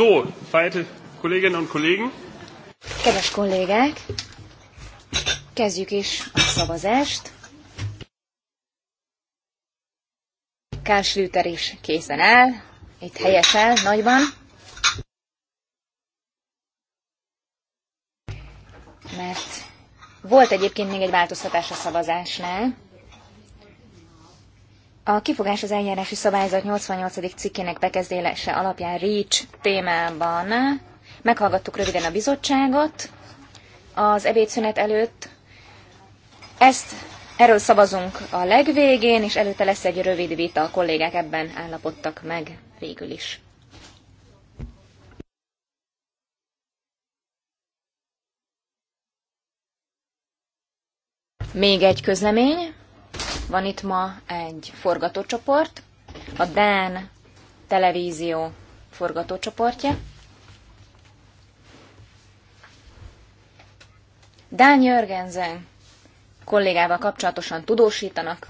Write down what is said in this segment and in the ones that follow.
So, verehrte Kolleginnen und Kollegen. Kedves kollégák, kezdjük is a szavazást. Karl Schlüter is készen áll, itt helyesel nagyban. Mert volt egyébként még egy változtatás a szavazásnál, a kifogás az eljárási szabályzat 88. cikkének bekezdése alapján REACH témában meghallgattuk röviden a bizottságot az ebédszünet előtt. Ezt Erről szavazunk a legvégén, és előtte lesz egy rövid vita, a kollégák ebben állapodtak meg végül is. Még egy közlemény. Van itt ma egy forgatócsoport, a Dán televízió forgatócsoportja. Dán Jörgensen kollégával kapcsolatosan tudósítanak.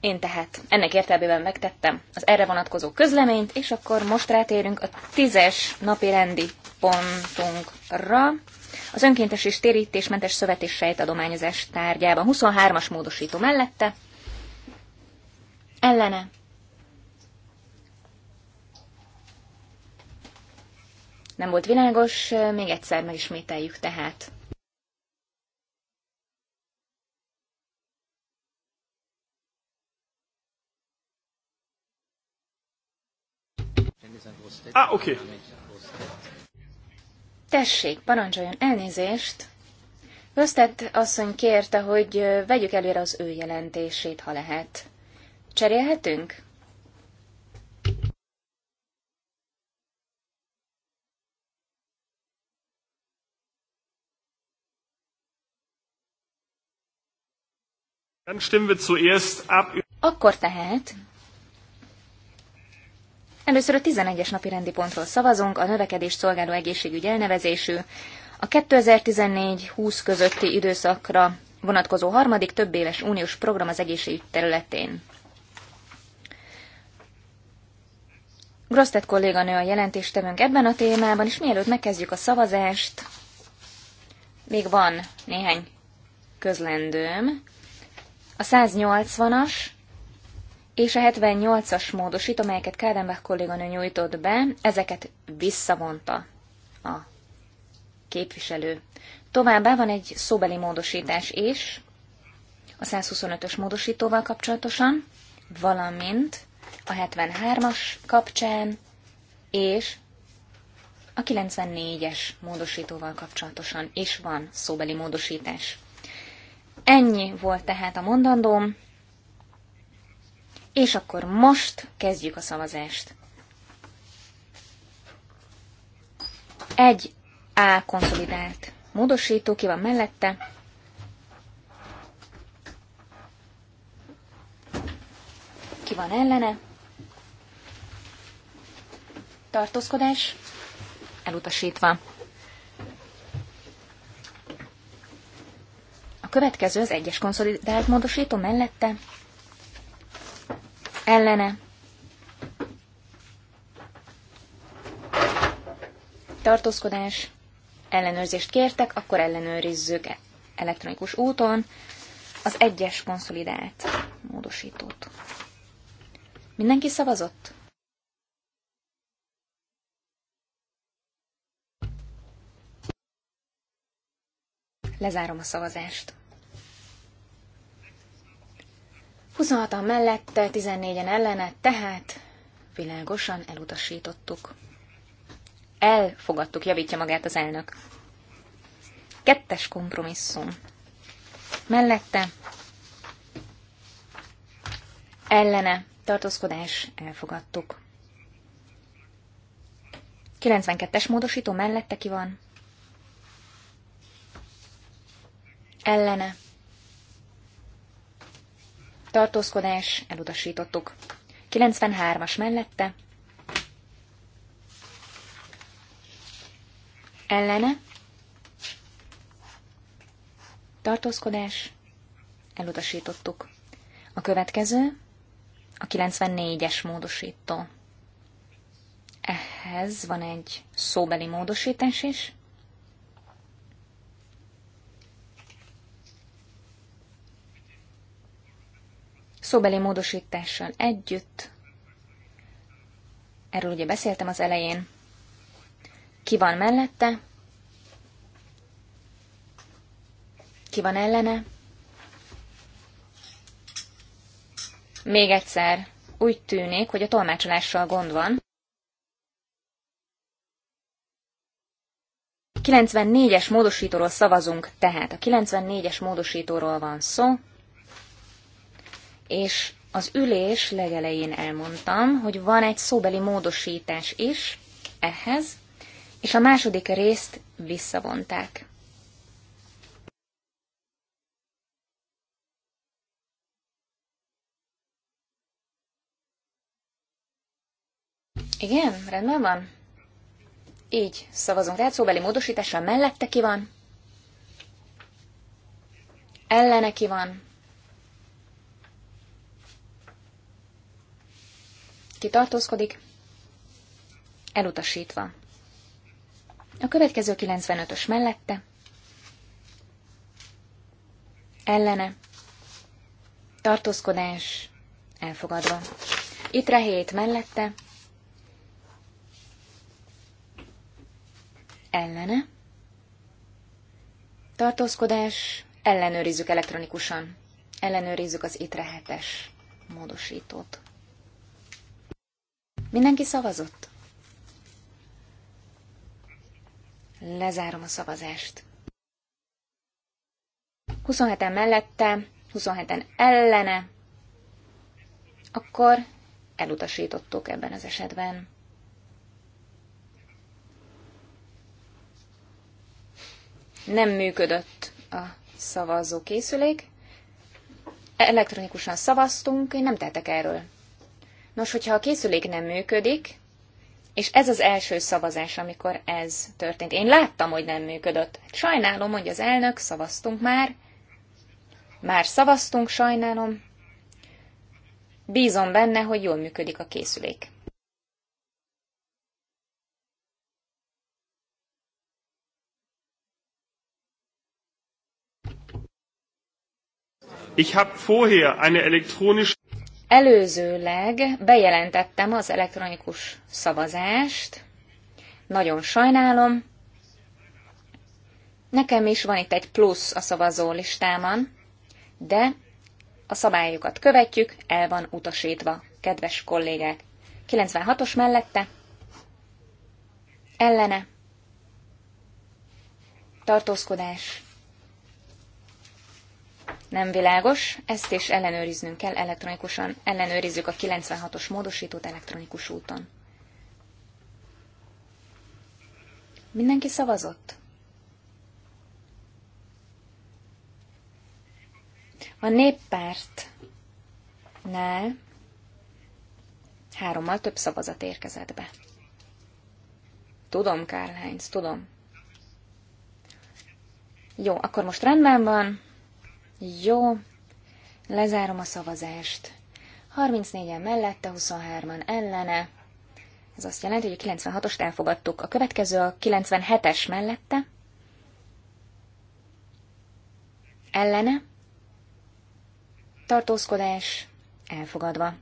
Én tehát ennek értelmében megtettem az erre vonatkozó közleményt, és akkor most rátérünk a tízes napi rendi pontunkra az önkéntes és térítésmentes szövet és sejtadományozás tárgyában. 23-as módosító mellette, ellene. Nem volt világos, még egyszer megismételjük tehát. Ah, oké. Okay. Tessék, parancsoljon elnézést! Köztett asszony kérte, hogy vegyük előre az ő jelentését, ha lehet. Cserélhetünk? Dann stimmen wir zuerst ab. Akkor tehát Először a 11-es napi rendi pontról szavazunk, a növekedés szolgáló egészségügy elnevezésű, a 2014-20 közötti időszakra vonatkozó harmadik többéves uniós program az egészségügy területén. Grosztet kolléganő a jelentéstevőnk ebben a témában, és mielőtt megkezdjük a szavazást, még van néhány közlendőm. A 180-as és a 78-as módosít, amelyeket Kádenbach kolléganő nyújtott be, ezeket visszavonta a képviselő. Továbbá van egy szóbeli módosítás is, a 125-ös módosítóval kapcsolatosan, valamint a 73-as kapcsán, és a 94-es módosítóval kapcsolatosan is van szóbeli módosítás. Ennyi volt tehát a mondandóm, és akkor most kezdjük a szavazást. Egy A konszolidált módosító, ki van mellette? Ki van ellene? Tartózkodás? Elutasítva. A következő az egyes konszolidált módosító mellette ellene tartózkodás, ellenőrzést kértek, akkor ellenőrizzük elektronikus úton az egyes konszolidált módosítót. Mindenki szavazott? Lezárom a szavazást. 26-an mellette, 14-en ellene, tehát világosan elutasítottuk. Elfogadtuk, javítja magát az elnök. Kettes kompromisszum. Mellette ellene tartózkodás elfogadtuk. 92-es módosító mellette ki van? Ellene tartózkodás, elutasítottuk. 93-as mellette, ellene, tartózkodás, elutasítottuk. A következő, a 94-es módosító. Ehhez van egy szóbeli módosítás is. szóbeli módosítással együtt. Erről ugye beszéltem az elején. Ki van mellette? Ki van ellene? Még egyszer, úgy tűnik, hogy a tolmácsolással gond van. 94-es módosítóról szavazunk, tehát a 94-es módosítóról van szó és az ülés legelején elmondtam, hogy van egy szóbeli módosítás is ehhez, és a második részt visszavonták. Igen, rendben van. Így szavazunk. rá, szóbeli módosítással mellette ki van? Ellene ki van? ki elutasítva. A következő 95-ös mellette, ellene, tartózkodás, elfogadva. Itt rehét mellette, ellene, tartózkodás, ellenőrizzük elektronikusan. Ellenőrizzük az itt 7 módosítót. Mindenki szavazott? Lezárom a szavazást. 27-en mellette, 27-en ellene, akkor elutasítottuk ebben az esetben. Nem működött a szavazókészülék, elektronikusan szavaztunk, én nem tettek erről Nos, hogyha a készülék nem működik, és ez az első szavazás, amikor ez történt. Én láttam, hogy nem működött. Sajnálom, hogy az elnök, szavaztunk már. Már szavaztunk, sajnálom. Bízom benne, hogy jól működik a készülék. Ich habe vorher eine elektronische Előzőleg bejelentettem az elektronikus szavazást. Nagyon sajnálom. Nekem is van itt egy plusz a szavazó listámon, de a szabályokat követjük, el van utasítva, kedves kollégák. 96-os mellette, ellene, tartózkodás, nem világos, ezt is ellenőriznünk kell elektronikusan. Ellenőrizzük a 96-os módosítót elektronikus úton. Mindenki szavazott? A néppártnál hárommal több szavazat érkezett be. Tudom, Karl Heinz, tudom. Jó, akkor most rendben van. Jó, lezárom a szavazást. 34-en mellette, 23-an ellene. Ez azt jelenti, hogy a 96-ost elfogadtuk. A következő a 97-es mellette. Ellene. Tartózkodás. Elfogadva.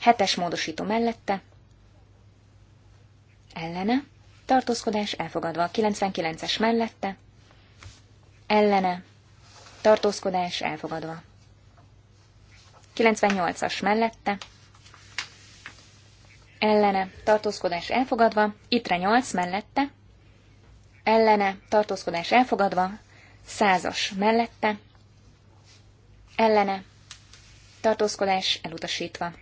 Hetes módosító mellette. Ellene. Tartózkodás elfogadva. 99-es mellette. Ellene tartózkodás elfogadva. 98-as mellette, ellene, tartózkodás elfogadva, itre 8 mellette, ellene, tartózkodás elfogadva, 100-as mellette, ellene, tartózkodás elutasítva.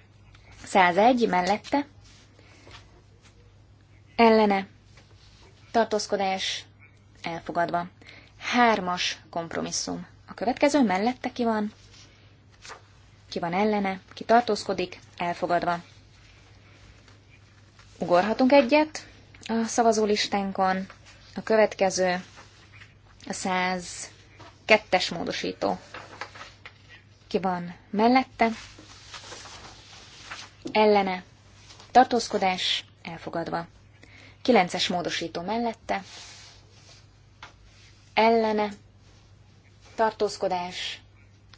101 mellette, ellene, tartózkodás elfogadva. Hármas kompromisszum következő mellette ki van, ki van ellene, ki tartózkodik, elfogadva. Ugorhatunk egyet a szavazólistánkon. A következő a 102-es módosító. Ki van mellette, ellene, tartózkodás, elfogadva. 9-es módosító mellette, ellene, tartózkodás,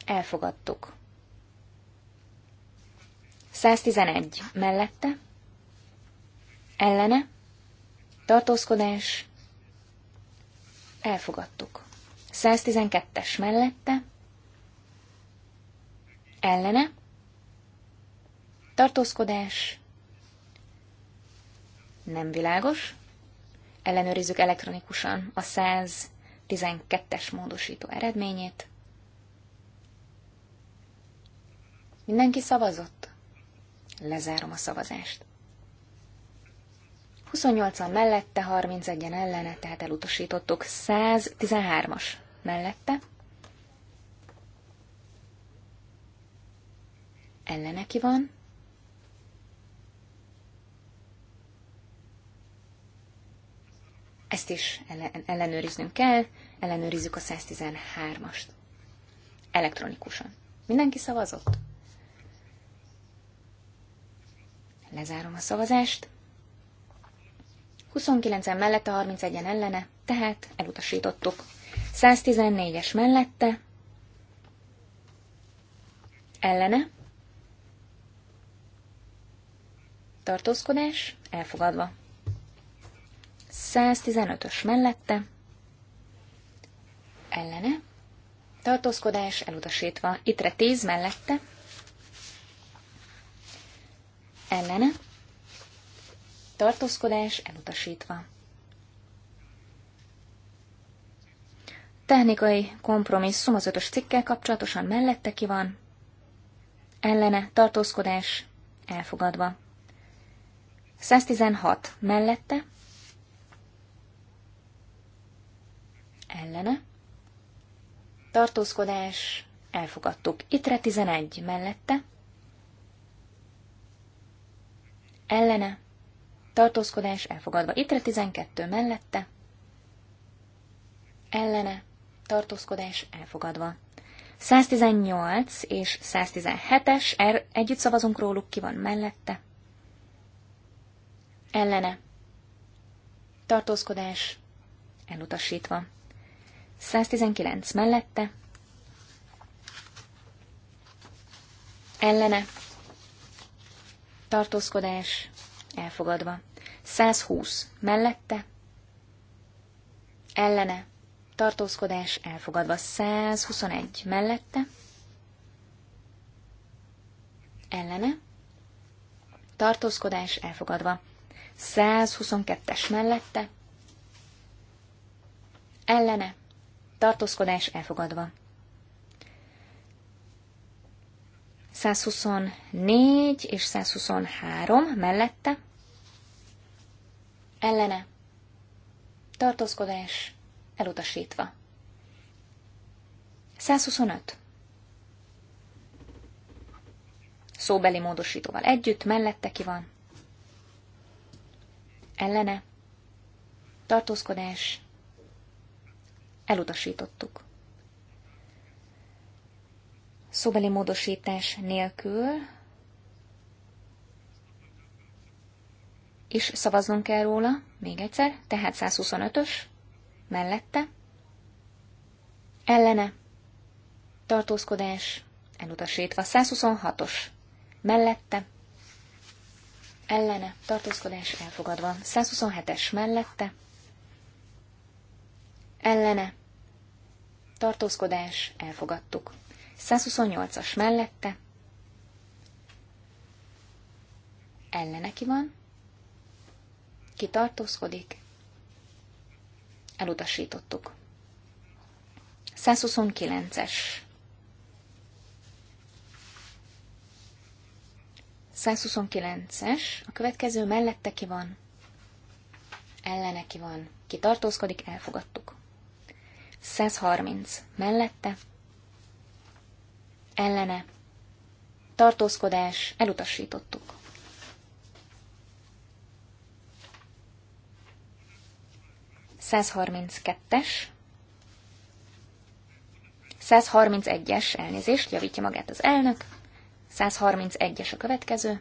elfogadtuk. 111 mellette, ellene, tartózkodás, elfogadtuk. 112-es mellette, ellene, tartózkodás, nem világos, ellenőrizzük elektronikusan a 100 12-es módosító eredményét. Mindenki szavazott? Lezárom a szavazást. 28-an mellette, 31-en ellene, tehát elutasítottuk. 113-as mellette. Ellene ki van? Ezt is ellenőriznünk kell ellenőrizzük a 113-ast. Elektronikusan. Mindenki szavazott? Lezárom a szavazást. 29-en mellette, 31-en ellene, tehát elutasítottuk. 114-es mellette, ellene, tartózkodás, elfogadva. 115-ös mellette, ellene, tartózkodás elutasítva, ittre 10 mellette, ellene, tartózkodás elutasítva. Technikai kompromisszum az ötös cikkel kapcsolatosan mellette ki van, ellene, tartózkodás elfogadva. 116 mellette, ellene, tartózkodás, elfogadtuk. Itre 11 mellette, ellene, tartózkodás, elfogadva. Itre 12 mellette, ellene, tartózkodás, elfogadva. 118 és 117-es, er, együtt szavazunk róluk, ki van mellette, ellene, tartózkodás, elutasítva. 119 mellette, ellene, tartózkodás, elfogadva. 120 mellette, ellene, tartózkodás, elfogadva. 121 mellette, ellene, tartózkodás, elfogadva. 122-es mellette, ellene, tartózkodás elfogadva. 124 és 123 mellette, ellene, tartózkodás elutasítva. 125. Szóbeli módosítóval együtt, mellette ki van. Ellene. Tartózkodás. Elutasítottuk. Szóbeli módosítás nélkül is szavaznunk kell róla, még egyszer, tehát 125-ös, mellette, ellene, tartózkodás, elutasítva, 126-os, mellette, ellene, tartózkodás elfogadva, 127-es mellette, ellene, tartózkodás, elfogadtuk. 128-as mellette, ellene ki van, ki tartózkodik, elutasítottuk. 129-es. 129-es, a következő mellette ki van, ellene ki van, ki tartózkodik, elfogadtuk. 130. Mellette. Ellene. Tartózkodás. Elutasítottuk. Százharminckettes. 131-es elnézést, javítja magát az elnök. 131-es a következő.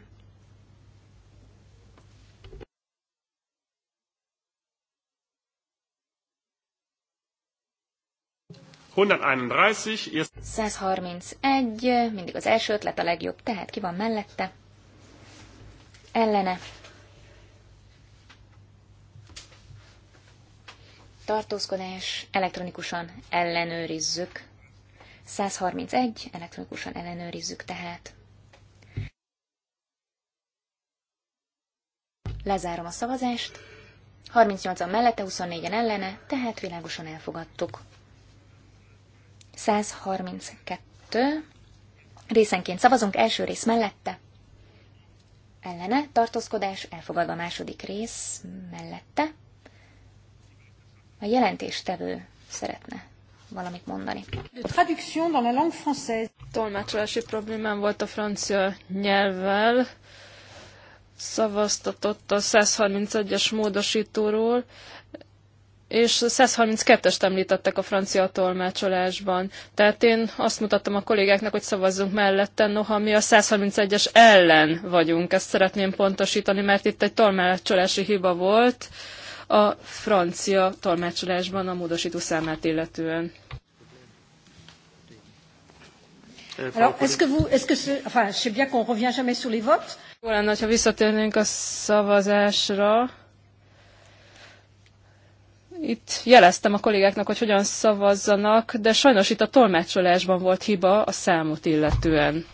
131. 131, mindig az első ötlet a legjobb, tehát ki van mellette? Ellene. Tartózkodás, elektronikusan ellenőrizzük. 131, elektronikusan ellenőrizzük tehát. Lezárom a szavazást. 38-an mellette, 24-en ellene, tehát világosan elfogadtuk. 132. Részenként szavazunk első rész mellette. Ellene tartózkodás, elfogadva második rész mellette. A jelentéstevő szeretne valamit mondani. Traduction dans la langue française. Tolmácsolási problémám volt a francia nyelvvel. Szavaztatott a 131-es módosítóról, és 132-est említettek a francia tolmácsolásban. Tehát én azt mutattam a kollégáknak, hogy szavazzunk mellette, noha mi a 131-es ellen vagyunk. Ezt szeretném pontosítani, mert itt egy tolmácsolási hiba volt a francia tolmácsolásban a módosító számát illetően. Alors, est-ce que vous, est-ce que enfin, je bien qu'on revient jamais sur les votes. Jó lenne, ha visszatérnénk a szavazásra. Itt jeleztem a kollégáknak, hogy hogyan szavazzanak, de sajnos itt a tolmácsolásban volt hiba a számot illetően.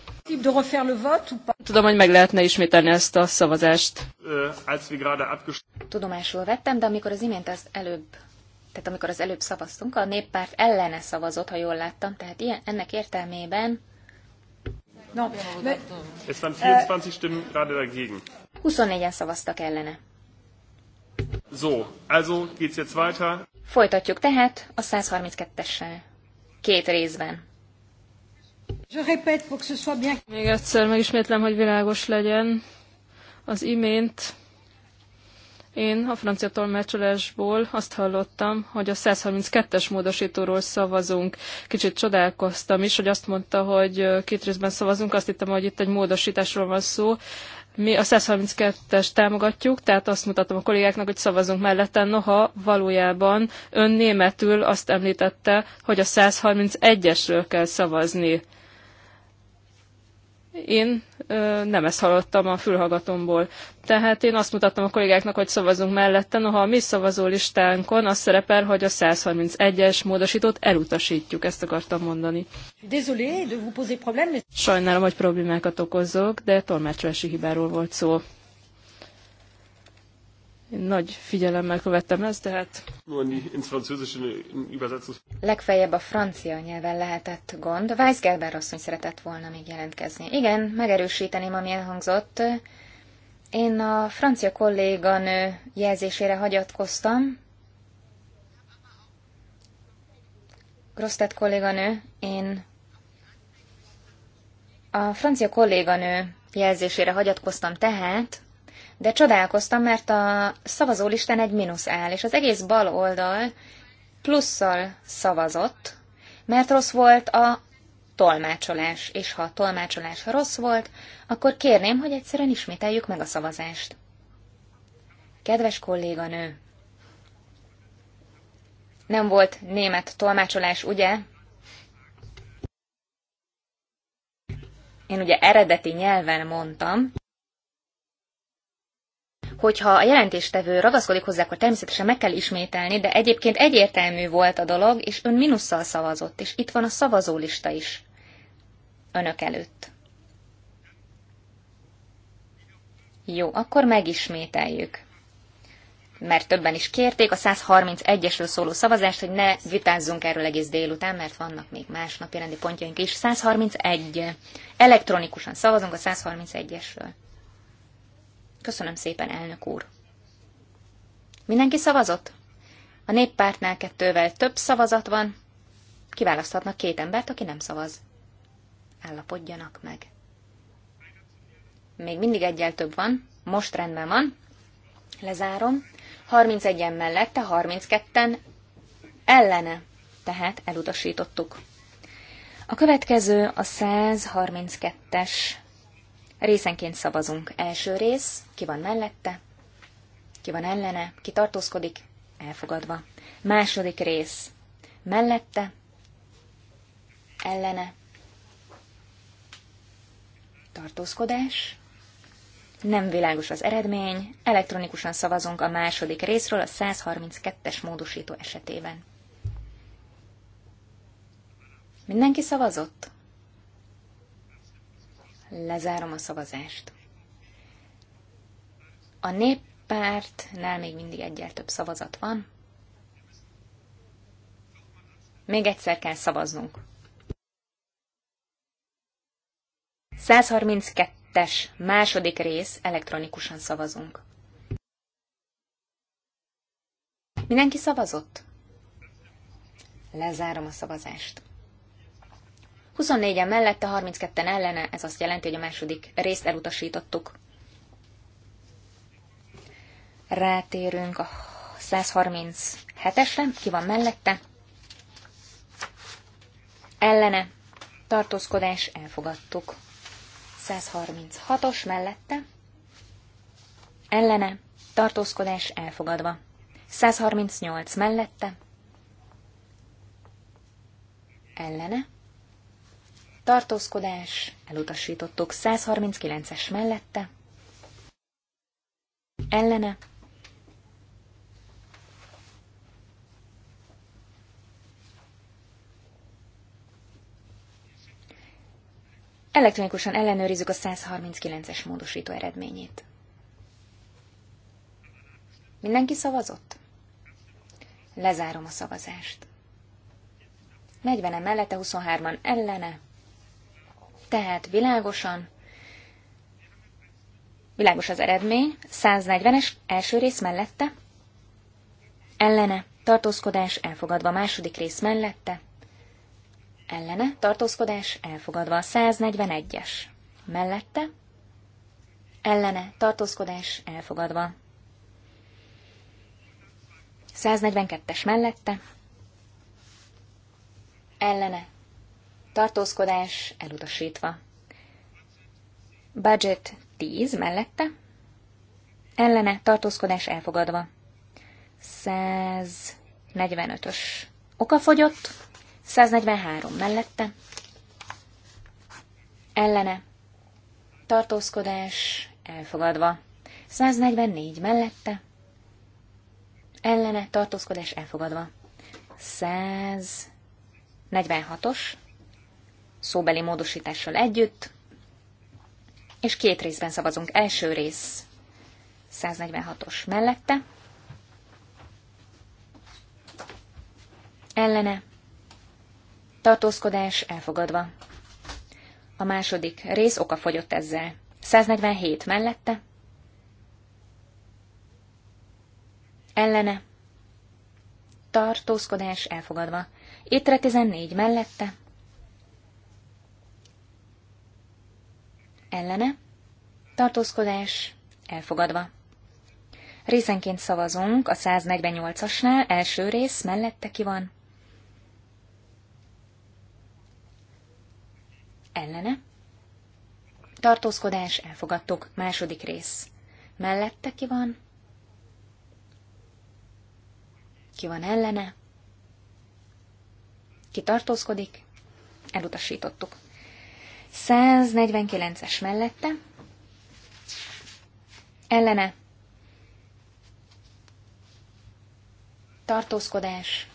Tudom, hogy meg lehetne ismételni ezt a szavazást. Tudomásul vettem, de amikor az imént az előbb, tehát amikor az előbb szavaztunk, a néppárt ellene szavazott, ha jól láttam, tehát ilyen, ennek értelmében... No, 24 24-en szavaztak ellene. So, also geht's jetzt weiter. Folytatjuk tehát a 132-essel. Két részben. Je répète pour que ce soit bien. Még egyszer megismétlem, hogy világos legyen. Az imént én a francia tolmácsolásból azt hallottam, hogy a 132-es módosítóról szavazunk. Kicsit csodálkoztam is, hogy azt mondta, hogy két részben szavazunk. Azt hittem, hogy itt egy módosításról van szó. Mi a 132-es támogatjuk, tehát azt mutatom a kollégáknak, hogy szavazunk mellette. Noha valójában ön németül azt említette, hogy a 131-esről kell szavazni. Én ö, nem ezt hallottam a fülhallgatomból. Tehát én azt mutattam a kollégáknak, hogy szavazunk mellette, noha a mi szavazólistánkon az szerepel, hogy a 131-es módosítót elutasítjuk, ezt akartam mondani. Sajnálom, hogy problémákat okozok, de tolmácsolási hibáról volt szó. Én nagy figyelemmel követtem ezt, tehát... Legfeljebb a francia nyelven lehetett gond. Weisgerber asszony szeretett volna még jelentkezni. Igen, megerősíteném, ami elhangzott. Én a francia kolléganő jelzésére hagyatkoztam. Grosztet kolléganő, én a francia kolléganő jelzésére hagyatkoztam tehát, de csodálkoztam, mert a szavazólisten egy mínusz áll, és az egész bal oldal plusszal szavazott, mert rossz volt a tolmácsolás, és ha a tolmácsolás rossz volt, akkor kérném, hogy egyszerűen ismételjük meg a szavazást. Kedves kolléganő! Nem volt német tolmácsolás, ugye? Én ugye eredeti nyelven mondtam, Hogyha a jelentéstevő ragaszkodik hozzá, akkor természetesen meg kell ismételni, de egyébként egyértelmű volt a dolog, és ön minusszal szavazott, és itt van a szavazólista is önök előtt. Jó, akkor megismételjük. Mert többen is kérték a 131-esről szóló szavazást, hogy ne vitázzunk erről egész délután, mert vannak még más napi rendi pontjaink is. 131. Elektronikusan szavazunk a 131-esről. Köszönöm szépen, elnök úr. Mindenki szavazott? A néppártnál kettővel több szavazat van. Kiválaszthatnak két embert, aki nem szavaz. Állapodjanak meg. Még mindig egyel több van. Most rendben van. Lezárom. 31-en mellette, 32-en ellene. Tehát elutasítottuk. A következő a 132-es Részenként szavazunk. Első rész, ki van mellette, ki van ellene, ki tartózkodik, elfogadva. Második rész, mellette, ellene, tartózkodás, nem világos az eredmény, elektronikusan szavazunk a második részről a 132-es módosító esetében. Mindenki szavazott? Lezárom a szavazást. A néppártnál még mindig egyel több szavazat van. Még egyszer kell szavaznunk. 132-es második rész elektronikusan szavazunk. Mindenki szavazott? Lezárom a szavazást. 24-en mellette, 32-en ellene, ez azt jelenti, hogy a második részt elutasítottuk. Rátérünk a 137-esre, ki van mellette. Ellene, tartózkodás, elfogadtuk. 136-os mellette. Ellene, tartózkodás, elfogadva. 138 mellette. Ellene, tartózkodás, elutasítottuk 139-es mellette, ellene, Elektronikusan ellenőrizzük a 139-es módosító eredményét. Mindenki szavazott? Lezárom a szavazást. 40 en mellette, 23-an ellene, tehát világosan, világos az eredmény, 140-es első rész mellette, ellene, tartózkodás elfogadva második rész mellette, ellene, tartózkodás elfogadva 141-es mellette, ellene, tartózkodás elfogadva 142-es mellette, ellene, tartózkodás elutasítva. Budget 10 mellette, ellene tartózkodás elfogadva. 145-ös fogyott. 143 mellette, ellene tartózkodás elfogadva. 144 mellette, ellene tartózkodás elfogadva. 146-os szóbeli módosítással együtt, és két részben szavazunk. Első rész 146-os mellette, ellene, tartózkodás elfogadva. A második rész oka fogyott ezzel. 147 mellette, ellene, tartózkodás elfogadva. Étre 14 mellette, ellene, tartózkodás elfogadva. Részenként szavazunk a 148-asnál, első rész mellette ki van. Ellene. Tartózkodás, elfogadtuk, második rész. Mellette ki van? Ki van ellene? Ki tartózkodik? Elutasítottuk. 149-es mellette, ellene, tartózkodás,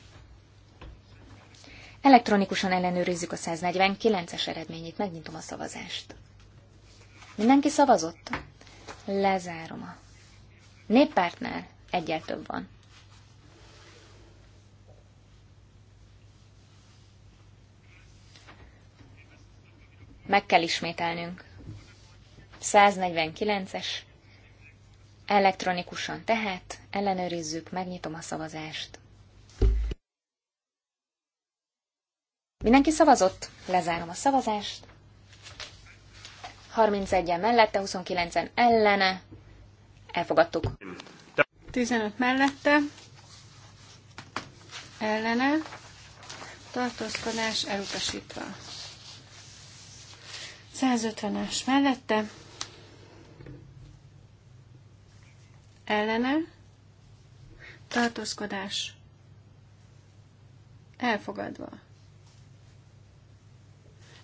elektronikusan ellenőrizzük a 149-es eredményét, megnyitom a szavazást. Mindenki szavazott? Lezárom a néppártnál egyel több van. Meg kell ismételnünk. 149-es. Elektronikusan tehát ellenőrizzük, megnyitom a szavazást. Mindenki szavazott? Lezárom a szavazást. 31-en mellette, 29-en ellene. Elfogadtuk. 15 mellette. Ellene. Tartózkodás elutasítva. 150-es mellette ellene tartózkodás elfogadva.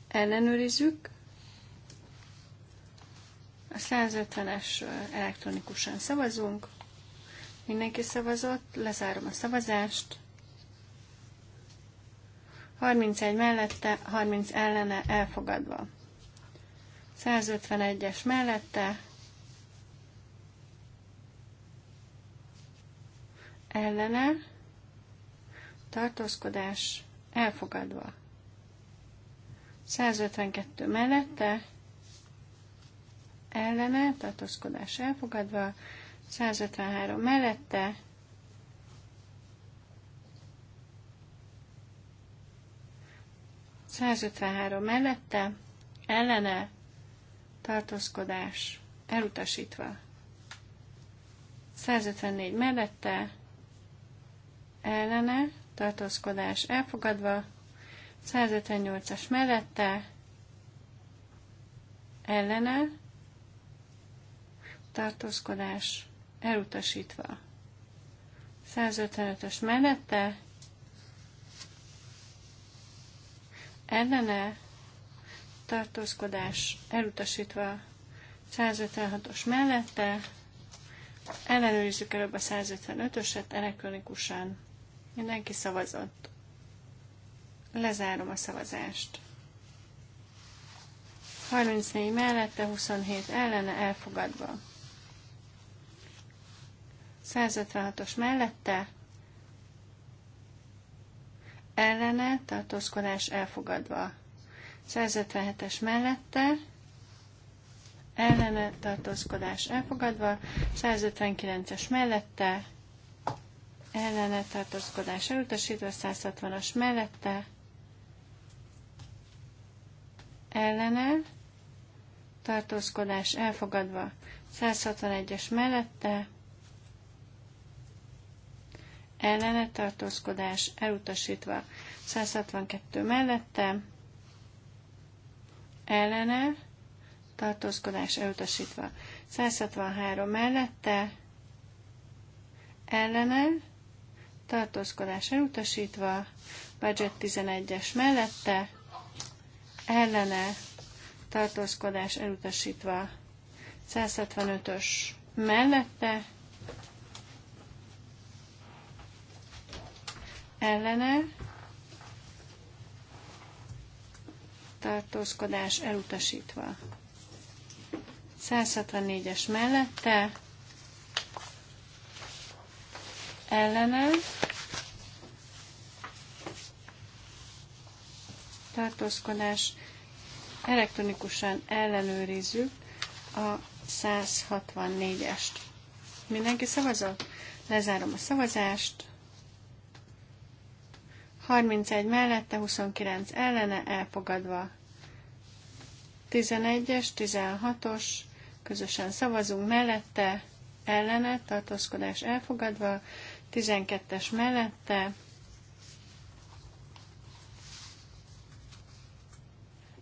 Ellenőrizzük. A 150-es elektronikusan szavazunk. Mindenki szavazott, lezárom a szavazást. 31 mellette, 30 ellene elfogadva. 151-es mellette, ellene, tartózkodás elfogadva. 152 mellette, ellene, tartózkodás elfogadva, 153 mellette, három mellette, ellene, tartózkodás elutasítva. 154 mellette ellene tartózkodás elfogadva, 158-as mellette ellene tartózkodás elutasítva. 155-ös mellette ellene tartózkodás elutasítva 156-os mellette, ellenőrizzük előbb a 155-öset elektronikusan. Mindenki szavazott. Lezárom a szavazást. 34 mellette, 27 ellene elfogadva. 156-os mellette, ellene tartózkodás elfogadva. 157-es mellette, ellene tartózkodás elfogadva, 159-es mellette, ellene tartózkodás elutasítva, 160-as mellette, ellene tartózkodás elfogadva, 161-es mellette, ellene tartózkodás elutasítva, 162 mellette, ellene, tartózkodás elutasítva. 163 mellette, ellene, tartózkodás elutasítva, budget 11-es mellette, ellene, tartózkodás elutasítva, 165-ös mellette, ellene, tartózkodás elutasítva. 164-es mellette ellene tartózkodás elektronikusan ellenőrizzük a 164-est. Mindenki szavazott? Lezárom a szavazást. 31 mellette, 29 ellene, elfogadva. 11-es, 16-os, közösen szavazunk mellette, ellene, tartózkodás elfogadva. 12-es mellette,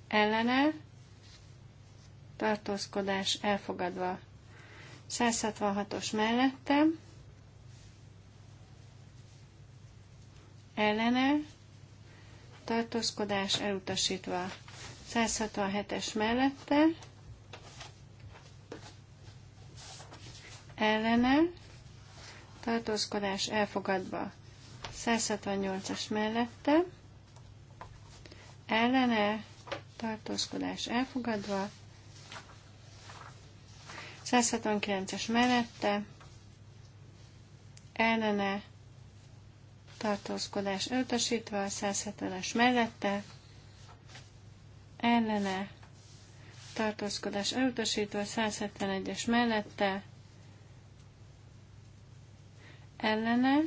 ellene, tartózkodás elfogadva. 166-os mellette, ellene, tartózkodás elutasítva. 167-es mellette, ellene, tartózkodás elfogadva. 168-as mellette, ellene, tartózkodás elfogadva. 169-es mellette, ellene, tartózkodás a 170-es mellette, ellene, tartózkodás a 171-es mellette, ellene,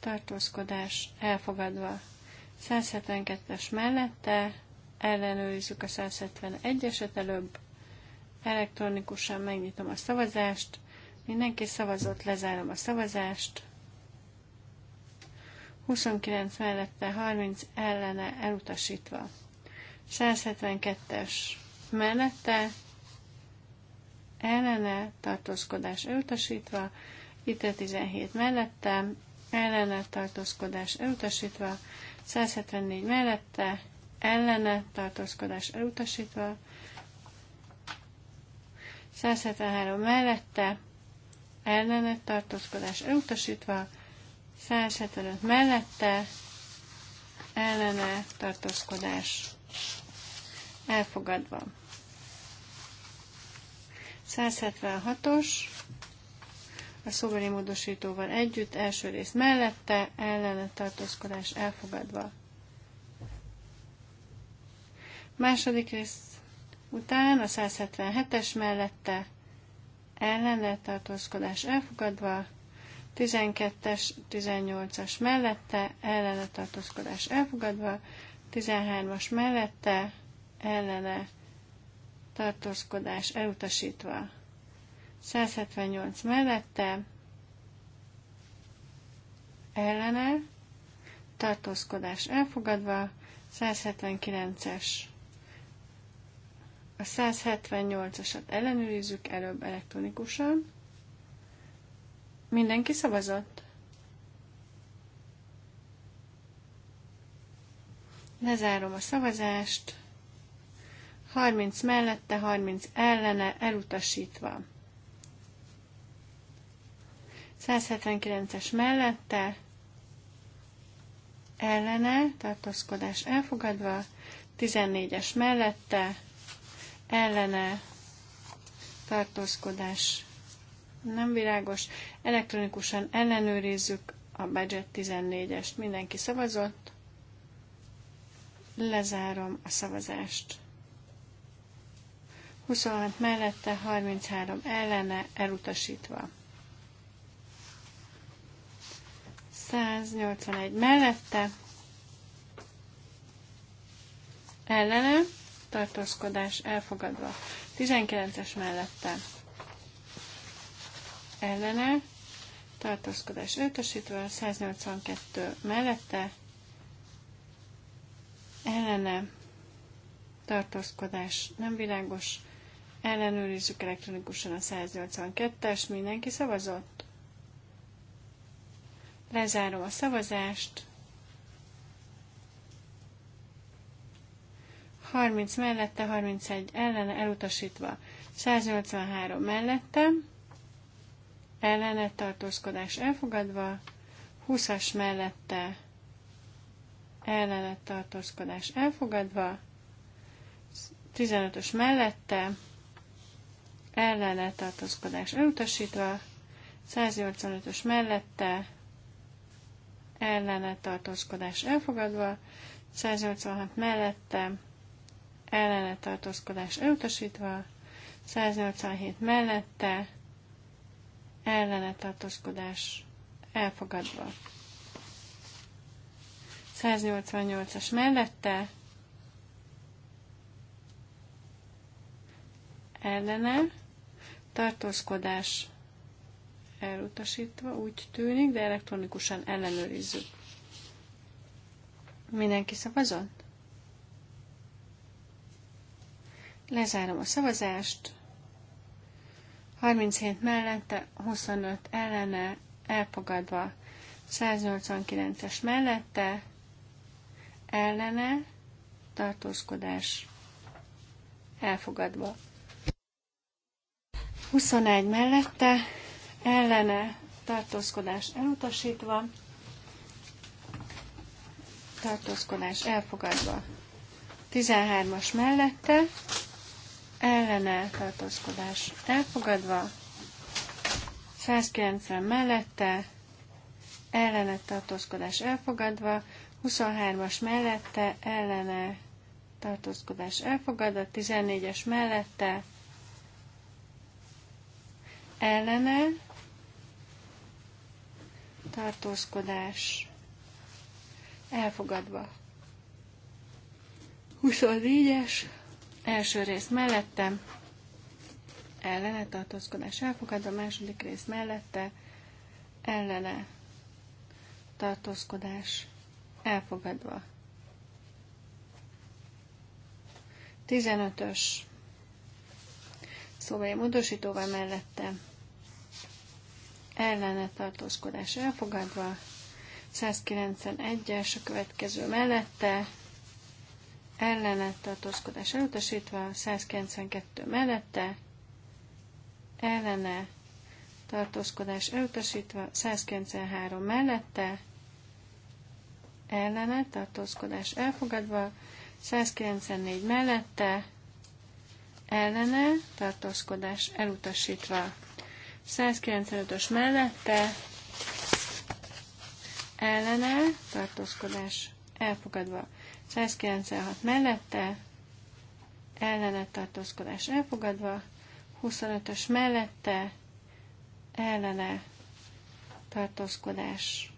tartózkodás elfogadva, 172-es mellette, ellenőrizzük a 171-eset előbb, elektronikusan megnyitom a szavazást, mindenki szavazott, lezárom a szavazást, 29 mellette 30 ellene elutasítva. 172-es mellette ellene tartózkodás elutasítva, itt 17 mellette ellene tartózkodás elutasítva, 174 mellette ellene tartózkodás elutasítva, 173 mellette ellene tartózkodás elutasítva, 175 mellette, ellene tartózkodás elfogadva. 176-os a szóbeli módosítóval együtt, első rész mellette, ellene tartózkodás elfogadva. Második rész után a 177-es mellette, ellene tartózkodás elfogadva, 12-es, 18-as mellette, ellene tartózkodás elfogadva, 13-as mellette, ellene tartózkodás elutasítva, 178 mellette, ellene tartózkodás elfogadva, 179-es a 178-asat ellenőrizzük előbb elektronikusan. Mindenki szavazott? Lezárom a szavazást. 30 mellette, 30 ellene, elutasítva. 179-es mellette, ellene, tartózkodás elfogadva, 14-es mellette, ellene, tartózkodás nem világos. Elektronikusan ellenőrizzük a budget 14-est. Mindenki szavazott. Lezárom a szavazást. 26 mellette, 33 ellene, elutasítva. 181 mellette, ellene, tartózkodás elfogadva. 19-es mellette ellene, tartózkodás ötösítve, 182 mellette, ellene, tartózkodás nem világos, ellenőrizzük elektronikusan a 182-es, mindenki szavazott. Lezárom a szavazást. 30 mellette, 31 ellene elutasítva, 183 mellette, ellenet tartózkodás elfogadva, 20-as mellette ellenet tartózkodás elfogadva, 15-ös mellette ellenet tartózkodás elutasítva, 185-ös mellette ellenet tartózkodás elfogadva, 186 mellette ellenet tartózkodás elutasítva, 187 mellette ellene tartózkodás elfogadva. 188-as mellette ellene tartózkodás elutasítva, úgy tűnik, de elektronikusan ellenőrizzük. Mindenki szavazott? Lezárom a szavazást. 37 mellette, 25 ellene, elfogadva. 189-es mellette, ellene, tartózkodás, elfogadva. 21 mellette, ellene, tartózkodás elutasítva, tartózkodás elfogadva. 13-as mellette, ellene tartózkodás elfogadva, 190 mellette ellene tartózkodás elfogadva, 23-as mellette ellene tartózkodás elfogadva, 14-es mellette ellene tartózkodás elfogadva. 24-es Első rész mellette ellene tartózkodás elfogadva, második rész mellette ellene tartózkodás elfogadva. 15-ös szóval a módosítóval mellette ellene tartózkodás elfogadva, 191-es a következő mellette ellenet tartózkodás elutasítva, 192 mellette ellene tartózkodás elutasítva, 193 mellette ellene tartózkodás elfogadva, 194 mellette ellene tartózkodás elutasítva, 195-ös mellette ellene tartózkodás elfogadva. 196 mellette, ellenet tartózkodás elfogadva, 25-ös mellette, ellene tartózkodás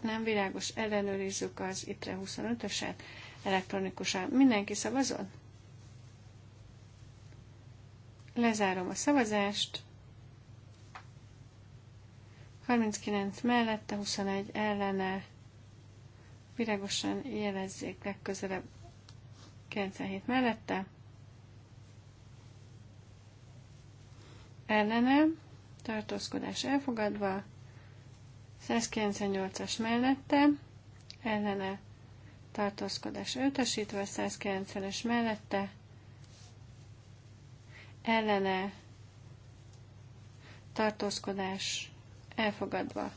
nem világos, ellenőrizzük az ITRE 25-öset elektronikusan. Mindenki szavazon. Lezárom a szavazást. 39 mellette, 21 ellene Virágosan jelezzék legközelebb 97 mellette. Ellene, tartózkodás elfogadva, 198-as mellette, ellene, tartózkodás ötösítve, 190-es mellette, ellene, tartózkodás elfogadva.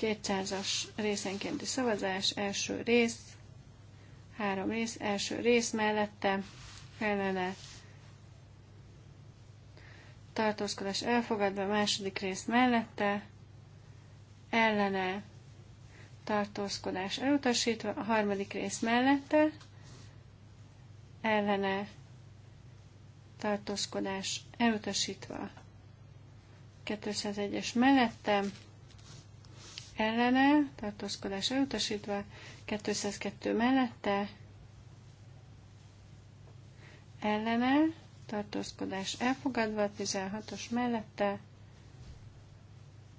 200-as részenkénti szavazás, első rész, három rész, első rész mellette, ellene tartózkodás elfogadva, második rész mellette, ellene tartózkodás elutasítva, a harmadik rész mellette, ellene tartózkodás elutasítva, 201-es mellettem, ellene, tartózkodás elutasítva, 202 mellette, ellene, tartózkodás elfogadva, 16-os mellette,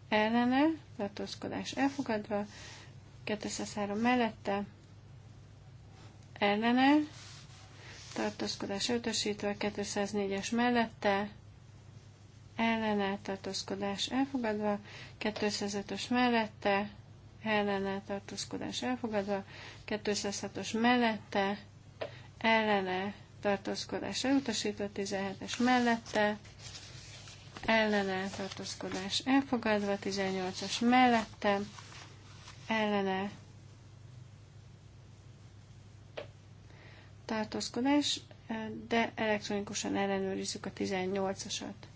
ellene, tartózkodás elfogadva, 203 mellette, ellene, tartózkodás elutasítva, 204-es mellette, ellenálltartózkodás elfogadva, 205-ös mellette ellenálltartózkodás elfogadva, 206-os mellette ellene tartózkodás elutasítva, 17-es mellette ellene tartózkodás elfogadva, 18-as mellette ellene tartózkodás, de elektronikusan ellenőrizzük a 18-asat.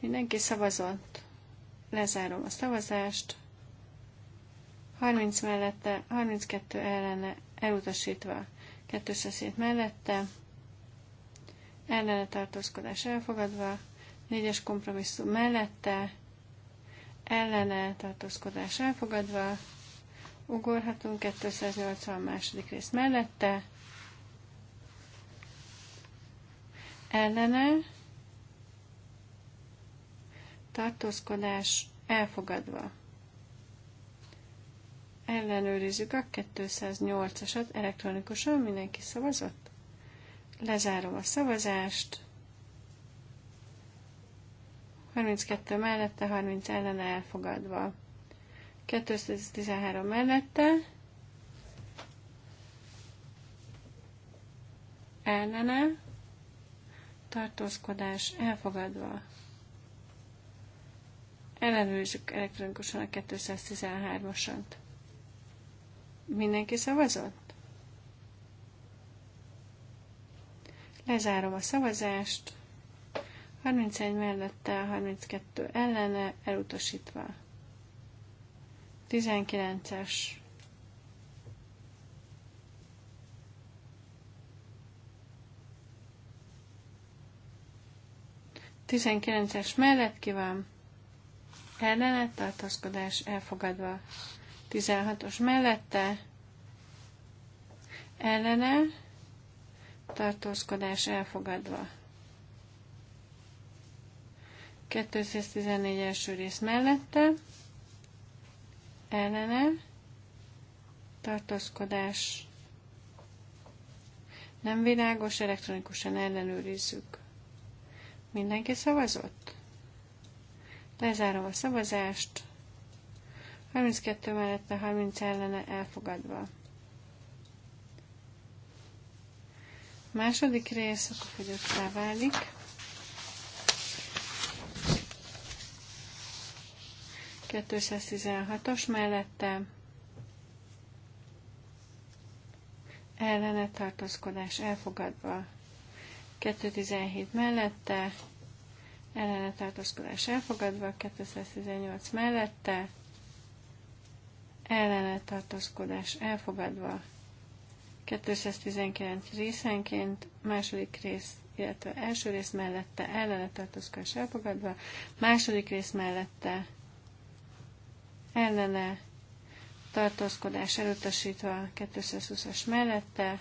Mindenki szavazott. Lezárom a szavazást. 30 mellette, 32 ellene, elutasítva. 207 mellette, ellene tartózkodás elfogadva, 4-es kompromisszum mellette, ellene tartózkodás elfogadva, ugorhatunk 280 második rész mellette, ellene, tartózkodás elfogadva. Ellenőrizzük a 208-asat elektronikusan, mindenki szavazott. Lezárom a szavazást. 32 mellette, 30 ellen elfogadva. 213 mellette, ellene, tartózkodás elfogadva. Ellenőrizzük elektronikusan a 213-asat. Mindenki szavazott? Lezárom a szavazást. 31 mellette, 32 ellene, elutasítva. 19-es. Tizenkilences mellett ki ellenet tartózkodás elfogadva. 16-os mellette ellene tartózkodás elfogadva. 214 első rész mellette ellene tartózkodás nem világos, elektronikusan ellenőrizzük. Mindenki szavazott? Lezárom a szavazást. 32 mellette, 30 ellene elfogadva. Második rész, akkor fogyottá válik. os mellette ellene tartózkodás elfogadva. 217 mellette ellene tartózkodás elfogadva, 218 mellette, ellene tartózkodás elfogadva, 219 részenként, második rész, illetve első rész mellette ellene tartózkodás elfogadva, második rész mellette ellene tartózkodás elutasítva, 220-as mellette,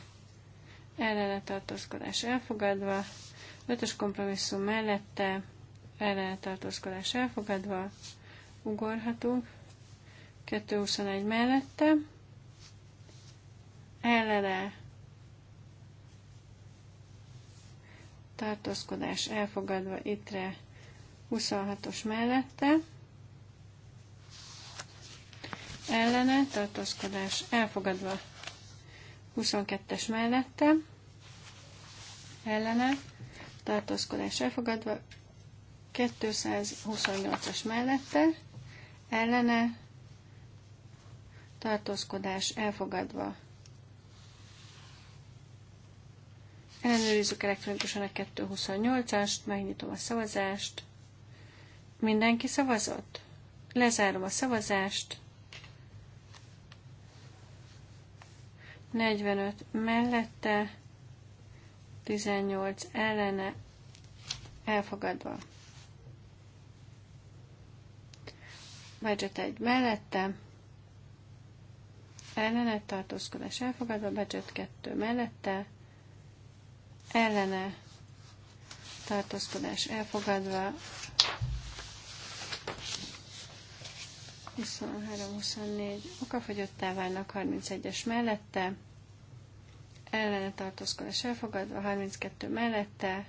ellene tartózkodás elfogadva, 5-ös kompromisszum mellette, ellene tartózkodás elfogadva, ugorhatunk, 221 mellette, ellene tartózkodás elfogadva ittre 26-os mellette, ellene tartózkodás elfogadva 22-es mellette, ellene tartózkodás elfogadva 228-as mellette ellene tartózkodás elfogadva. Ellenőrizzük elektronikusan a 228-ast, megnyitom a szavazást. Mindenki szavazott? Lezárom a szavazást. 45 mellette, 18 ellene, elfogadva. budget egy mellette, ellene tartózkodás elfogadva, budget 2 mellette, ellene tartózkodás elfogadva, 23-24 okafogyottá válnak 31-es mellette, ellene tartózkodás elfogadva, 32 mellette,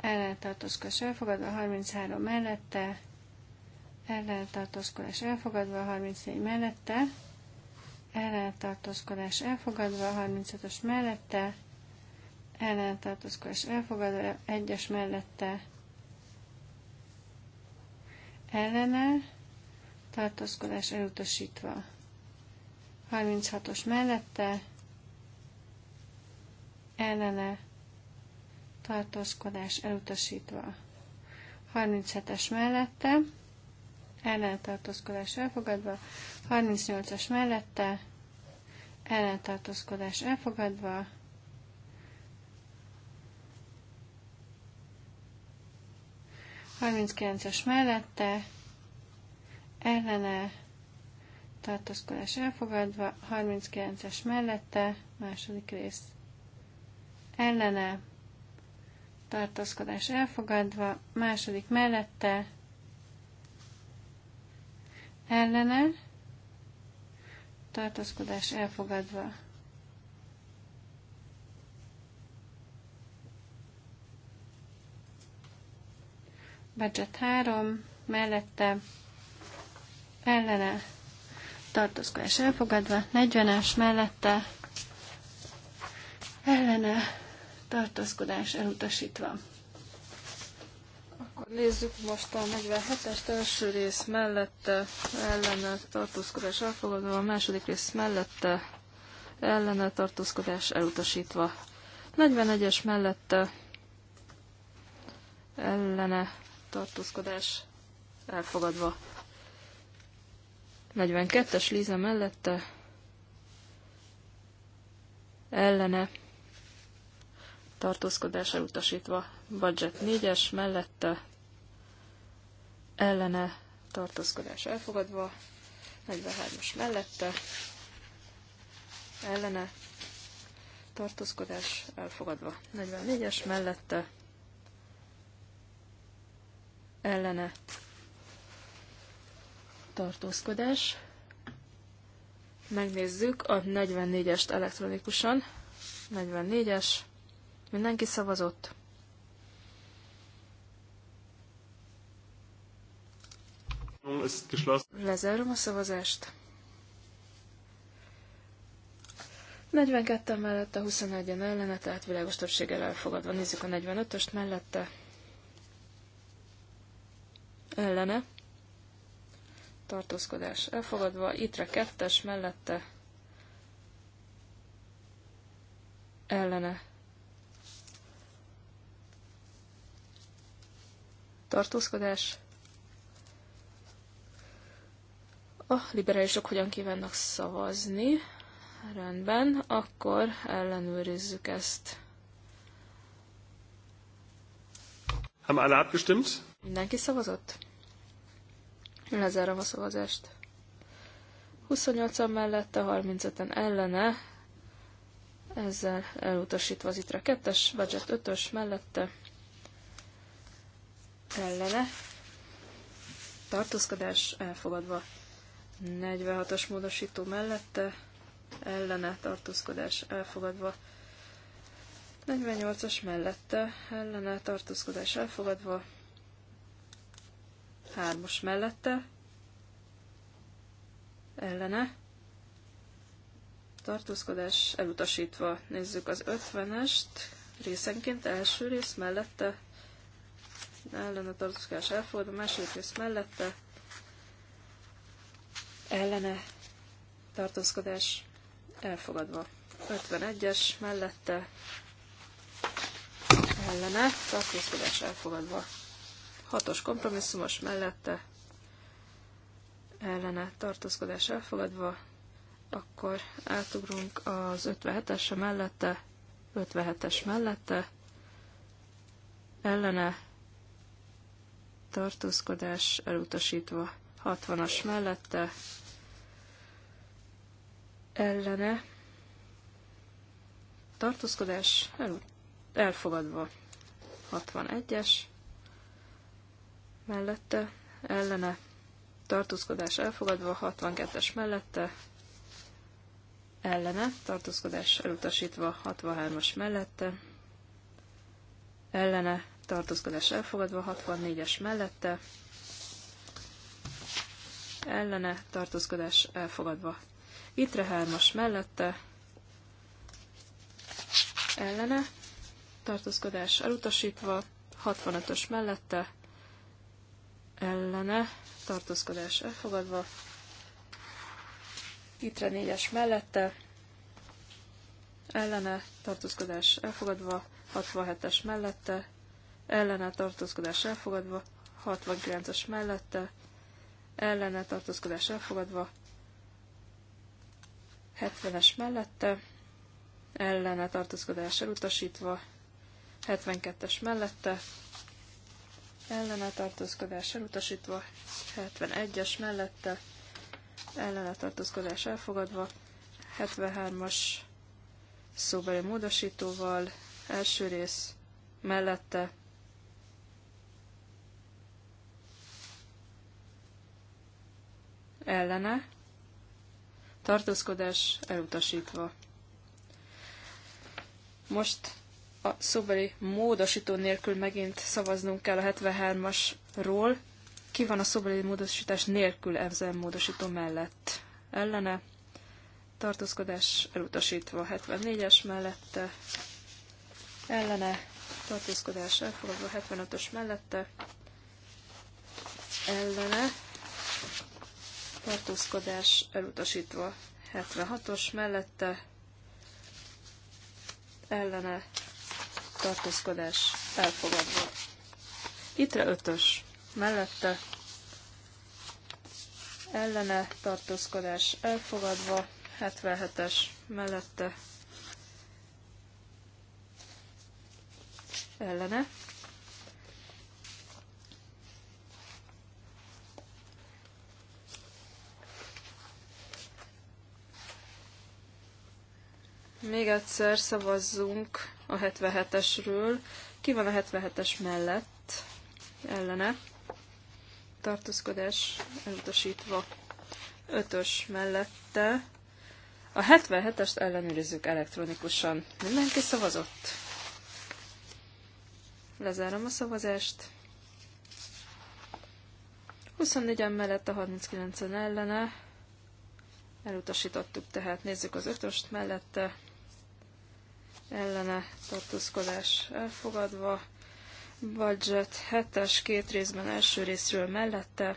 ellene tartózkodás elfogadva, 33 mellette, ellentartózkodás elfogadva, 34 mellette, ellentartózkodás elfogadva, 35-ös mellette, ellentartózkodás elfogadva, 1-es mellette, ellene, tartózkodás elutasítva, 36-os mellette, ellene, tartózkodás elutasítva, 37-es mellette, ellentartózkodás elfogadva, 38-as mellette, ellentartózkodás elfogadva, Harminckilences mellette, ellene, tartózkodás elfogadva, 39-es mellette, második rész, ellene, tartózkodás elfogadva, második mellette, ellene, tartózkodás elfogadva. Budget 3, mellette, ellene, tartózkodás elfogadva, 40-es mellette, ellene, tartózkodás elutasítva. Nézzük most a 47 es első rész mellette ellene tartózkodás elfogadva, a második rész mellette ellene tartózkodás elutasítva. 41-es mellette ellene tartózkodás elfogadva. 42-es Líza mellette ellene tartózkodás elutasítva. Budget 4-es mellette ellene tartózkodás elfogadva, 43-as mellette, ellene tartózkodás elfogadva, 44-es mellette, ellene tartózkodás. Megnézzük a 44-est elektronikusan. 44-es. Mindenki szavazott. Lezárom a szavazást. 42 mellette, 21-en ellene, tehát világos többséggel elfogadva. Nézzük a 45-öst mellette. Ellene. Tartózkodás elfogadva. Ittre 2-es mellette. Ellene. Tartózkodás A liberálisok hogyan kívánnak szavazni? Rendben, akkor ellenőrizzük ezt. Haben alle abgestimmt? Mindenki szavazott? Lezárom a szavazást. 28-an mellette, 35-en ellene, ezzel elutasítva az ITRA 2-es, budget 5-ös mellette, ellene, tartózkodás elfogadva 46 as módosító mellette ellene tartózkodás elfogadva. 48-as mellette ellene tartózkodás elfogadva. 3 os mellette ellene tartózkodás elutasítva. Nézzük az 50-est részenként első rész mellette ellene tartózkodás elfogadva, második rész mellette ellene tartózkodás elfogadva. 51-es mellette ellene tartózkodás elfogadva. 6-os kompromisszumos mellette ellene tartózkodás elfogadva. Akkor átugrunk az 57-esre mellette, 57-es mellette ellene tartózkodás elutasítva. 60-as mellette ellene tartózkodás el, elfogadva 61-es mellette ellene tartózkodás elfogadva 62-es mellette ellene tartózkodás elutasítva 63-as mellette ellene tartózkodás elfogadva 64-es mellette ellene tartózkodás elfogadva. Itre hármas mellette ellene tartózkodás elutasítva, 65-ös mellette ellene tartózkodás elfogadva, Itre négyes mellette ellene tartózkodás elfogadva, 67-es mellette ellene tartózkodás elfogadva, 69-es mellette ellene tartózkodás elfogadva, 70-es mellette, ellene tartózkodás elutasítva, 72-es mellette, ellene tartózkodás elutasítva, 71-es mellette, ellene tartózkodás elfogadva, 73-as szóbeli módosítóval, első rész mellette, ellene, tartózkodás elutasítva. Most a szóbeli módosító nélkül megint szavaznunk kell a 73-asról. Ki van a szóbeli módosítás nélkül ezen módosító mellett? Ellene, tartózkodás elutasítva 74-es mellette, ellene, tartózkodás elfogadva 75-ös mellette, ellene, tartózkodás elutasítva 76-os mellette ellene tartózkodás elfogadva. Ittre 5-ös mellette ellene tartózkodás elfogadva, 77-es mellette ellene Még egyszer szavazzunk a 77-esről. Ki van a 77-es mellett? Ellene. Tartózkodás elutasítva. 5-ös mellette. A 77-est ellenőrizzük elektronikusan. Mindenki szavazott. Lezárom a szavazást. 24-en mellett a 39-en ellene. Elutasítottuk tehát. Nézzük az ötöst mellette ellene tartózkodás elfogadva, budget 7-es két részben első részről mellette,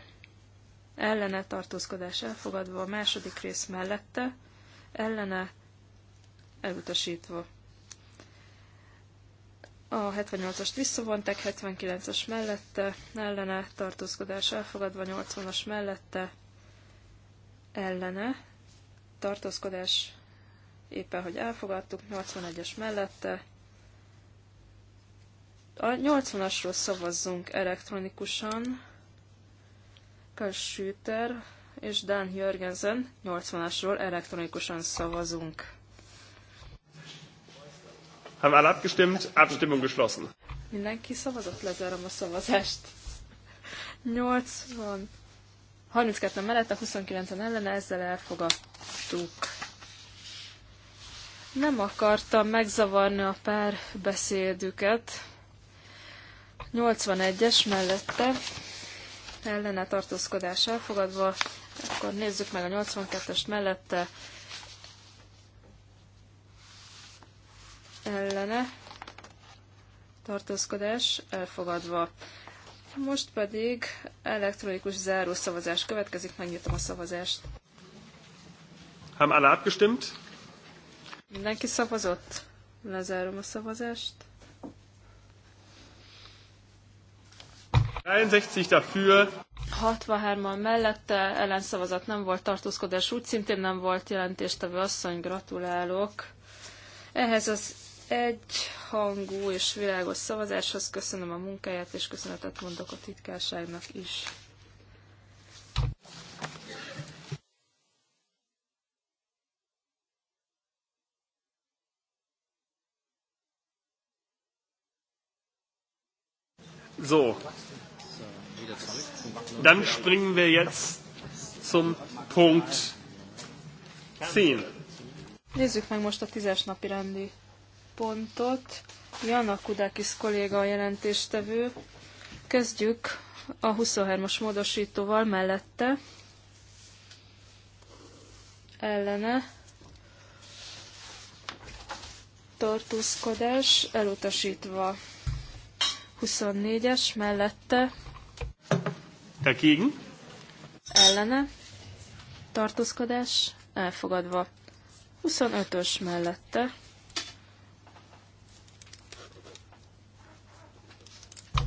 ellene tartózkodás elfogadva, a második rész mellette, ellene elutasítva. A 78-ast visszavonták, 79-es mellette, ellene tartózkodás elfogadva, 80-as mellette, ellene tartózkodás éppen, hogy elfogadtuk, 81-es mellette. A 80-asról szavazzunk elektronikusan. Karl Schüter és Dan Jörgensen 80-asról elektronikusan szavazunk. Haben alle abgestimmt? Abstimmung geschlossen. Mindenki szavazott, lezárom a szavazást. 80. 32 mellett, a 29-en ellene, ezzel elfogadtuk. Nem akartam megzavarni a pár beszédüket. 81-es mellette ellene tartózkodás elfogadva. Akkor nézzük meg a 82-est mellette ellene tartózkodás elfogadva. Most pedig elektronikus zárószavazás következik, megnyitom a szavazást. Haben alle abgestimmt? Mindenki szavazott? Lezárom a szavazást. 63 dafür. 63-an mellette ellenszavazat nem volt, tartózkodás úgy szintén nem volt, jelentéstevő asszony, gratulálok. Ehhez az egy hangú és világos szavazáshoz köszönöm a munkáját, és köszönetet mondok a titkárságnak is. So, dann springen wir jetzt zum Punkt 10. Nézzük meg most a tízes napi rendi pontot. Jana Kudakis kolléga a jelentéstevő. Kezdjük a 23-as módosítóval mellette. Ellene. Tartózkodás elutasítva. 24-es mellette. Dagegen. Ellene. Tartózkodás elfogadva. 25-ös mellette.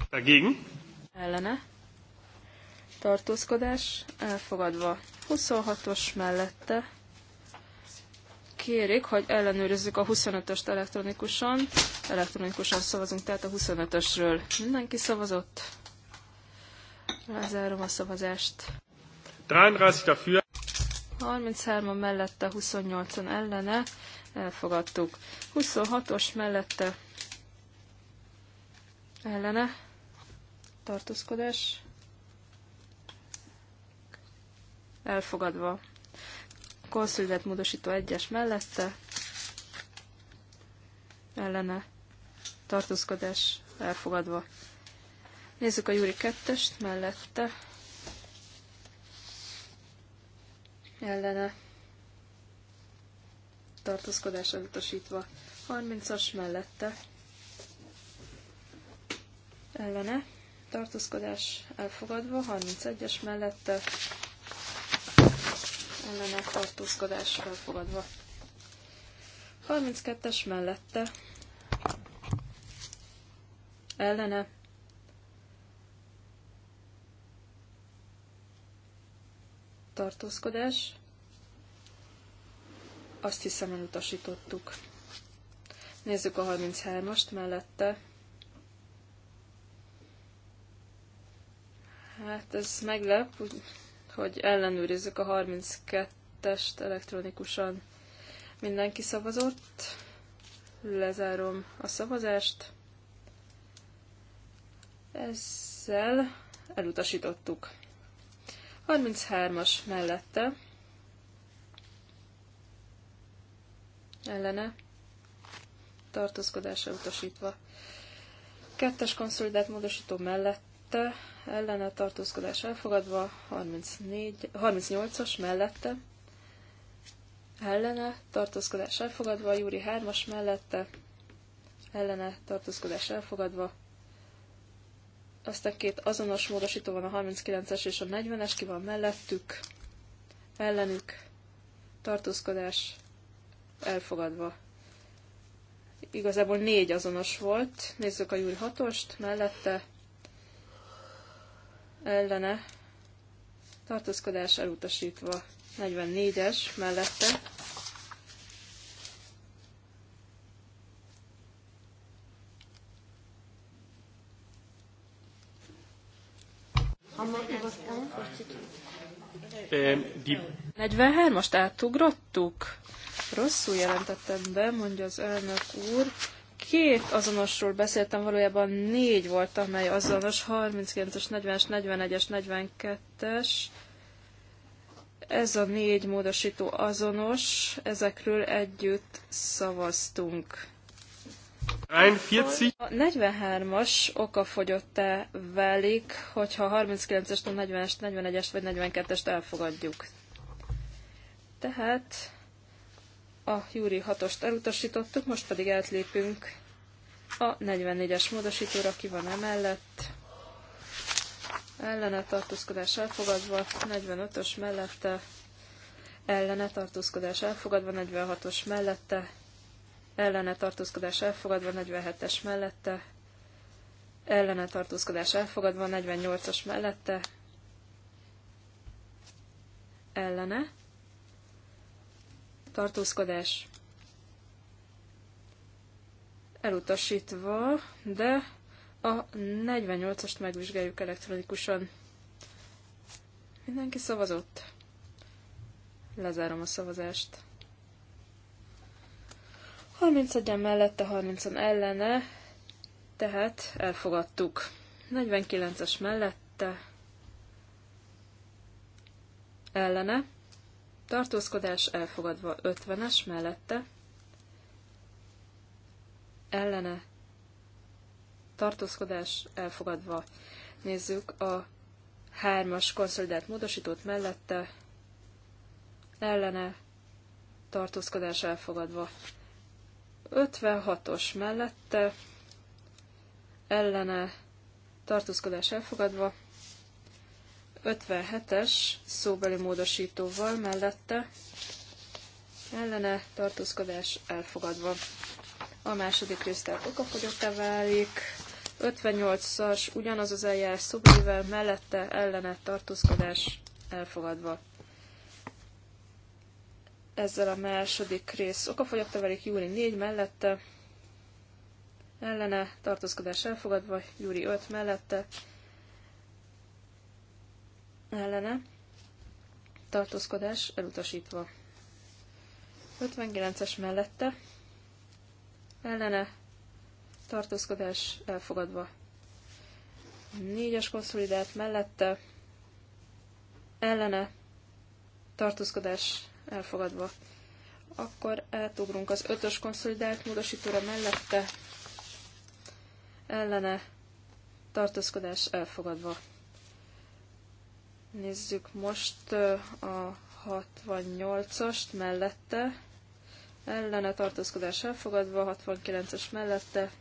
Dagegen. Ellene. Tartózkodás elfogadva. 26-os mellette kérik, hogy ellenőrizzük a 25-öst elektronikusan. Elektronikusan szavazunk, tehát a 25-ösről mindenki szavazott. Lezárom a szavazást. 33-an mellette, 28-an ellene. Elfogadtuk. 26-os mellette ellene. Tartózkodás. Elfogadva konszolidált módosító egyes mellette ellene tartózkodás elfogadva. Nézzük a Júri 2-est mellette ellene tartózkodás elutasítva. 30-as mellette ellene tartózkodás elfogadva, 31-es mellette ellene tartózkodás elfogadva. 32-es mellette ellene tartózkodás. Azt hiszem elutasítottuk. Nézzük a 33-ast mellette. Hát ez meglep, hogy ellenőrizzük a 32-est elektronikusan. Mindenki szavazott. Lezárom a szavazást. Ezzel elutasítottuk. 33-as mellette. Ellene. Tartózkodásra utasítva. Kettes konszolidált módosító mellette ellene tartózkodás elfogadva, 38-as mellette, ellene tartózkodás elfogadva, Júri 3-as mellette, ellene tartózkodás elfogadva, aztán két azonos módosító van a 39-es és a 40-es, ki van mellettük, ellenük, tartózkodás elfogadva. Igazából négy azonos volt, nézzük a Júri 6-ost, mellette, ellene tartózkodás elutasítva 44-es mellette Eh, 43-ast átugrottuk? Rosszul jelentettem be, mondja az elnök úr két azonosról beszéltem, valójában négy volt, amely azonos, 39-es, 40-es, 41-es, 42-es. Ez a négy módosító azonos, ezekről együtt szavaztunk. 41. A 43-as fogyott-e válik, hogyha 39-est, 40-est, 41-est vagy 42-est elfogadjuk. Tehát a júri 6-ost elutasítottuk, most pedig átlépünk a 44-es módosítóra, ki van emellett. Ellene tartózkodás elfogadva, 45-ös mellette. Ellene tartózkodás elfogadva, 46-os mellette. Ellene tartózkodás elfogadva, 47-es mellette. Ellene tartózkodás elfogadva, 48-as mellette. Ellene tartózkodás elutasítva, de a 48-ast megvizsgáljuk elektronikusan. Mindenki szavazott. Lezárom a szavazást. 31-en mellette, 30 en ellene, tehát elfogadtuk. 49-es mellette, ellene, tartózkodás elfogadva 50-es mellette, ellene tartózkodás elfogadva. Nézzük a 3-as konszolidált módosítót mellette, ellene tartózkodás elfogadva. 56-os mellette, ellene tartózkodás elfogadva. 57-es szóbeli módosítóval mellette ellene tartózkodás elfogadva. A második rész tehát okafogyottá válik. 58-as ugyanaz az eljárás szóbelivel mellette ellene tartózkodás elfogadva. Ezzel a második rész okafogyottá válik júli 4 mellette ellene tartózkodás elfogadva, júli 5 mellette ellene tartózkodás elutasítva. 59-es mellette ellene tartózkodás elfogadva. 4-es konszolidált mellette ellene tartózkodás elfogadva. Akkor eltugrunk az 5-ös konszolidált módosítóra mellette ellene tartózkodás elfogadva. Nézzük most a 68-ast mellette, ellene tartózkodás elfogadva, 69-es mellette,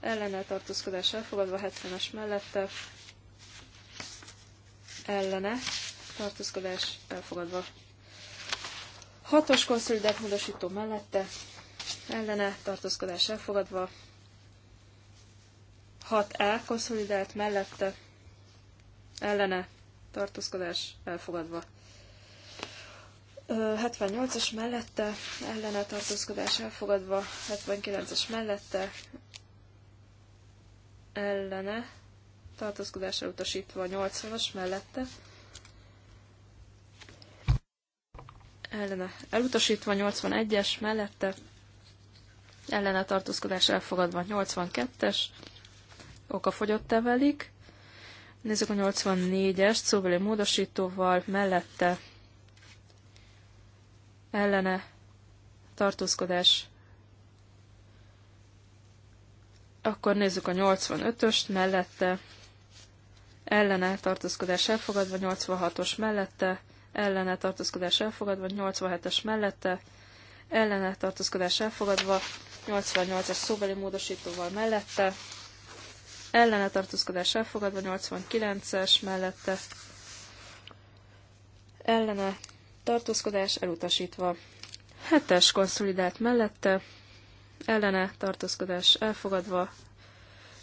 ellene tartózkodás elfogadva, 70-es mellette, ellene tartózkodás elfogadva. 6-os konszolidált módosító mellette, ellene tartózkodás elfogadva, 6E konszolidált mellette, ellene tartózkodás elfogadva. 78-as mellette ellene tartózkodás elfogadva, 79-es mellette ellene tartózkodás elutasítva 80-as mellette ellene elutasítva, 81-es mellette ellene tartózkodás elfogadva, 82-es okafogyott tevelik, Nézzük a 84-est, szóbeli módosítóval, mellette ellene tartózkodás. Akkor nézzük a 85-öst, mellette ellene tartózkodás elfogadva, 86-os mellette, ellene tartózkodás elfogadva, 87-es mellette, ellene tartózkodás elfogadva, 88 es szóbeli módosítóval mellette, ellene tartózkodás elfogadva, 89-es mellette ellene tartózkodás elutasítva, 7-es konszolidált mellette ellene tartózkodás elfogadva,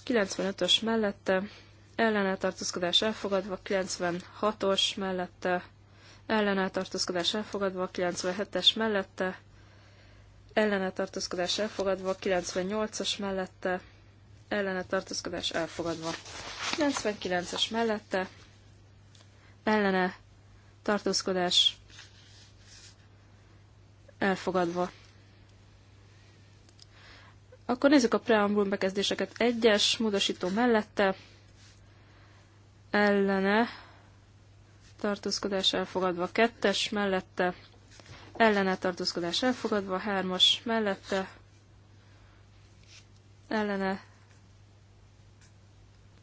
95-ös mellette ellene tartózkodás elfogadva, 96-os mellette ellene tartózkodás elfogadva, 97-es mellette ellene tartózkodás elfogadva, 98-as mellette ellene tartózkodás elfogadva. 99-es mellette ellene tartózkodás elfogadva. Akkor nézzük a preambul bekezdéseket. Egyes módosító mellette ellene tartózkodás elfogadva. Kettes mellette ellene tartózkodás elfogadva. Hármas mellette ellene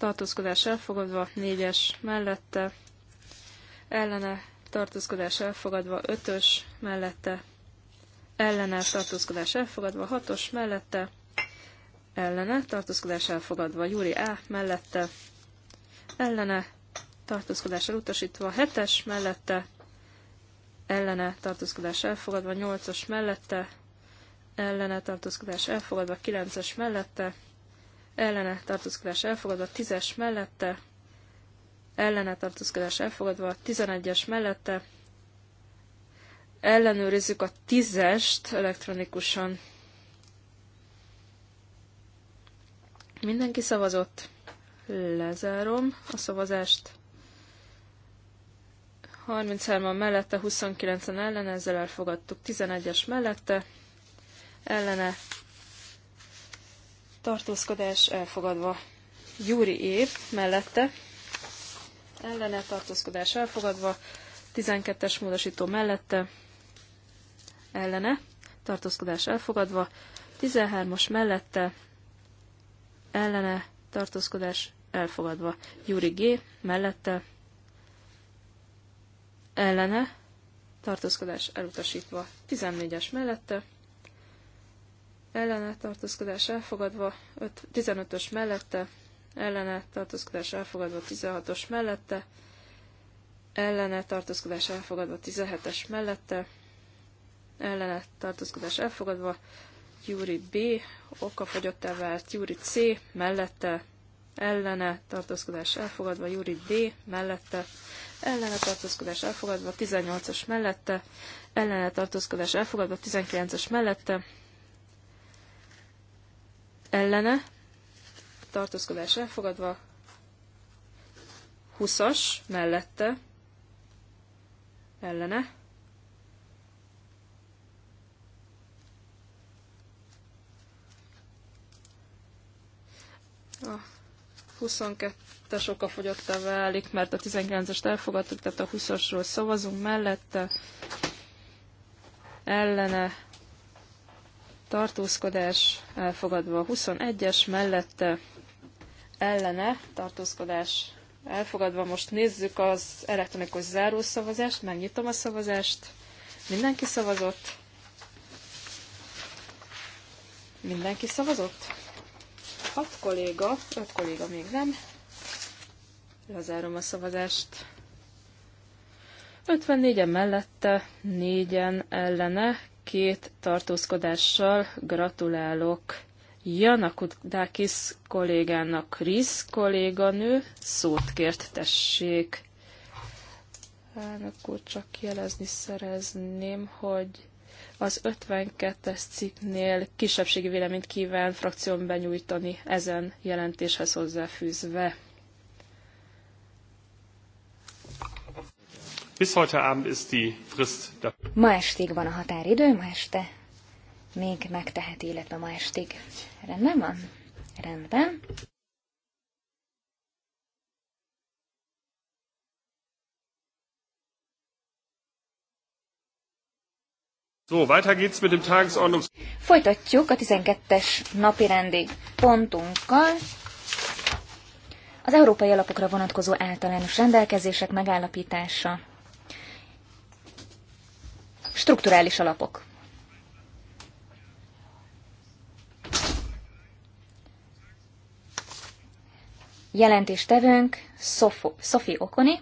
tartózkodás elfogadva, 4-es mellette, ellene tartózkodás elfogadva, 5-ös mellette, ellene tartózkodás elfogadva, 6-os mellette, ellene tartózkodás elfogadva, Júri A mellette, ellene tartózkodás elutasítva, 7-es mellette, ellene tartózkodás elfogadva, 8 os mellette, ellene tartózkodás elfogadva, 9-es mellette, ellene tartózkodás elfogadva, 10-es mellette, ellene tartózkodás elfogadva, 11-es mellette, ellenőrizzük a 10-est elektronikusan. Mindenki szavazott. Lezárom a szavazást. 33-an mellette, 29-en ellene, ezzel elfogadtuk. 11-es mellette, ellene tartózkodás elfogadva. Júri év mellette ellene tartózkodás elfogadva, 12-es módosító mellette ellene tartózkodás elfogadva, 13 os mellette ellene tartózkodás elfogadva, Júri G mellette ellene tartózkodás elutasítva, 14-es mellette ellene tartózkodás elfogadva, 15-ös mellette, ellene tartózkodás elfogadva, 16-os mellette, ellene tartózkodás elfogadva, 17-es mellette, ellene tartózkodás elfogadva, Júri B, okafogyott elvált Júri C, mellette, ellene tartózkodás elfogadva, Júri D, mellette, ellene tartózkodás elfogadva, 18-as mellette, ellene tartózkodás elfogadva, 19-es mellette, ellene, tartózkodás elfogadva, 20-as mellette, ellene, a 22-es oka fogyottá válik, mert a 19-est elfogadtuk, tehát a 20-asról szavazunk mellette, ellene, tartózkodás elfogadva. 21-es mellette ellene tartózkodás elfogadva. Most nézzük az elektronikus zárószavazást, megnyitom a szavazást. Mindenki szavazott? Mindenki szavazott? Hat kolléga, öt kolléga még nem. Lezárom a szavazást. 54-en mellette, 4-en ellene, két tartózkodással gratulálok Janakudakis kollégának Krisz kolléganő szót kért, tessék. Elnök úr, csak jelezni szerezném, hogy az 52-es cikknél kisebbségi véleményt kíván frakción benyújtani ezen jelentéshez hozzáfűzve. Bis heute Abend ist die Frist. Ma estig van a határidő, ma este még megteheti, illetve ma estig. Rendben van? Rendben. So, weiter geht's mit dem Tagesordnungs... Folytatjuk a 12-es napi rendi pontunkkal. Az európai alapokra vonatkozó általános rendelkezések megállapítása Strukturális alapok. Jelentéstevőnk Sophie Okoni,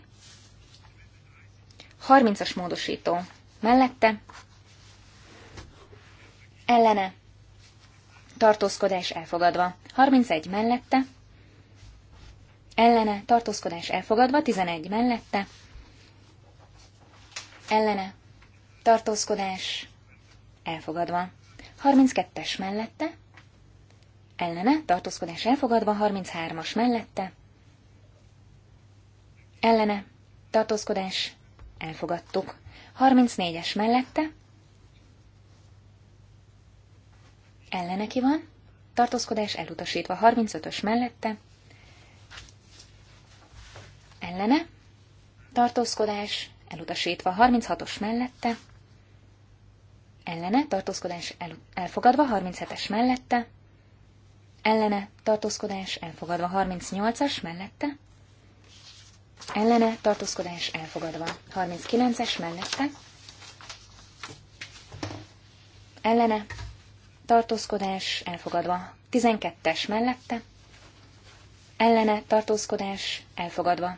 30-as módosító mellette, ellene, tartózkodás elfogadva, 31 mellette, ellene, tartózkodás elfogadva, 11 mellette, ellene, tartózkodás, elfogadva. 32-es mellette, ellene, tartózkodás elfogadva, 33-as mellette, ellene, tartózkodás, elfogadtuk. 34-es mellette, ellene ki van, tartózkodás elutasítva, 35-ös mellette, ellene, tartózkodás elutasítva, 36-os mellette, ellene, tartózkodás el, elfogadva, 37-es mellette, ellene, tartózkodás elfogadva, 38-as mellette, ellene, tartózkodás elfogadva, 39-es mellette, ellene, tartózkodás elfogadva, 12-es mellette, ellene, tartózkodás elfogadva,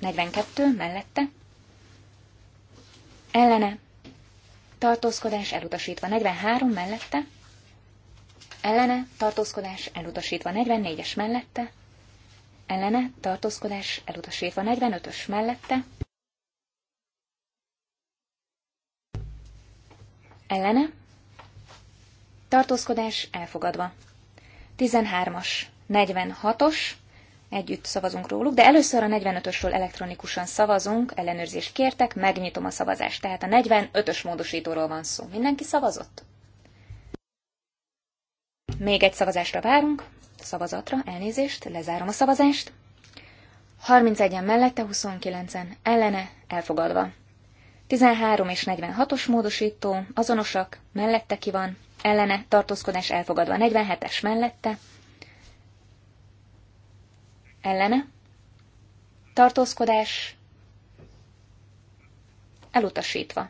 42 mellette, ellene, tartózkodás elutasítva 43 mellette, ellene tartózkodás elutasítva 44-es mellette, ellene tartózkodás elutasítva 45-ös mellette, ellene tartózkodás elfogadva 13-as, 46-os, Együtt szavazunk róluk, de először a 45-ösről elektronikusan szavazunk, ellenőrzést kértek, megnyitom a szavazást. Tehát a 45-ös módosítóról van szó. Mindenki szavazott? Még egy szavazásra várunk, szavazatra, elnézést, lezárom a szavazást. 31-en mellette, 29-en ellene, elfogadva. 13 és 46-os módosító, azonosak, mellette ki van, ellene, tartózkodás elfogadva, 47-es mellette, ellene, tartózkodás elutasítva.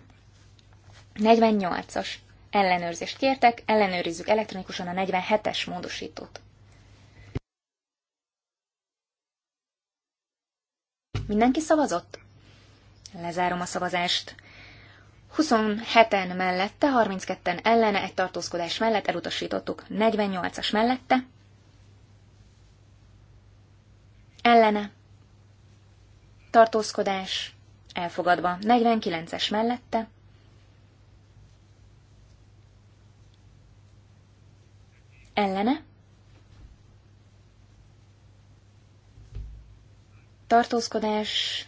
48-as ellenőrzést kértek, ellenőrizzük elektronikusan a 47-es módosítót. Mindenki szavazott? Lezárom a szavazást. 27-en mellette, 32-en ellene, egy tartózkodás mellett elutasítottuk. 48-as mellette, Ellene. Tartózkodás. Elfogadva. 49-es mellette. Ellene. Tartózkodás.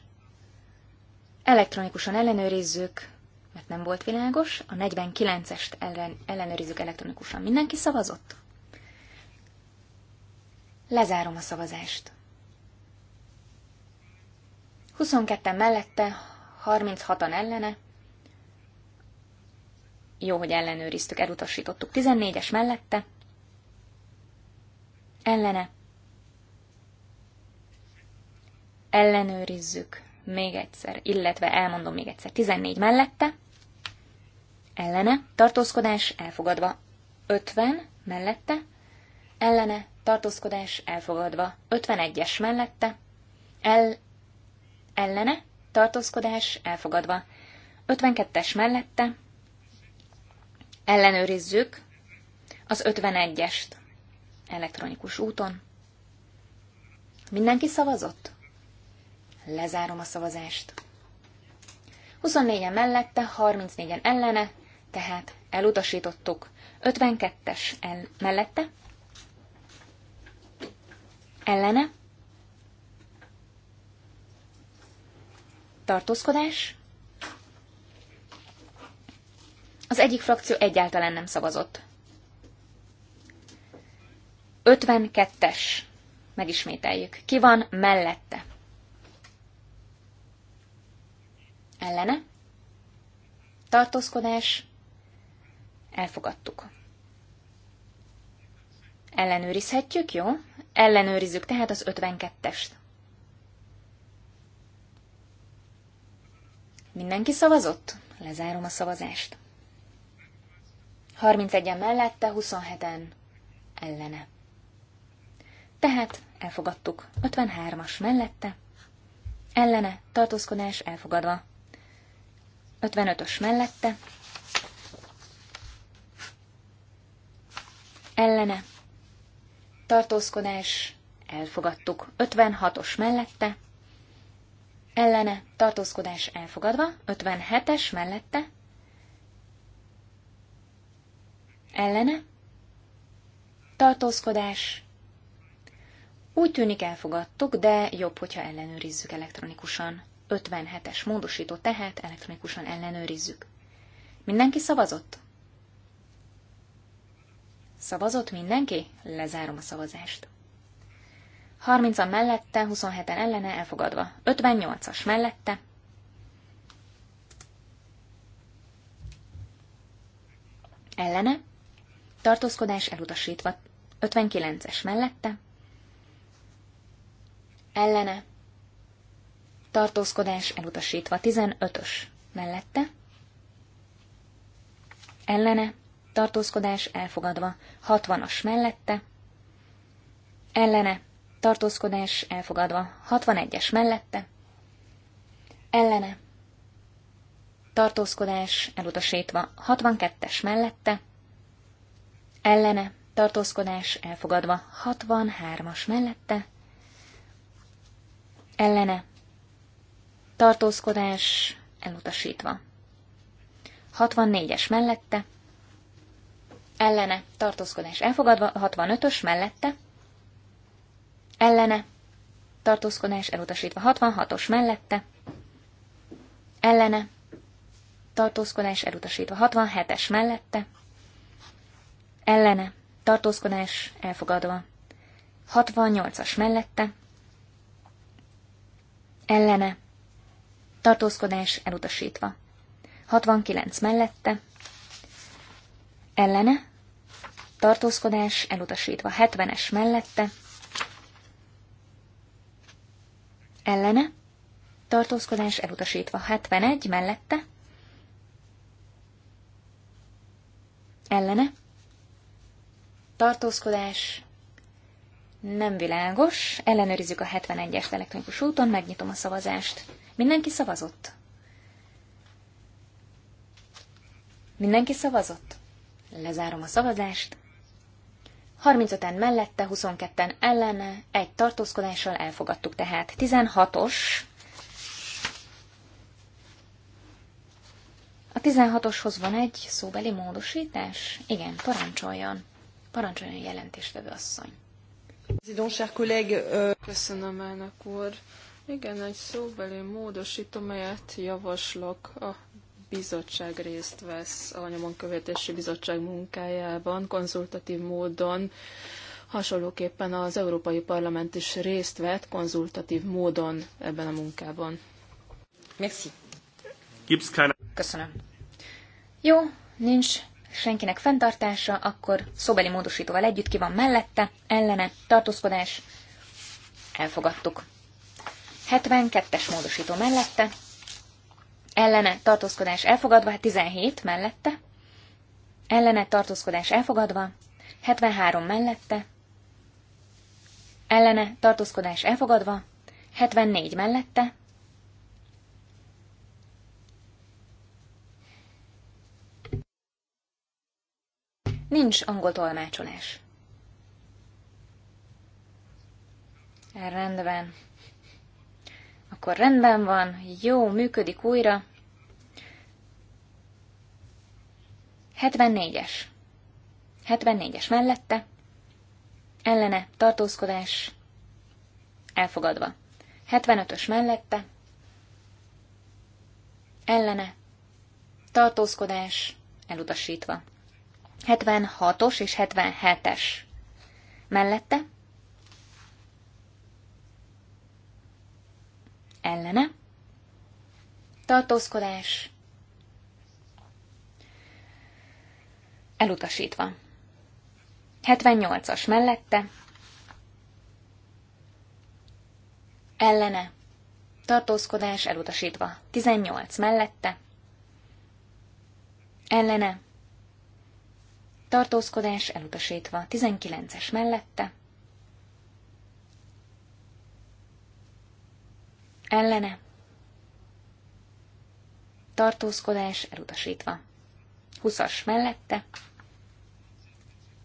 Elektronikusan ellenőrizzük, mert nem volt világos. A 49-est ellen, ellenőrizzük elektronikusan. Mindenki szavazott? Lezárom a szavazást. 22-en mellette, 36-an ellene. Jó, hogy ellenőriztük, elutasítottuk. 14-es mellette. Ellene. Ellenőrizzük még egyszer, illetve elmondom még egyszer. 14 mellette. Ellene. Tartózkodás elfogadva. 50 mellette. Ellene. Tartózkodás elfogadva. 51-es mellette. El, ellene, tartózkodás elfogadva. 52-es mellette ellenőrizzük az 51-est elektronikus úton. Mindenki szavazott? Lezárom a szavazást. 24-en mellette, 34-en ellene, tehát elutasítottuk. 52-es el mellette, ellene, tartózkodás. Az egyik frakció egyáltalán nem szavazott. 52-es. Megismételjük. Ki van mellette? Ellene? Tartózkodás? Elfogadtuk. Ellenőrizhetjük, jó? Ellenőrizzük tehát az 52-est. Mindenki szavazott? Lezárom a szavazást. 31-en mellette, 27-en ellene. Tehát elfogadtuk. 53-as mellette, ellene, tartózkodás elfogadva. 55-ös mellette, ellene, tartózkodás elfogadtuk. 56-os mellette, ellene tartózkodás elfogadva, 57-es mellette, ellene tartózkodás úgy tűnik elfogadtuk, de jobb, hogyha ellenőrizzük elektronikusan. 57-es módosító tehát elektronikusan ellenőrizzük. Mindenki szavazott? Szavazott mindenki? Lezárom a szavazást. 30 mellette, 27-en ellene, elfogadva. 58-as mellette. Ellene. Tartózkodás elutasítva. 59-es mellette. Ellene. Tartózkodás elutasítva. 15-ös mellette. Ellene. Tartózkodás elfogadva. 60-as mellette. Ellene tartózkodás elfogadva. 61-es mellette, ellene, tartózkodás elutasítva. 62-es mellette, ellene, tartózkodás elfogadva. 63-as mellette, ellene, tartózkodás elutasítva. 64-es mellette, ellene, tartózkodás elfogadva, 65-ös mellette, ellene, tartózkodás elutasítva 66-os mellette, ellene, tartózkodás elutasítva 67-es mellette, ellene, tartózkodás elfogadva 68-as mellette, ellene, tartózkodás elutasítva 69 mellette, ellene, tartózkodás elutasítva 70-es mellette, ellene, tartózkodás elutasítva 71 mellette, ellene, tartózkodás nem világos, ellenőrizzük a 71 es elektronikus úton, megnyitom a szavazást. Mindenki szavazott? Mindenki szavazott? Lezárom a szavazást. 35-en mellette, 22-en ellene, egy tartózkodással elfogadtuk tehát. 16-os. A 16-oshoz van egy szóbeli módosítás? Igen, parancsoljon. Parancsoljon jelentéstevő asszony. Euh, Köszönöm, elnök úr. Igen, egy szóbeli módosító, melyet javaslok a bizottság részt vesz a nyomonkövetési bizottság munkájában, konzultatív módon, hasonlóképpen az Európai Parlament is részt vett konzultatív módon ebben a munkában. Merci. Köszönöm. Jó, nincs senkinek fenntartása, akkor szóbeli módosítóval együtt ki van mellette, ellene, tartózkodás, elfogadtuk. 72-es módosító mellette, ellene tartózkodás elfogadva, 17 hát mellette, ellene tartózkodás elfogadva, 73 mellette, ellene tartózkodás elfogadva, 74 mellette, Nincs angol tolmácsolás. Rendben akkor rendben van, jó, működik újra. 74-es. 74-es mellette. Ellene, tartózkodás. Elfogadva. 75-ös mellette. Ellene, tartózkodás. Elutasítva. 76-os és 77-es. Mellette ellene, tartózkodás, elutasítva. 78-as mellette, ellene, tartózkodás elutasítva. 18 mellette, ellene, tartózkodás elutasítva. 19-es mellette, Ellene. Tartózkodás elutasítva. 20-as mellette.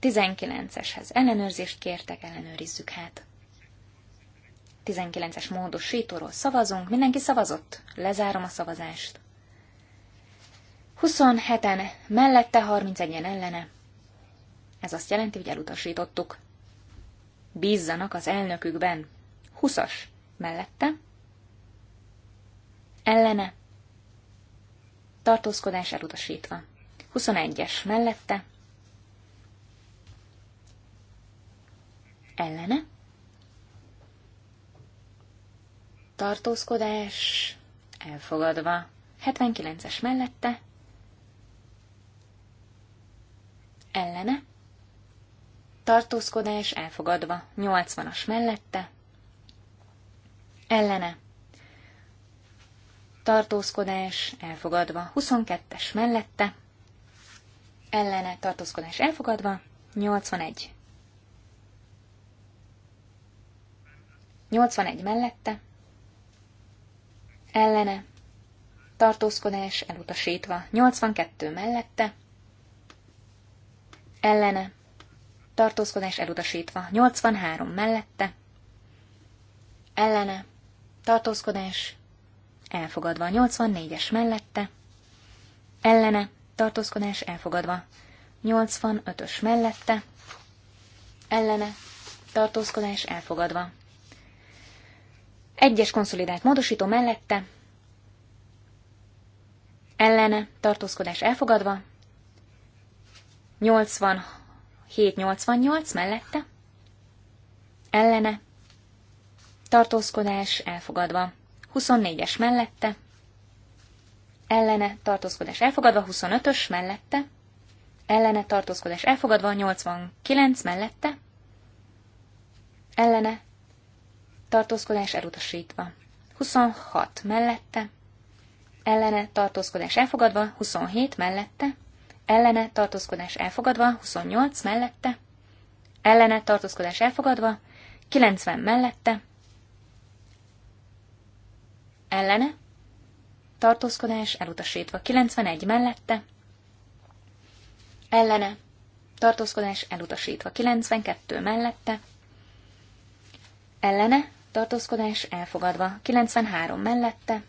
19-eshez ellenőrzést kértek, ellenőrizzük hát. 19-es módosítóról szavazunk, mindenki szavazott. Lezárom a szavazást. 27-en mellette, 31-en ellene. Ez azt jelenti, hogy elutasítottuk. Bízzanak az elnökükben. 20-as mellette, ellene, tartózkodás elutasítva. 21-es mellette, ellene, tartózkodás elfogadva. 79-es mellette, ellene, tartózkodás elfogadva. 80-as mellette, ellene, tartózkodás elfogadva. 22-es mellette, ellene tartózkodás elfogadva. 81. 81 mellette, ellene tartózkodás elutasítva. 82 mellette, ellene tartózkodás elutasítva. 83 mellette, ellene tartózkodás elfogadva. 84-es mellette, ellene, tartózkodás elfogadva. 85-ös mellette, ellene, tartózkodás elfogadva. Egyes konszolidált módosító mellette, ellene, tartózkodás elfogadva. 87-88 mellette, ellene, tartózkodás elfogadva. 24-es mellette, ellene tartózkodás elfogadva, 25-ös mellette, ellene tartózkodás elfogadva, 89 mellette, ellene tartózkodás elutasítva, 26 mellette, ellene tartózkodás elfogadva, 27 mellette, ellene tartózkodás elfogadva, 28 mellette, ellene tartózkodás elfogadva, 90 mellette, ellene, tartózkodás elutasítva. 91 mellette, ellene, tartózkodás elutasítva. 92 mellette, ellene, tartózkodás elfogadva. 93 mellette,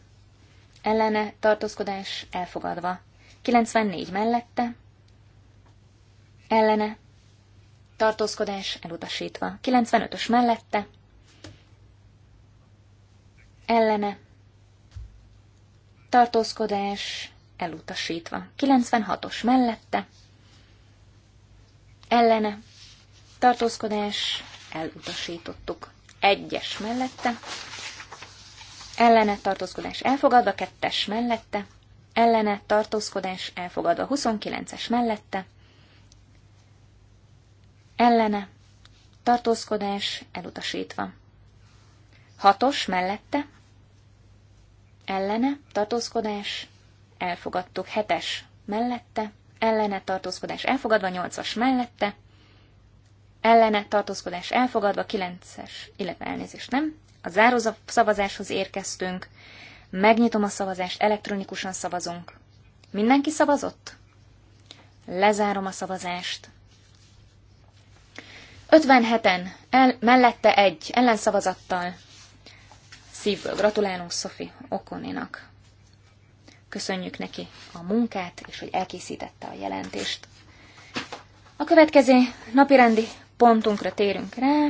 ellene, tartózkodás elfogadva. 94 mellette, ellene, tartózkodás elutasítva. 95-ös mellette, ellene, tartózkodás elutasítva. 96-os mellette, ellene, tartózkodás elutasítottuk. Egyes mellette, ellene tartózkodás elfogadva, kettes mellette, ellene tartózkodás elfogadva, 29-es mellette, ellene tartózkodás elutasítva. Hatos mellette, ellene, tartózkodás, elfogadtuk. Hetes mellette, ellene, tartózkodás, elfogadva. Nyolcas mellette, ellene, tartózkodás, elfogadva. Kilences, illetve elnézést nem. A záró szavazáshoz érkeztünk. Megnyitom a szavazást, elektronikusan szavazunk. Mindenki szavazott? Lezárom a szavazást. 57-en, el, mellette egy, ellenszavazattal, Szívből gratulálunk Szofi Okoninak. Köszönjük neki a munkát, és hogy elkészítette a jelentést. A következő napirendi pontunkra térünk rá.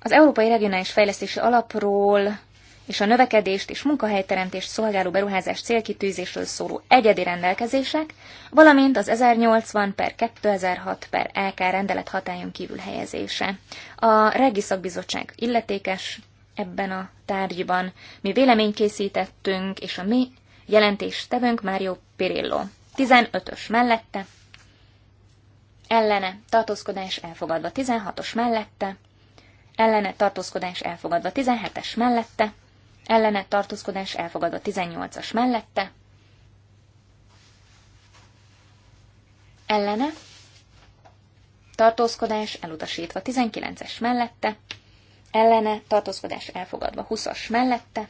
Az Európai Regionális Fejlesztési Alapról és a növekedést és munkahelyteremtést szolgáló beruházás célkitűzésről szóló egyedi rendelkezések, valamint az 1080 per 2006 per LK e rendelet hatályon kívül helyezése. A Regi Szakbizottság illetékes, ebben a tárgyban. Mi vélemény készítettünk, és a mi jelentéstevőnk Mário Pirillo. 15-ös mellette, ellene tartózkodás elfogadva 16-os mellette, ellene tartózkodás elfogadva 17-es mellette, ellene tartózkodás elfogadva 18-as mellette, ellene tartózkodás elutasítva 19-es mellette, ellene tartózkodás elfogadva. 20-as mellette,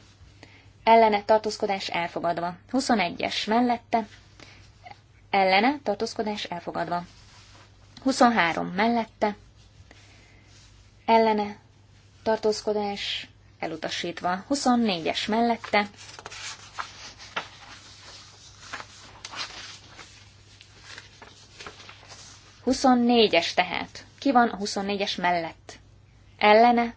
ellene tartózkodás elfogadva. 21-es mellette, ellene tartózkodás elfogadva. 23 mellette, ellene tartózkodás elutasítva. 24-es mellette, Huszonnégyes tehát. Ki van a 24 mellett? Ellene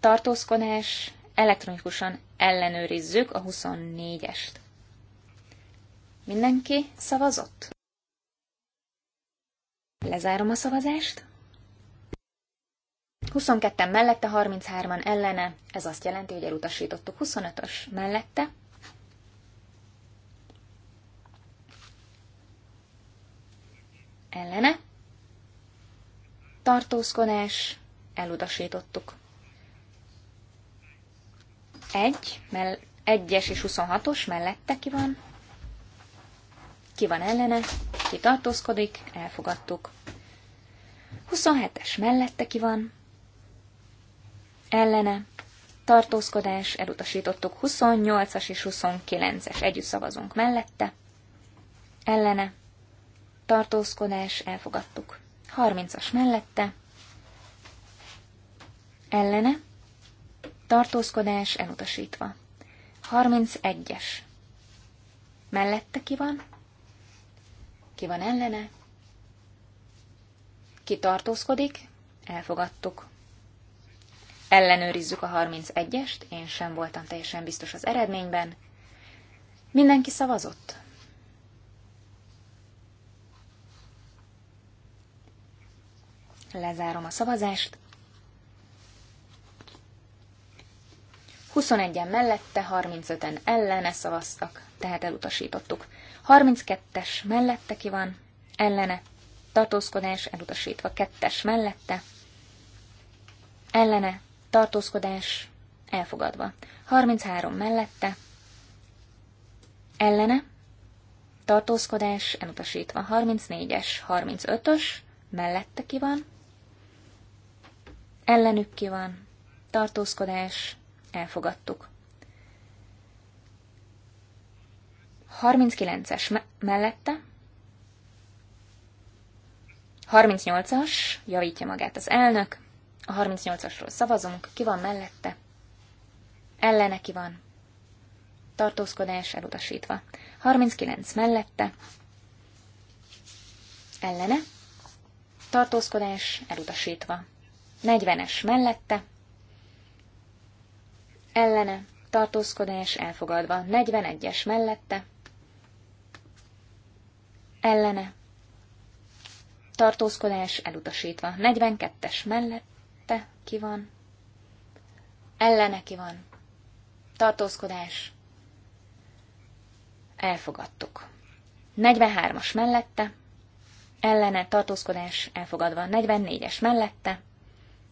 tartózkodás, elektronikusan ellenőrizzük a 24-est. Mindenki szavazott? Lezárom a szavazást. 22 mellette, 33-an ellene, ez azt jelenti, hogy elutasítottuk 25-ös mellette. Ellene. Tartózkodás, elutasítottuk. 1, mell- 1-es és 26-os mellette ki van, ki van ellene, ki tartózkodik, elfogadtuk. 27-es mellette ki van, ellene, tartózkodás, elutasítottuk 28-as és 29-es, együtt szavazunk mellette, ellene, tartózkodás, elfogadtuk. 30-as mellette, ellene, tartózkodás elutasítva. 31-es. Mellette ki van? Ki van ellene? Ki tartózkodik? Elfogadtuk. Ellenőrizzük a 31-est, én sem voltam teljesen biztos az eredményben. Mindenki szavazott? Lezárom a szavazást. 21-en mellette, 35-en ellene szavaztak, tehát elutasítottuk. 32-es mellette ki van, ellene, tartózkodás elutasítva, 2-es mellette, ellene, tartózkodás elfogadva. 33 mellette, ellene, tartózkodás elutasítva. 34-es, 35-ös, mellette ki van, ellenük ki van, tartózkodás elfogadtuk. 39-es me- mellette. 38-as, javítja magát az elnök. A 38-asról szavazunk. Ki van mellette? Ellene ki van. Tartózkodás elutasítva. 39 mellette. Ellene. Tartózkodás elutasítva. 40-es mellette ellene, tartózkodás elfogadva. 41-es mellette, ellene, tartózkodás elutasítva. 42-es mellette ki van, ellene ki van, tartózkodás elfogadtuk. 43-as mellette, ellene tartózkodás elfogadva 44-es mellette,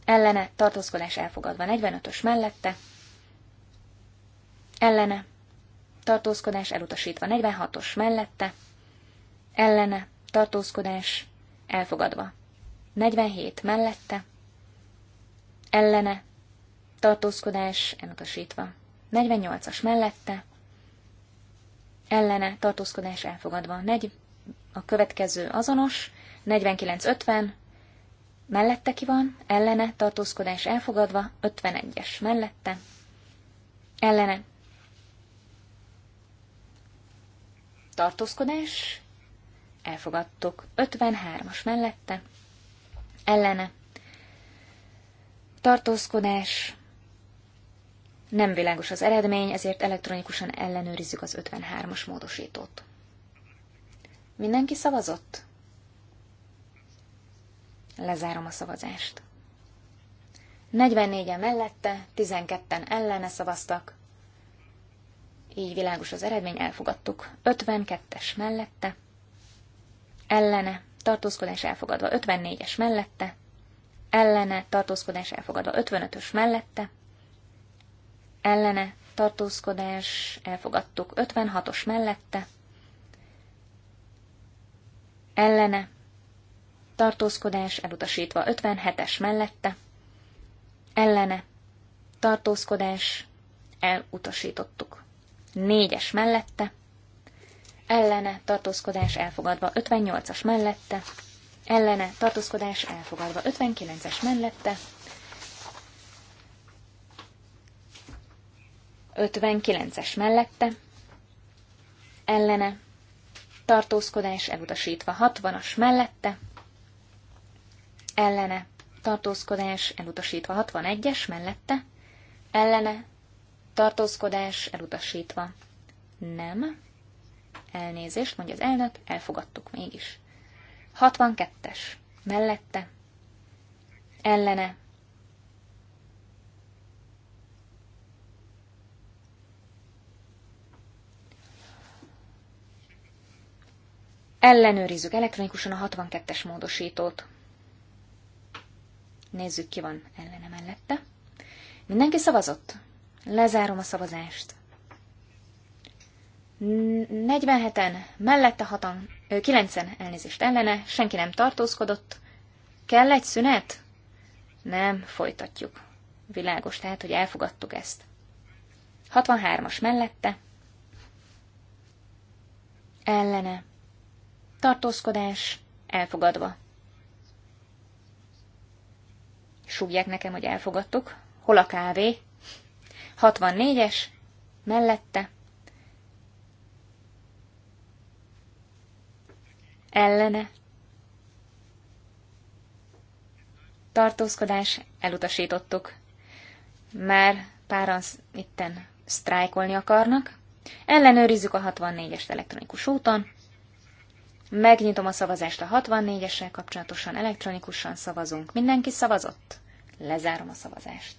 ellene tartózkodás elfogadva 45-ös mellette, ellene, tartózkodás elutasítva. 46-os mellette, ellene, tartózkodás elfogadva. 47 mellette, ellene, tartózkodás elutasítva. 48-as mellette, ellene, tartózkodás elfogadva. Negy, a következő azonos, 49-50, mellette ki van, ellene, tartózkodás elfogadva, 51-es mellette, ellene, tartózkodás, elfogadtok 53-as mellette, ellene, tartózkodás, nem világos az eredmény, ezért elektronikusan ellenőrizzük az 53-as módosítót. Mindenki szavazott? Lezárom a szavazást. 44-en mellette, 12-en ellene szavaztak, így világos az eredmény, elfogadtuk. 52-es mellette, ellene, tartózkodás elfogadva 54-es mellette, ellene, tartózkodás elfogadva 55-ös mellette, ellene, tartózkodás elfogadtuk 56-os mellette, ellene, tartózkodás elutasítva 57-es mellette, ellene, tartózkodás elutasítottuk. 4-es mellette, ellene tartózkodás elfogadva 58-as mellette, ellene tartózkodás elfogadva 59-es mellette, 59-es mellette, ellene tartózkodás elutasítva 60-as mellette, ellene tartózkodás elutasítva 61-es mellette, ellene tartózkodás elutasítva. Nem. Elnézést, mondja az elnök, elfogadtuk mégis. 62-es. Mellette. Ellene. Ellenőrizzük elektronikusan a 62-es módosítót. Nézzük, ki van ellene mellette. Mindenki szavazott? Lezárom a szavazást. 47-en, mellette hatan 90 elnézést ellene, senki nem tartózkodott. Kell egy szünet? Nem, folytatjuk. Világos, tehát, hogy elfogadtuk ezt. 63-as mellette. Ellene. Tartózkodás. Elfogadva. Súgják nekem, hogy elfogadtuk. Hol a kávé? 64-es, mellette, ellene, tartózkodás, elutasítottuk. Már páran itten sztrájkolni akarnak. Ellenőrizzük a 64-est elektronikus úton. Megnyitom a szavazást a 64-essel kapcsolatosan, elektronikusan szavazunk. Mindenki szavazott? Lezárom a szavazást.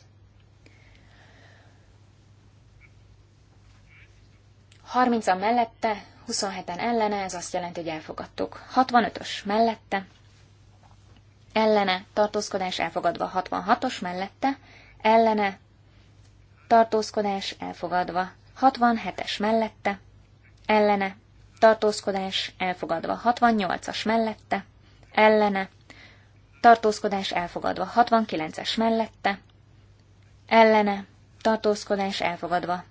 30-an mellette, 27-en ellene, ez azt jelenti, hogy elfogadtuk. 65-ös mellette, ellene, tartózkodás elfogadva. 66-os mellette, ellene, tartózkodás elfogadva. 67-es mellette, ellene, tartózkodás elfogadva. 68-as mellette, ellene, tartózkodás elfogadva. 69-es mellette, ellene, tartózkodás elfogadva.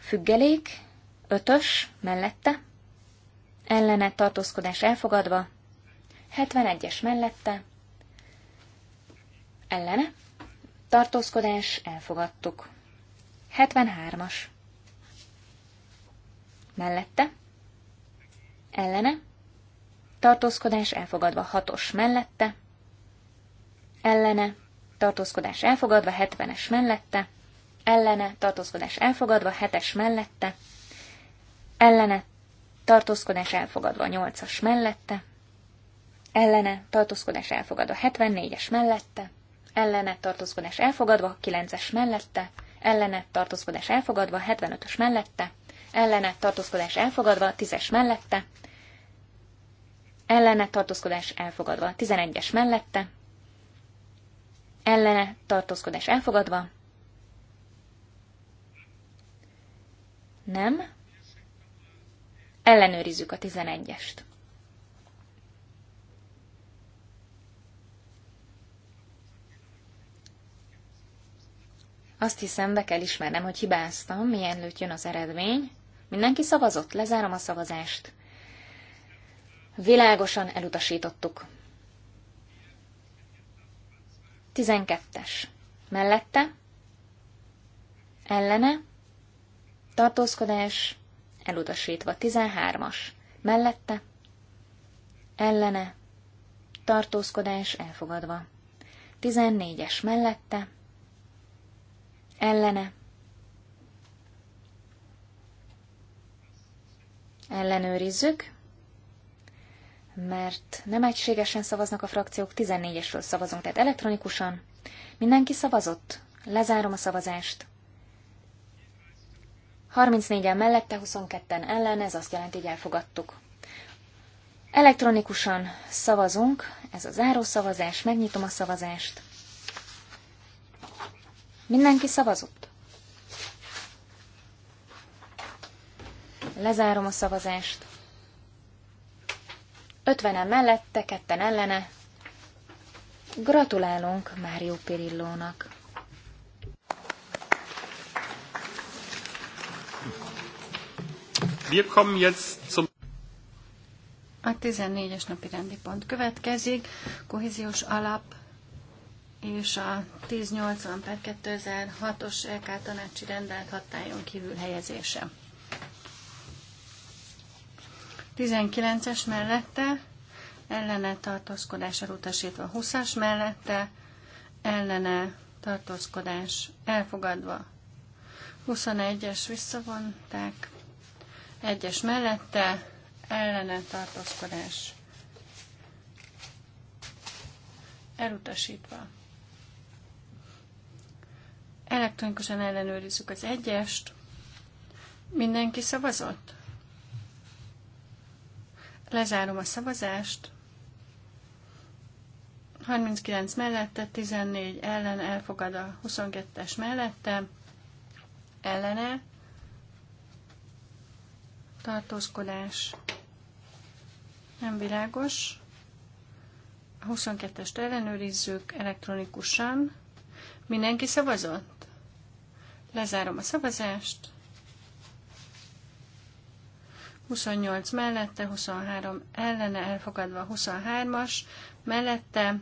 Függelék, ötös, mellette, ellene tartózkodás elfogadva, 71-es mellette, ellene, tartózkodás elfogadtuk. 73-as. Mellette, ellene, tartózkodás elfogadva 6-os mellette, ellene, tartózkodás elfogadva 70-es mellette, ellene tartózkodás elfogadva, hetes mellette, ellene tartózkodás elfogadva, nyolcas mellette, ellene tartózkodás elfogadva, 74-es mellette, ellene tartózkodás elfogadva, 9-es mellette, ellene tartózkodás elfogadva, 75-ös mellette, ellene tartózkodás elfogadva, 10-es mellette, ellene tartózkodás elfogadva, 11-es mellette, ellene tartózkodás elfogadva, Nem. Ellenőrizzük a 11-est. Azt hiszem, be kell ismernem, hogy hibáztam, milyen lőtt jön az eredmény. Mindenki szavazott, lezárom a szavazást. Világosan elutasítottuk. 12-es. Mellette? Ellene? tartózkodás, elutasítva 13-as, mellette, ellene, tartózkodás elfogadva, 14-es mellette, ellene, ellenőrizzük, mert nem egységesen szavaznak a frakciók, 14-esről szavazunk, tehát elektronikusan. Mindenki szavazott? Lezárom a szavazást. 34-en mellette, 22-en ellen, ez azt jelenti, hogy elfogadtuk. Elektronikusan szavazunk, ez a záró szavazás, megnyitom a szavazást. Mindenki szavazott? Lezárom a szavazást. 50-en mellette, ketten ellene. Gratulálunk Mário Pirillónak! Wir kommen jetzt zum a 14-es napi rendi pont következik, kohéziós alap és a 1080 per 2006-os LK tanácsi rendelet hatályon kívül helyezése. 19-es mellette ellene tartózkodás utasítva 20-as mellette ellene tartózkodás elfogadva, 21-es visszavonták, egyes mellette ellene tartózkodás elutasítva. Elektronikusan ellenőrizzük az egyest. Mindenki szavazott? Lezárom a szavazást. 39 mellette, 14 ellen elfogad a 22-es mellette, ellene tartózkodás, nem világos. A 22-est ellenőrizzük elektronikusan. Mindenki szavazott? Lezárom a szavazást. 28 mellette, 23 ellene, elfogadva 23-as, mellette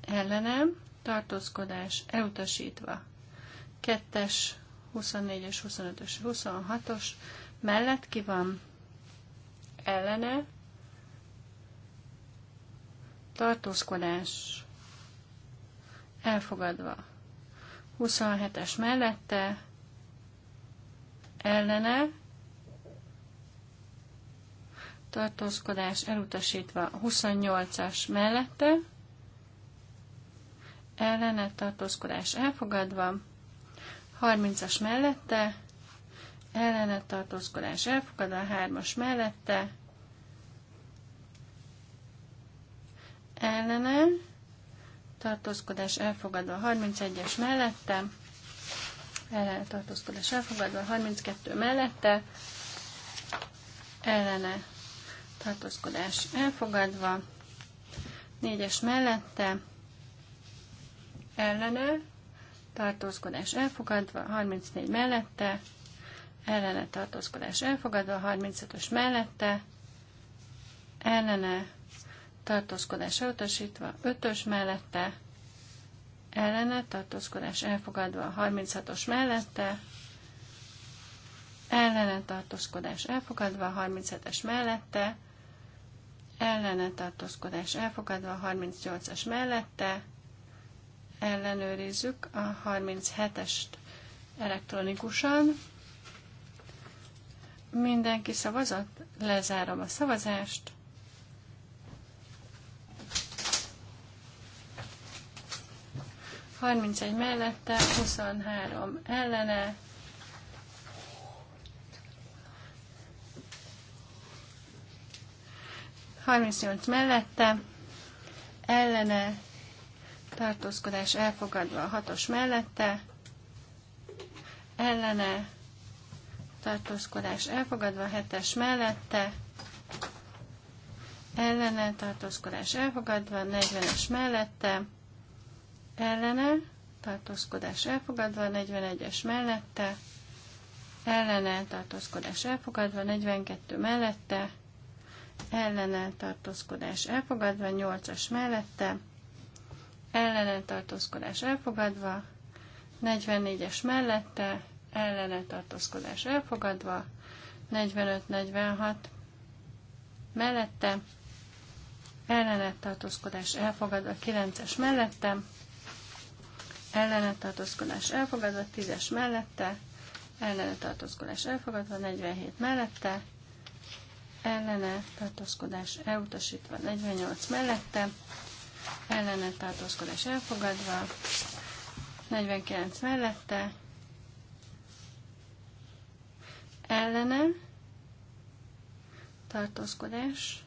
ellenem, tartózkodás elutasítva. Kettes 24-es, 25-ös, 26-os mellett ki van ellene tartózkodás elfogadva. 27-es mellette ellene tartózkodás elutasítva 28-as mellette, ellene tartózkodás elfogadva, 30-as mellette, ellenet tartózkodás elfogad, a 3-as mellette, ellene, tartózkodás elfogadva, 31-es mellette, ellene tartózkodás elfogadva, 32 mellette, ellene tartózkodás elfogadva, 4-es mellette, ellene tartózkodás elfogadva, 34 mellette, ellene tartózkodás elfogadva, 35-ös mellette, ellene tartózkodás elutasítva, 5-ös mellette, ellene tartózkodás elfogadva, 36-os mellette, ellene tartózkodás elfogadva, 37-es mellette, ellene tartózkodás elfogadva, 38-as mellette, ellenőrizzük a 37-est elektronikusan. Mindenki szavazott, lezárom a szavazást. egy mellette, 23 ellene, harmincnyolc mellette, ellene tartózkodás elfogadva a hatos mellette, ellene, tartózkodás elfogadva a hetes mellette, ellene, tartózkodás elfogadva a 40-es mellette, ellene, tartózkodás elfogadva a 41-es mellette, ellene, tartózkodás elfogadva a 42 mellette, ellene, tartózkodás elfogadva 8-as mellette, ellenetartózkodás elfogadva, 44-es mellette ellenetartózkodás elfogadva, 45-46 mellette ellenetartózkodás elfogadva, 9-es mellette ellenetartózkodás elfogadva, 10-es mellette ellenetartózkodás elfogadva, 47 mellette ellene tartózkodás elutasítva, 48 mellette ellene tartózkodás elfogadva, 49 mellette, ellene tartózkodás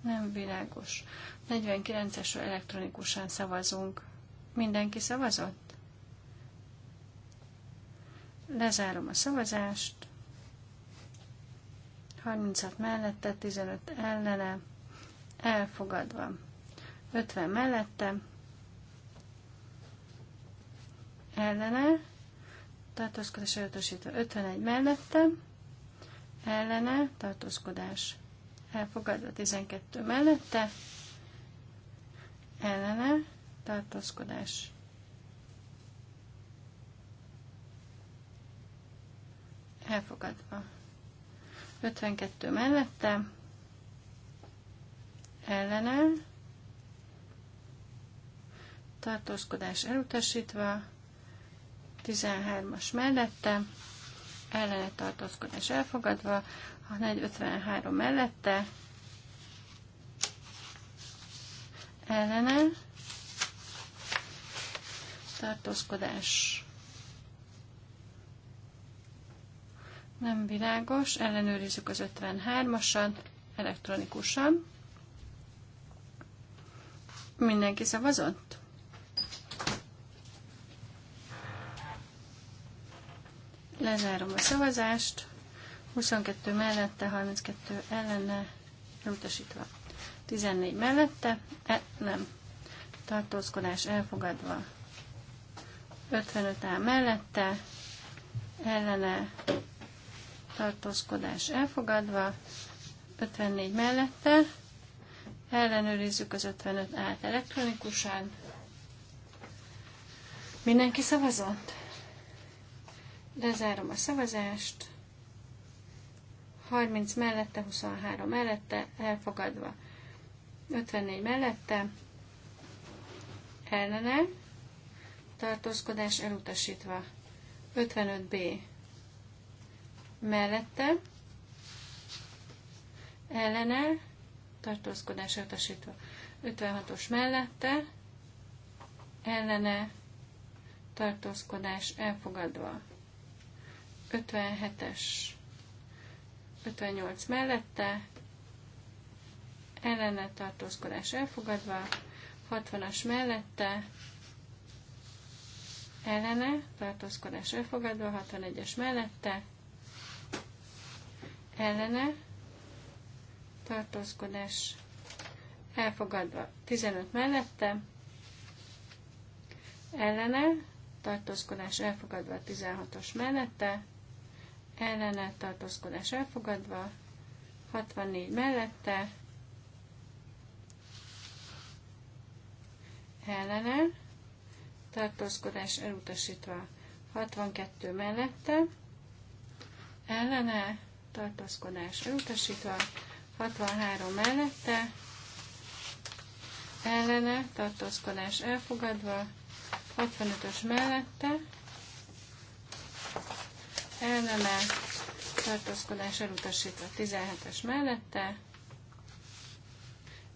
nem világos. 49-esről elektronikusan szavazunk. Mindenki szavazott? Lezárom a szavazást. 36 mellette, 15 ellene, elfogadva. 50 mellette, ellene, tartózkodás elutasítva 51 mellette, ellene, tartózkodás elfogadva 12 mellette, ellene, tartózkodás elfogadva 52 mellette, ellene, tartózkodás elutasítva, 13-as mellette, ellene tartózkodás elfogadva, a 453 mellette, ellene tartózkodás nem világos, ellenőrizzük az 53-asat elektronikusan. Mindenki szavazott? Lezárom a szavazást. 22 mellette, 32 ellene, elutasítva. 14 mellette, e, nem. Tartózkodás elfogadva. 55 áll mellette, ellene, tartózkodás elfogadva. 54 mellette, ellenőrizzük az 55 át elektronikusan. Mindenki szavazott? Lezárom a szavazást. 30 mellette, 23 mellette, elfogadva. 54 mellette, ellene, tartózkodás elutasítva. 55B mellette, ellene, tartózkodás elutasítva. 56-os mellette, ellene, tartózkodás elfogadva. 57-es, 58 mellette, ellene tartózkodás elfogadva, 60-as mellette, ellene tartózkodás elfogadva, 61-es mellette, ellene tartózkodás elfogadva, 15 mellette, ellene tartózkodás elfogadva, 16-os mellette, ellene tartózkodás elfogadva, 64 mellette, ellene tartózkodás elutasítva, 62 mellette, ellene tartózkodás elutasítva, 63 mellette, ellene tartózkodás elfogadva, 65-ös mellette, ellene, tartózkodás elutasítva 17-es mellette,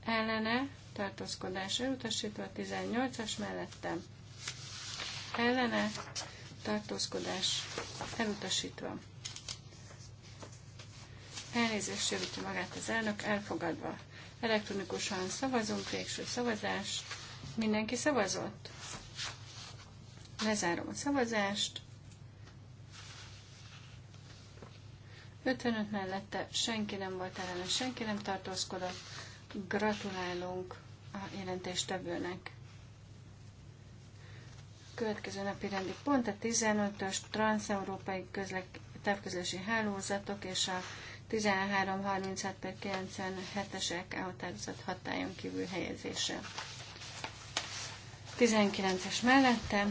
ellene, tartózkodás elutasítva 18-as mellette, ellene, tartózkodás elutasítva. Elnézést javítja magát az elnök, elfogadva. Elektronikusan szavazunk, végső szavazás. Mindenki szavazott? Lezárom a szavazást. 55 mellette senki nem volt ellene, senki nem tartózkodott. Gratulálunk a jelentéstevőnek. Következő napi rendi pont a 15-ös transeurópai közlek, távközlési hálózatok és a 1336 per 97 esek elhatározott hatályon kívül helyezése. 19-es mellette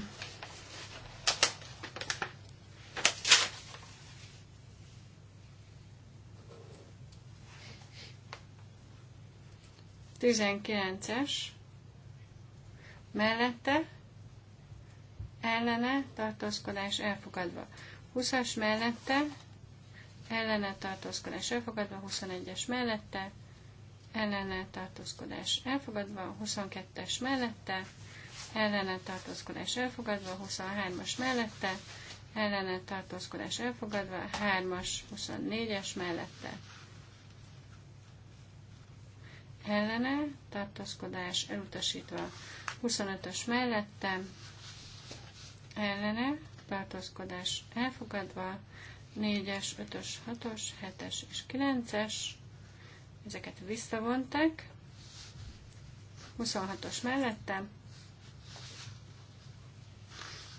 19-es mellette ellene tartózkodás elfogadva. 20-as mellette ellene tartózkodás elfogadva, 21-es mellette ellene tartózkodás elfogadva, 22-es mellette ellene tartózkodás elfogadva, 23-as mellette ellene tartózkodás elfogadva, 3-as, 24-es mellette ellene, tartaszkodás elutasítva. 25-ös mellette, ellene, tartaszkodás elfogadva. 4-es, 5-ös, 6-os, 7-es és 9-es. Ezeket visszavonták. 26-os mellette,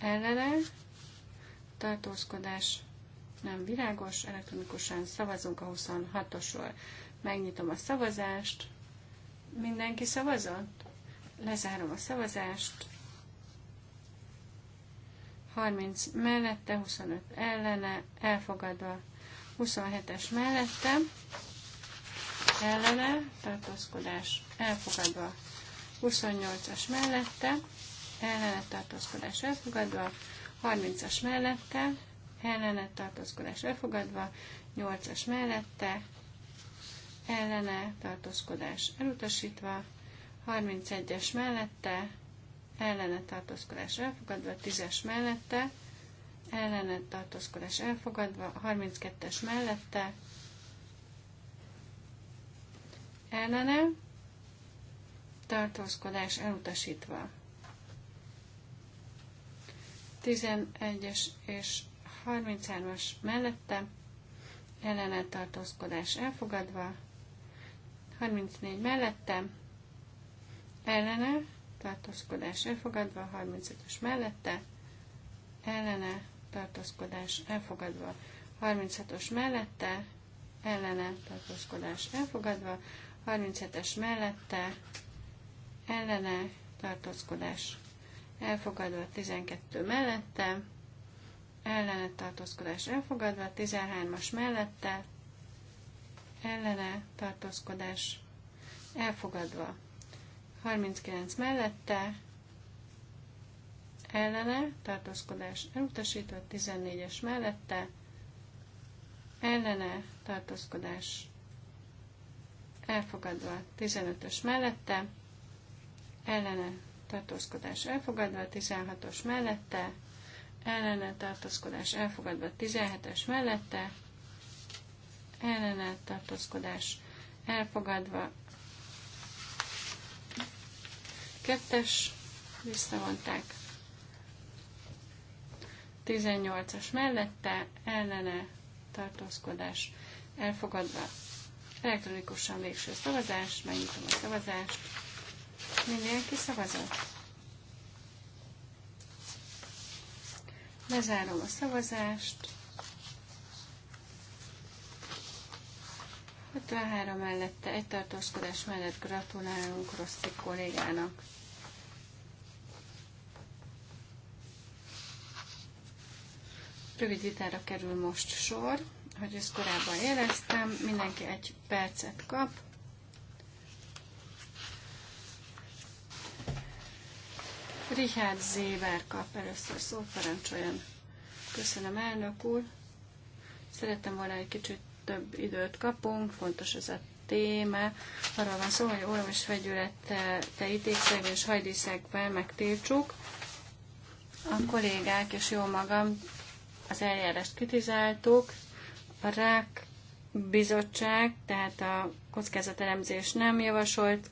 ellene, tartózkodás nem világos, elektronikusan szavazunk a 26-osról. Megnyitom a szavazást. Mindenki szavazott? Lezárom a szavazást. 30 mellette, 25 ellene, elfogadva. 27-es mellette, ellene, tartózkodás, elfogadva. 28-as mellette, ellene, tartózkodás, elfogadva. 30-as mellette, ellene, tartózkodás, elfogadva. 8-as mellette, ellene tartózkodás elutasítva, 31-es mellette ellene tartózkodás elfogadva, 10-es mellette ellene tartózkodás elfogadva, 32-es mellette ellene tartózkodás elutasítva. 11-es és 33-as mellette ellene tartózkodás elfogadva, 34 mellette, ellene, tartózkodás elfogadva, 35-ös mellette, ellene, tartózkodás elfogadva, 36-os mellette, ellene, tartózkodás elfogadva, 37-es mellette, ellene, tartózkodás elfogadva, 12 mellette, ellene tartózkodás elfogadva, 13-as mellette, ellene tartózkodás elfogadva. 39 mellette ellene tartózkodás elutasítva, 14-es mellette ellene tartózkodás elfogadva, 15-ös mellette ellene tartózkodás elfogadva, 16-os mellette ellene tartózkodás elfogadva, 17-es mellette ellenállt tartózkodás elfogadva. Kettes visszavonták. 18-as mellette ellene tartózkodás elfogadva. Elektronikusan végső szavazás, megnyitom a szavazást. Mindenki szavazott. Lezárom a szavazást. 53 mellette egy tartózkodás mellett gratulálunk Rosszi kollégának. Rövid vitára kerül most sor, hogy ezt korábban jeleztem, mindenki egy percet kap. Richard Zéber kap először szót, parancsoljon. Köszönöm, elnök úr. Szerettem volna egy kicsit több időt kapunk, fontos ez a téma. arra van szó, hogy orvos és te ítékszeg és hajdíszekben megtiltsuk. A kollégák és jó magam az eljárást kritizáltuk. A rák bizottság, tehát a kockázatelemzés nem javasolt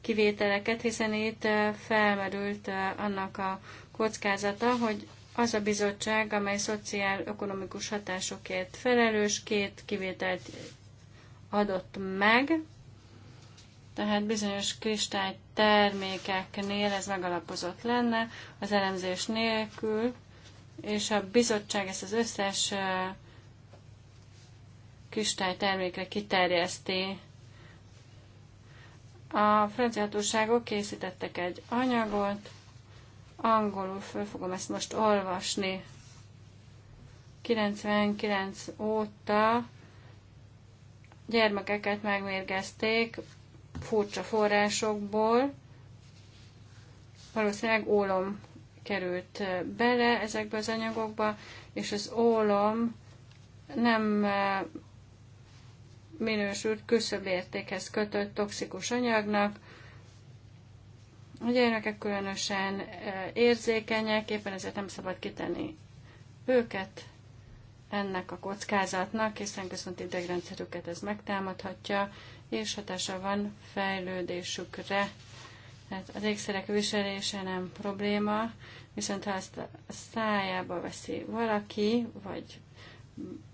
kivételeket, hiszen itt eh, felmerült eh, annak a kockázata, hogy az a bizottság, amely szociál-ökonomikus hatásokért felelős, két kivételt adott meg, tehát bizonyos kristály termékeknél ez megalapozott lenne az elemzés nélkül, és a bizottság ezt az összes kristály termékre kiterjeszti. A francia hatóságok készítettek egy anyagot, Angolul föl fogom ezt most olvasni. 99 óta gyermekeket megmérgezték furcsa forrásokból. Valószínűleg ólom került bele ezekbe az anyagokba, és az ólom nem eh, minősült küszöbértékhez kötött toxikus anyagnak, a gyermekek különösen e, érzékenyek, éppen ezért nem szabad kitenni őket ennek a kockázatnak, hiszen központi idegrendszerüket ez megtámadhatja, és hatása van fejlődésükre. Tehát az ékszerek viselése nem probléma, viszont ha ezt a szájába veszi valaki, vagy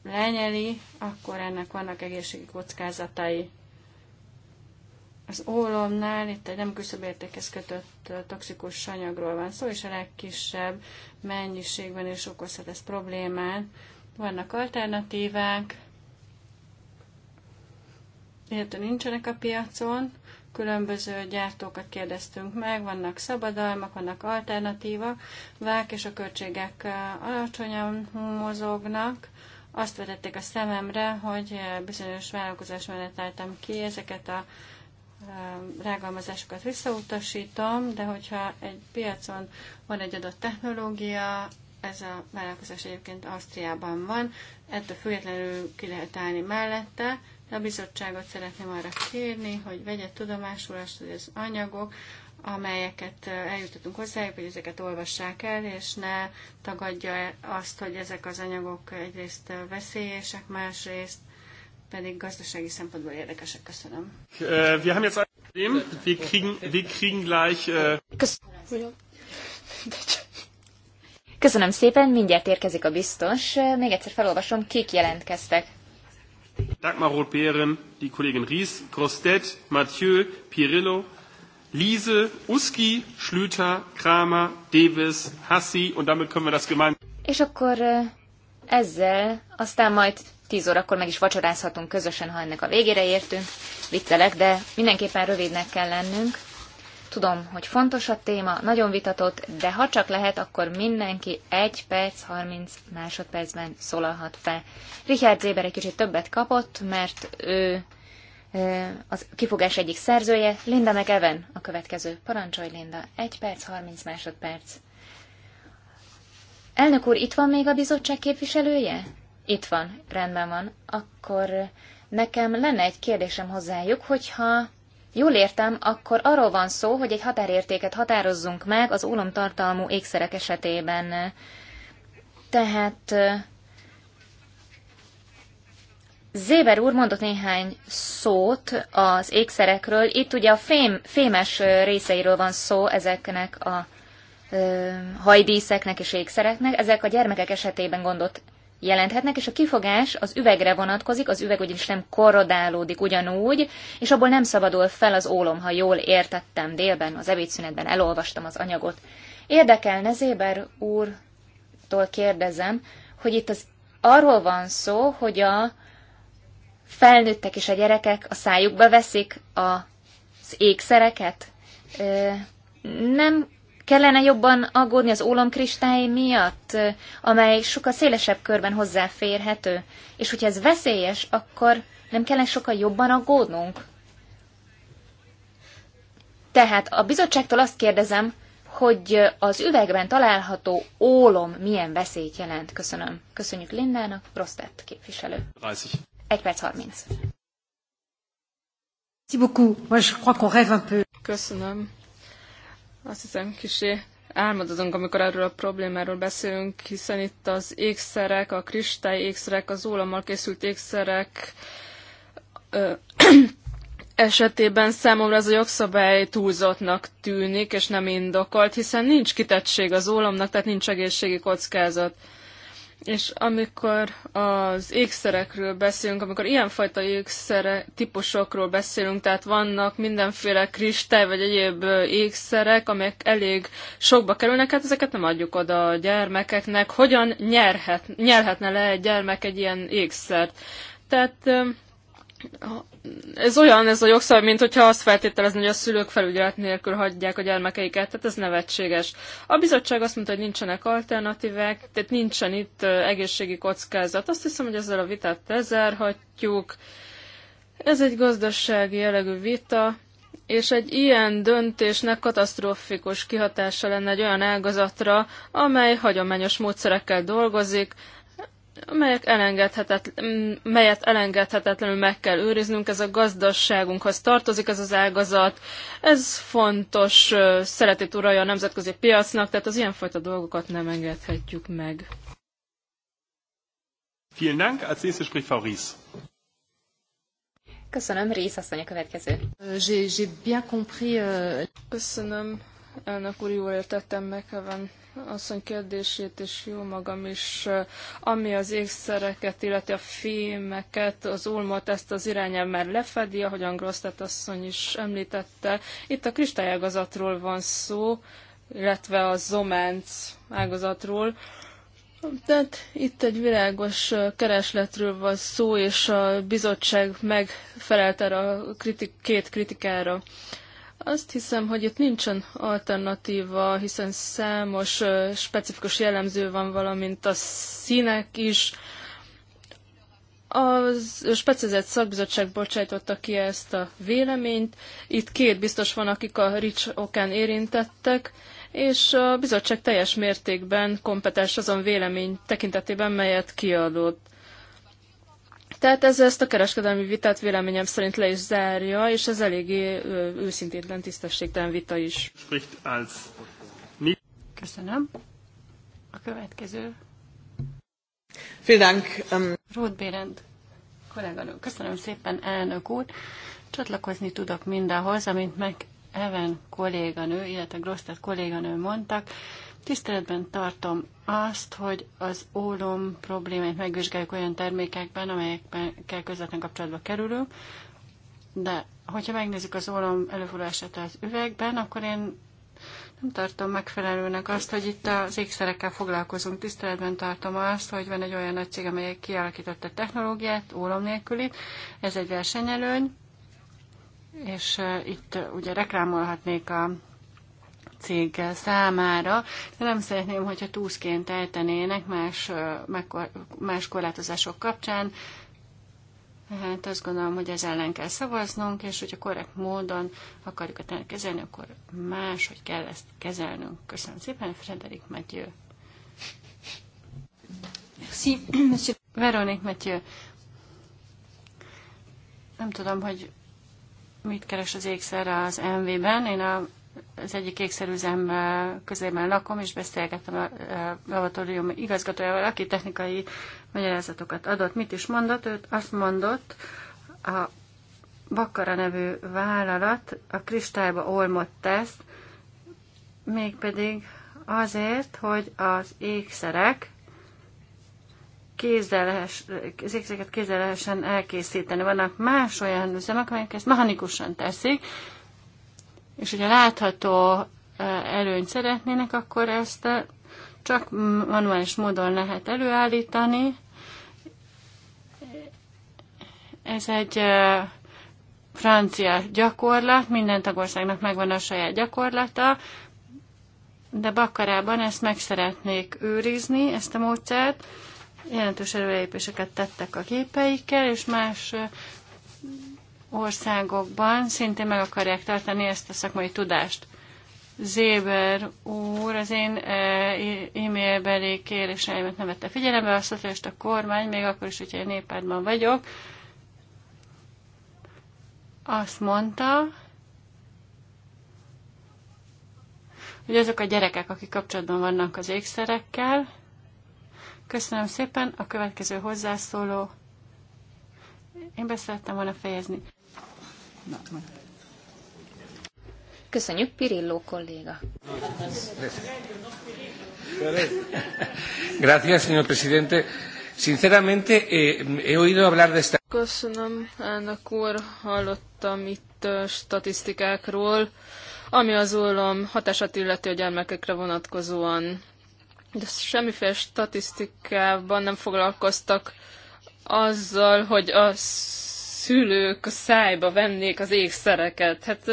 lenyeli, akkor ennek vannak egészségi kockázatai az ólomnál itt egy nem küszöbértékhez kötött toxikus anyagról van szó, és a legkisebb mennyiségben is okozhat ez problémát. Vannak alternatívák, illetve nincsenek a piacon, különböző gyártókat kérdeztünk meg, vannak szabadalmak, vannak alternatíva, vák és a költségek alacsonyan mozognak. Azt vetették a szememre, hogy bizonyos vállalkozás mellett álltam ki ezeket a rágalmazásokat visszautasítom, de hogyha egy piacon van egy adott technológia, ez a vállalkozás egyébként Ausztriában van, ettől függetlenül ki lehet állni mellette, de a bizottságot szeretném arra kérni, hogy vegye tudomásul azt, hogy az anyagok, amelyeket eh, eljutottunk hozzájuk, hogy ezeket olvassák el, és ne tagadja azt, hogy ezek az anyagok egyrészt eh, veszélyesek, másrészt pedig gazdasági szempontból érdekesek. Köszönöm. Äh, wir haben jetzt ein Problem. Wir kriegen, wir kriegen gleich... Köszönöm. Äh, Köszönöm szépen, mindjárt érkezik a biztos. Äh, még egyszer felolvasom, kik jelentkeztek. Dagmar Roth-Behren, die Kollegin Ries, Grostet, Mathieu, Pirillo, Liese, Uski, Schlüter, Kramer, Davis, Hassi, und damit können wir das gemeinsam. És akkor ezzel aztán majd 10 órakor meg is vacsorázhatunk közösen, ha ennek a végére értünk. Viccelek, de mindenképpen rövidnek kell lennünk. Tudom, hogy fontos a téma, nagyon vitatott, de ha csak lehet, akkor mindenki 1 perc 30 másodpercben szólalhat fel. Richard Zéber egy kicsit többet kapott, mert ő az kifogás egyik szerzője, Linda meg Evan a következő. Parancsolj, Linda, 1 perc 30 másodperc. Elnök úr, itt van még a bizottság képviselője? Itt van, rendben van. Akkor nekem lenne egy kérdésem hozzájuk, hogyha jól értem, akkor arról van szó, hogy egy határértéket határozzunk meg az ólomtartalmú ékszerek esetében. Tehát Zéber úr mondott néhány szót az ékszerekről. Itt ugye a fém, fémes részeiről van szó ezeknek a hajdíszeknek és ékszereknek, ezek a gyermekek esetében gondot jelenthetnek, és a kifogás az üvegre vonatkozik, az üveg ugyanis nem korrodálódik ugyanúgy, és abból nem szabadul fel az ólom, ha jól értettem délben, az ebédszünetben elolvastam az anyagot. Érdekelne Zéber úrtól kérdezem, hogy itt az, arról van szó, hogy a felnőttek és a gyerekek a szájukba veszik az ékszereket? nem Kellene jobban aggódni az ólomkristály miatt, amely sokkal szélesebb körben hozzáférhető. És hogyha ez veszélyes, akkor nem kellene sokkal jobban aggódnunk? Tehát a bizottságtól azt kérdezem, hogy az üvegben található ólom milyen veszélyt jelent. Köszönöm. Köszönjük Lindának, Rostett képviselő. 30. 1 perc 30. Köszönöm. Azt hiszem, kisé álmodozunk, amikor erről a problémáról beszélünk, hiszen itt az ékszerek, a kristály ékszerek, az ólommal készült ékszerek ö, esetében számomra ez a jogszabály túlzottnak tűnik, és nem indokolt, hiszen nincs kitettség az ólomnak, tehát nincs egészségi kockázat és amikor az ékszerekről beszélünk, amikor ilyenfajta ékszere típusokról beszélünk, tehát vannak mindenféle kristály vagy egyéb ékszerek, amelyek elég sokba kerülnek, hát ezeket nem adjuk oda a gyermekeknek. Hogyan nyerhet, nyerhetne le egy gyermek egy ilyen ékszert? Tehát ez olyan ez a jogszabály, mint hogyha azt feltételezni, hogy a szülők felügyelet nélkül hagyják a gyermekeiket, tehát ez nevetséges. A bizottság azt mondta, hogy nincsenek alternatívek, tehát nincsen itt egészségi kockázat. Azt hiszem, hogy ezzel a vitát lezárhatjuk. Ez egy gazdasági jellegű vita, és egy ilyen döntésnek katasztrofikus kihatása lenne egy olyan ágazatra, amely hagyományos módszerekkel dolgozik, amelyek elengedhetetlen, melyet elengedhetetlenül meg kell őriznünk, ez a gazdaságunkhoz tartozik, ez az ágazat, ez fontos szeretét uralja a nemzetközi piacnak, tehát az ilyenfajta dolgokat nem engedhetjük meg. Vielen Dank, als nächstes spricht Frau Ries. Köszönöm, Rész mondja a következő. J'ai bien compris. Euh, Köszönöm, elnök úr, jól értettem meg, ha van asszony kérdését, és jó magam is, ami az ékszereket, illeti a fémeket, az ulmot, ezt az irányel már lefedi, ahogyan Grosztet asszony is említette. Itt a kristályágazatról van szó, illetve a zománc ágazatról. Tehát itt egy világos keresletről van szó, és a bizottság megfelelt erre a kritik- két kritikára. Azt hiszem, hogy itt nincsen alternatíva, hiszen számos specifikus jellemző van, valamint a színek is. A specializált szakbizottság bocsájtotta ki ezt a véleményt. Itt két biztos van, akik a Rich okán érintettek, és a bizottság teljes mértékben kompetens azon vélemény tekintetében, melyet kiadott. Tehát ez ezt a kereskedelmi vitát véleményem szerint le is zárja, és ez eléggé őszintétlen, tisztességtelen vita is. Köszönöm. A következő. Vielen Um... Ruth Bérend kolléganő. Köszönöm szépen, elnök úr. Csatlakozni tudok mindenhoz, amit meg Even kolléganő, illetve Grosztat kolléganő mondtak, Tiszteletben tartom azt, hogy az ólom problémáit megvizsgáljuk olyan termékekben, amelyekkel közvetlen kapcsolatba kerülünk, de hogyha megnézzük az ólom előfordulását az üvegben, akkor én nem tartom megfelelőnek azt, hogy itt az ékszerekkel foglalkozunk. Tiszteletben tartom azt, hogy van egy olyan nagy cég, amely kialakította a technológiát, ólom nélküli. Ez egy versenyelőny, és itt ugye reklámolhatnék a cég számára, de nem szeretném, hogyha túszként eltenének más, más korlátozások kapcsán. Tehát azt gondolom, hogy ez ellen kell szavaznunk, és hogyha korrekt módon akarjuk a kezelni, akkor máshogy kell ezt kezelnünk. Köszönöm szépen, Frederik Matyő. Veronik Matyő. Nem tudom, hogy mit keres az ékszer az MV-ben. Én a az egyik ékszerüzem közében lakom, és beszélgettem a lavatórium igazgatójával, aki technikai magyarázatokat adott. Mit is mondott? Őt azt mondott, a Bakara nevű vállalat a kristályba olmot tesz, mégpedig azért, hogy az ékszerek kézzel lehess, az ékszereket kézzel lehessen elkészíteni. Vannak más olyan üzemek, amelyek ezt mechanikusan teszik, és hogyha látható előnyt szeretnének, akkor ezt csak manuális módon lehet előállítani. Ez egy francia gyakorlat, minden tagországnak megvan a saját gyakorlata, de Bakkarában ezt meg szeretnék őrizni, ezt a módszert. Jelentős előrelépéseket tettek a képeikkel, és más országokban szintén meg akarják tartani ezt a szakmai tudást. Zéber úr az én e, e-mailbeli kéréseimet nem vette figyelembe, a szocialista kormány, még akkor is, hogyha én népádban vagyok, azt mondta, hogy azok a gyerekek, akik kapcsolatban vannak az ékszerekkel. Köszönöm szépen, a következő hozzászóló. Én beszerettem volna fejezni. Köszönjük, Pirilló kolléga. Gracias, señor presidente. Sinceramente, eh, he oído hablar de esta... Köszönöm, elnök úr, hallottam itt statisztikákról, ami az ólom hatását illeti a gyermekekre vonatkozóan. De semmiféle statisztikában nem foglalkoztak azzal, hogy a szülők szájba vennék az ékszereket. Hát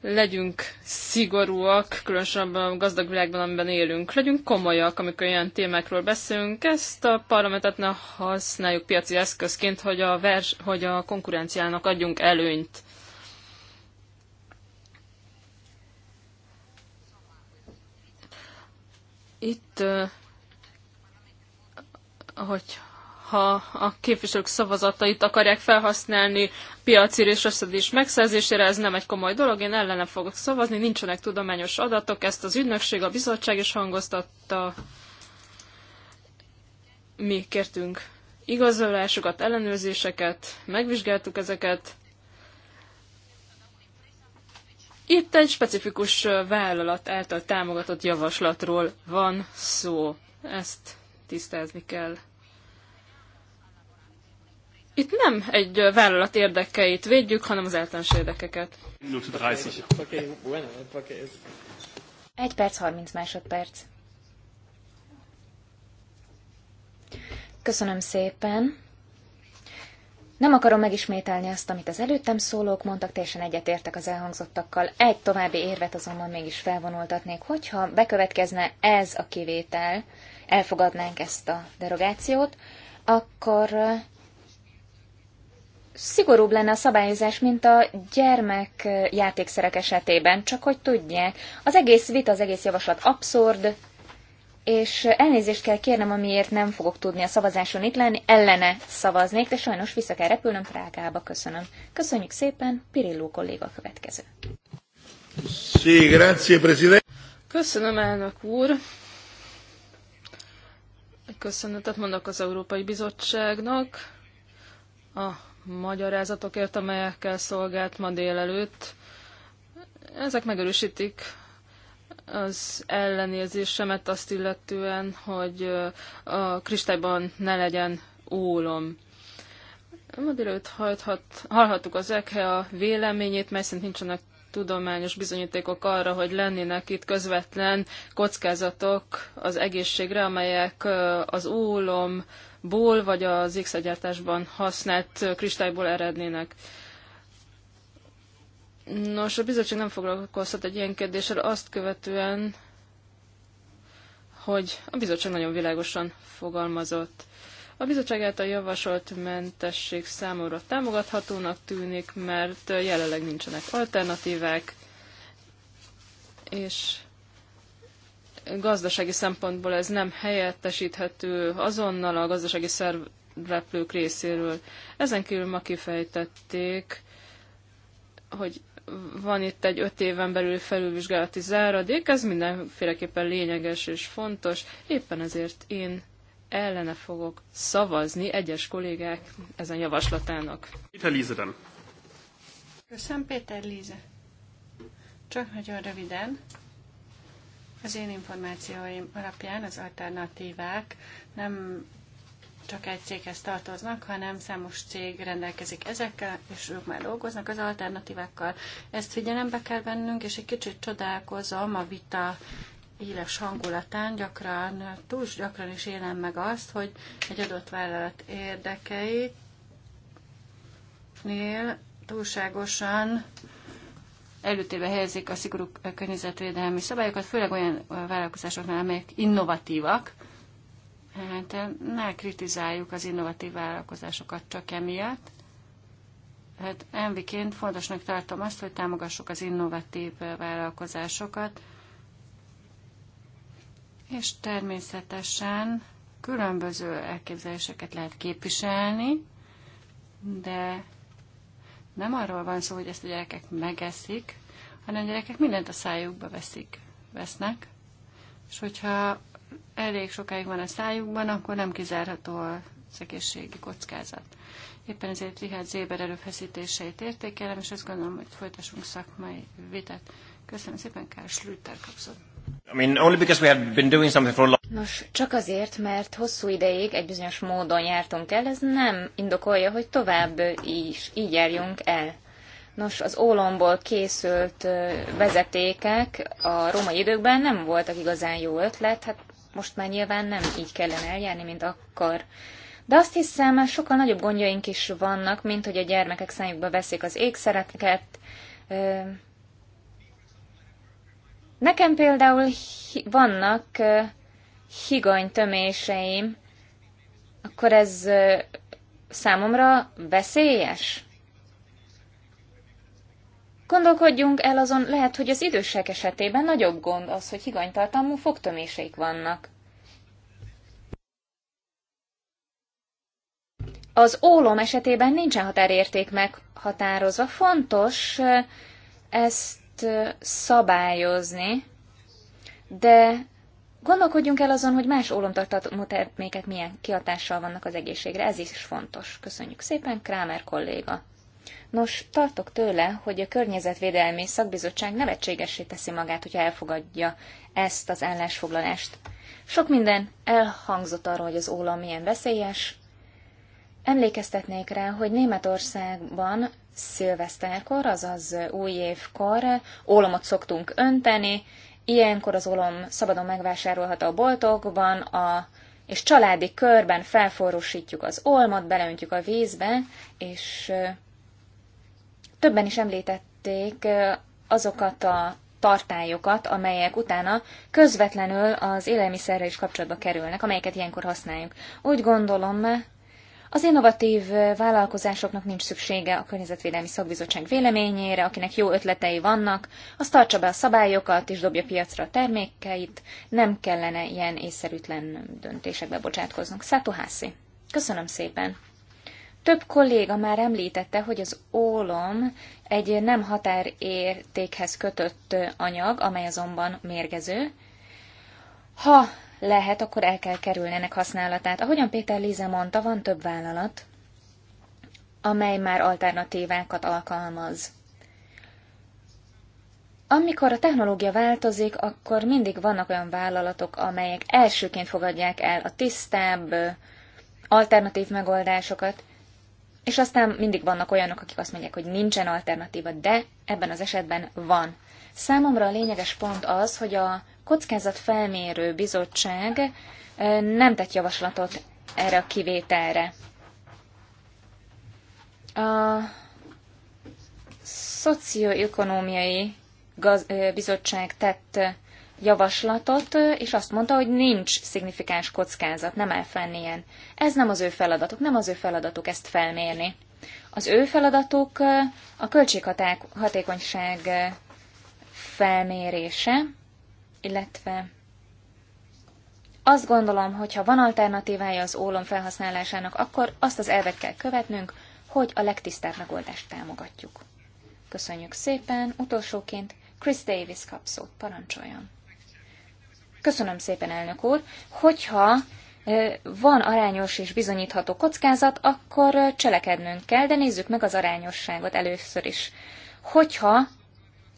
legyünk szigorúak, különösen abban a gazdag világban, amiben élünk. Legyünk komolyak, amikor ilyen témákról beszélünk. Ezt a parlamentet ne használjuk piaci eszközként, hogy a, vers, hogy a konkurenciának adjunk előnyt. Itt, hogy ha a képviselők szavazatait akarják felhasználni piaci és összedés megszerzésére, ez nem egy komoly dolog, én ellene fogok szavazni, nincsenek tudományos adatok, ezt az ügynökség, a bizottság is hangoztatta. Mi kértünk igazolásokat, ellenőrzéseket, megvizsgáltuk ezeket. Itt egy specifikus vállalat által támogatott javaslatról van szó. Ezt tisztázni kell. Itt nem egy vállalat érdekeit védjük, hanem az általános érdekeket. Egy perc, 30 másodperc. Köszönöm szépen. Nem akarom megismételni azt, amit az előttem szólók mondtak, teljesen egyetértek az elhangzottakkal. Egy további érvet azonban mégis felvonultatnék, hogyha bekövetkezne ez a kivétel, elfogadnánk ezt a derogációt, akkor szigorúbb lenne a szabályozás, mint a gyermek játékszerek esetében, csak hogy tudják. Az egész vita, az egész javaslat abszurd, és elnézést kell kérnem, amiért nem fogok tudni a szavazáson itt lenni, ellene szavaznék, de sajnos vissza kell repülnöm Prágába, köszönöm. Köszönjük szépen, Pirilló kolléga következő. Sí, grazie, president. Köszönöm, elnök úr. Köszönetet mondok az Európai Bizottságnak, a magyarázatokért, amelyekkel szolgált ma délelőtt. Ezek megerősítik az ellenérzésemet azt illetően, hogy a kristályban ne legyen ólom. Ma délelőtt hallhat, hallhattuk az EKHE a véleményét, mely szerint nincsenek tudományos bizonyítékok arra, hogy lennének itt közvetlen kockázatok az egészségre, amelyek az ólom ból vagy az x használt kristályból erednének. Nos, a bizottság nem foglalkozhat egy ilyen kérdéssel azt követően, hogy a bizottság nagyon világosan fogalmazott. A bizottság által javasolt mentesség számomra támogathatónak tűnik, mert jelenleg nincsenek alternatívák, és gazdasági szempontból ez nem helyettesíthető azonnal a gazdasági szereplők részéről. Ezen kívül ma kifejtették, hogy van itt egy öt éven belül felülvizsgálati záradék, ez mindenféleképpen lényeges és fontos, éppen ezért én ellene fogok szavazni egyes kollégák ezen javaslatának. Péter Líze, Dan. Köszönöm, Péter Líze. Csak nagyon röviden. Az én információim alapján az alternatívák nem csak egy céghez tartoznak, hanem számos cég rendelkezik ezekkel, és ők már dolgoznak az alternatívákkal. Ezt figyelembe kell vennünk, és egy kicsit csodálkozom a vita éles hangulatán, gyakran, túl gyakran is élem meg azt, hogy egy adott vállalat érdekeit túlságosan előtérbe helyezik a szigorú környezetvédelmi szabályokat, főleg olyan vállalkozásoknál, amelyek innovatívak. Hát ne kritizáljuk az innovatív vállalkozásokat csak emiatt. Hát enviként fontosnak tartom azt, hogy támogassuk az innovatív vállalkozásokat, és természetesen különböző elképzeléseket lehet képviselni, de nem arról van szó, hogy ezt a gyerekek megeszik, hanem a gyerekek mindent a szájukba veszik, vesznek, és hogyha elég sokáig van a szájukban, akkor nem kizárható a szegészségi kockázat. Éppen ezért Richard Zéber erőfeszítéseit értékelem, és azt gondolom, hogy folytassunk szakmai vitát. Köszönöm szépen, Kár Schlüter kapszott. Nos, csak azért, mert hosszú ideig egy bizonyos módon jártunk el, ez nem indokolja, hogy tovább is így járjunk el. Nos, az ólomból készült vezetékek a római időkben nem voltak igazán jó ötlet, hát most már nyilván nem így kellene eljárni, mint akkor. De azt hiszem, sokkal nagyobb gondjaink is vannak, mint hogy a gyermekek szájukba veszik az égszereket, Nekem például vannak higany töméseim, akkor ez számomra veszélyes? Gondolkodjunk el azon, lehet, hogy az idősek esetében nagyobb gond az, hogy higanytartalmú fogtöméseik vannak. Az ólom esetében nincsen határérték meghatározva. Fontos ezt szabályozni, de gondolkodjunk el azon, hogy más ólomtartalmú termékek milyen kihatással vannak az egészségre. Ez is fontos. Köszönjük szépen, Krámer kolléga. Nos, tartok tőle, hogy a Környezetvédelmi Szakbizottság nevetségessé teszi magát, hogyha elfogadja ezt az állásfoglalást. Sok minden elhangzott arról, hogy az ólom milyen veszélyes. Emlékeztetnék rá, hogy Németországban szilveszterkor, azaz új évkor ólomot szoktunk önteni, ilyenkor az olom szabadon megvásárolható a boltokban, a, és családi körben felforrósítjuk az olmat, beleöntjük a vízbe, és többen is említették azokat a tartályokat, amelyek utána közvetlenül az élelmiszerre is kapcsolatba kerülnek, amelyeket ilyenkor használjuk. Úgy gondolom, az innovatív vállalkozásoknak nincs szüksége a Környezetvédelmi Szakbizottság véleményére, akinek jó ötletei vannak, az tartsa be a szabályokat és dobja piacra a termékeit, nem kellene ilyen észszerűtlen döntésekbe bocsátkoznunk. Szátuhászi, Köszönöm szépen. Több kolléga már említette, hogy az ólom egy nem határértékhez kötött anyag, amely azonban mérgező. Ha lehet, akkor el kell kerülni ennek használatát. Ahogyan Péter Líze mondta, van több vállalat, amely már alternatívákat alkalmaz. Amikor a technológia változik, akkor mindig vannak olyan vállalatok, amelyek elsőként fogadják el a tisztább, alternatív megoldásokat, és aztán mindig vannak olyanok, akik azt mondják, hogy nincsen alternatíva, de ebben az esetben van. Számomra a lényeges pont az, hogy a kockázatfelmérő bizottság eh, nem tett javaslatot erre a kivételre. A szocioökonómiai eh, bizottság tett eh, javaslatot, és azt mondta, hogy nincs szignifikáns kockázat, nem áll fenn ilyen. Ez nem az ő feladatuk, nem az ő feladatuk ezt felmérni. Az ő feladatuk a költséghatékonyság felmérése, illetve azt gondolom, hogy ha van alternatívája az ólom felhasználásának, akkor azt az elvet kell követnünk, hogy a legtisztább megoldást támogatjuk. Köszönjük szépen, utolsóként Chris Davis kap szót, parancsoljon. Köszönöm szépen, elnök úr, hogyha van arányos és bizonyítható kockázat, akkor cselekednünk kell, de nézzük meg az arányosságot először is. Hogyha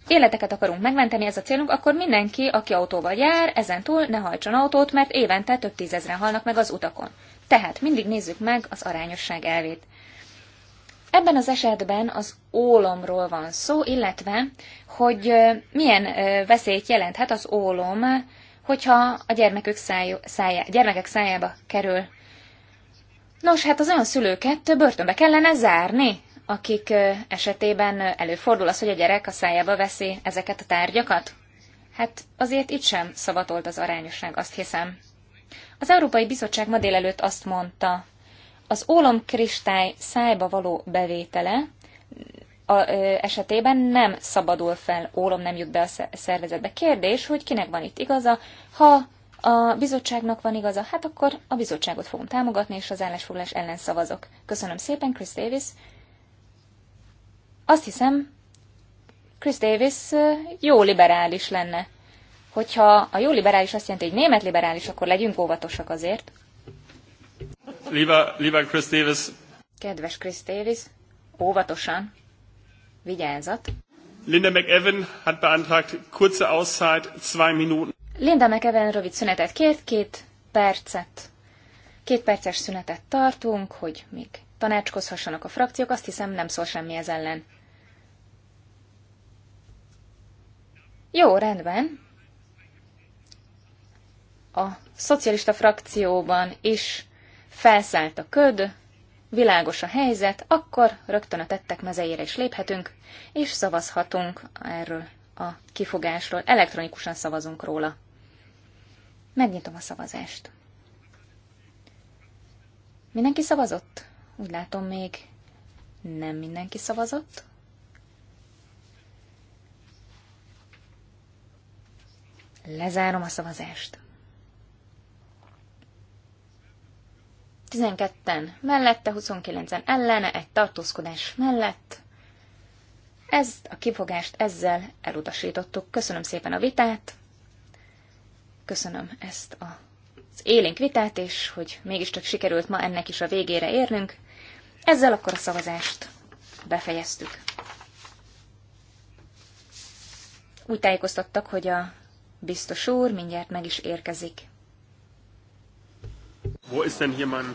életeket akarunk megmenteni, ez a célunk, akkor mindenki, aki autóval jár, ezen túl ne hajtson autót, mert évente több tízezren halnak meg az utakon. Tehát mindig nézzük meg az arányosság elvét. Ebben az esetben az ólomról van szó, illetve, hogy milyen veszélyt jelenthet az ólom, hogyha a gyermekük szájú, szájá, gyermekek szájába kerül. Nos, hát az olyan szülőket börtönbe kellene zárni, akik esetében előfordul az, hogy a gyerek a szájába veszi ezeket a tárgyakat? Hát azért itt sem szabatolt az arányosság, azt hiszem. Az Európai Bizottság ma délelőtt azt mondta, az ólomkristály szájba való bevétele a, ö, esetében nem szabadul fel, ólom nem jut be a szervezetbe. Kérdés, hogy kinek van itt igaza. Ha a bizottságnak van igaza, hát akkor a bizottságot fogom támogatni, és az állásfoglás ellen szavazok. Köszönöm szépen, Chris Davis. Azt hiszem, Chris Davis jó liberális lenne. Hogyha a jó liberális azt jelenti, hogy német liberális, akkor legyünk óvatosak azért. Lieber, lieber Chris Davis. Kedves Chris Davis, óvatosan. Vigyázat. Linda McEwen hat beantragt kurze Auszeit, zwei Minuten. Linda McEwen rövid szünetet kért, két percet. Két perces szünetet tartunk, hogy még tanácskozhassanak a frakciók, azt hiszem nem szól semmi ez ellen. Jó, rendben. A szocialista frakcióban is felszállt a köd, világos a helyzet, akkor rögtön a tettek mezeire is léphetünk, és szavazhatunk erről a kifogásról. Elektronikusan szavazunk róla. Megnyitom a szavazást. Mindenki szavazott? Úgy látom, még nem mindenki szavazott. Lezárom a szavazást. 12-en mellette, 29-en ellene, egy tartózkodás mellett. Ezt a kifogást ezzel elutasítottuk. Köszönöm szépen a vitát, köszönöm ezt a, az élénk vitát, és hogy mégiscsak sikerült ma ennek is a végére érnünk. Ezzel akkor a szavazást befejeztük. Úgy tájékoztattak, hogy a Biztos úr, mindjárt meg is érkezik. Wo ist denn hier mein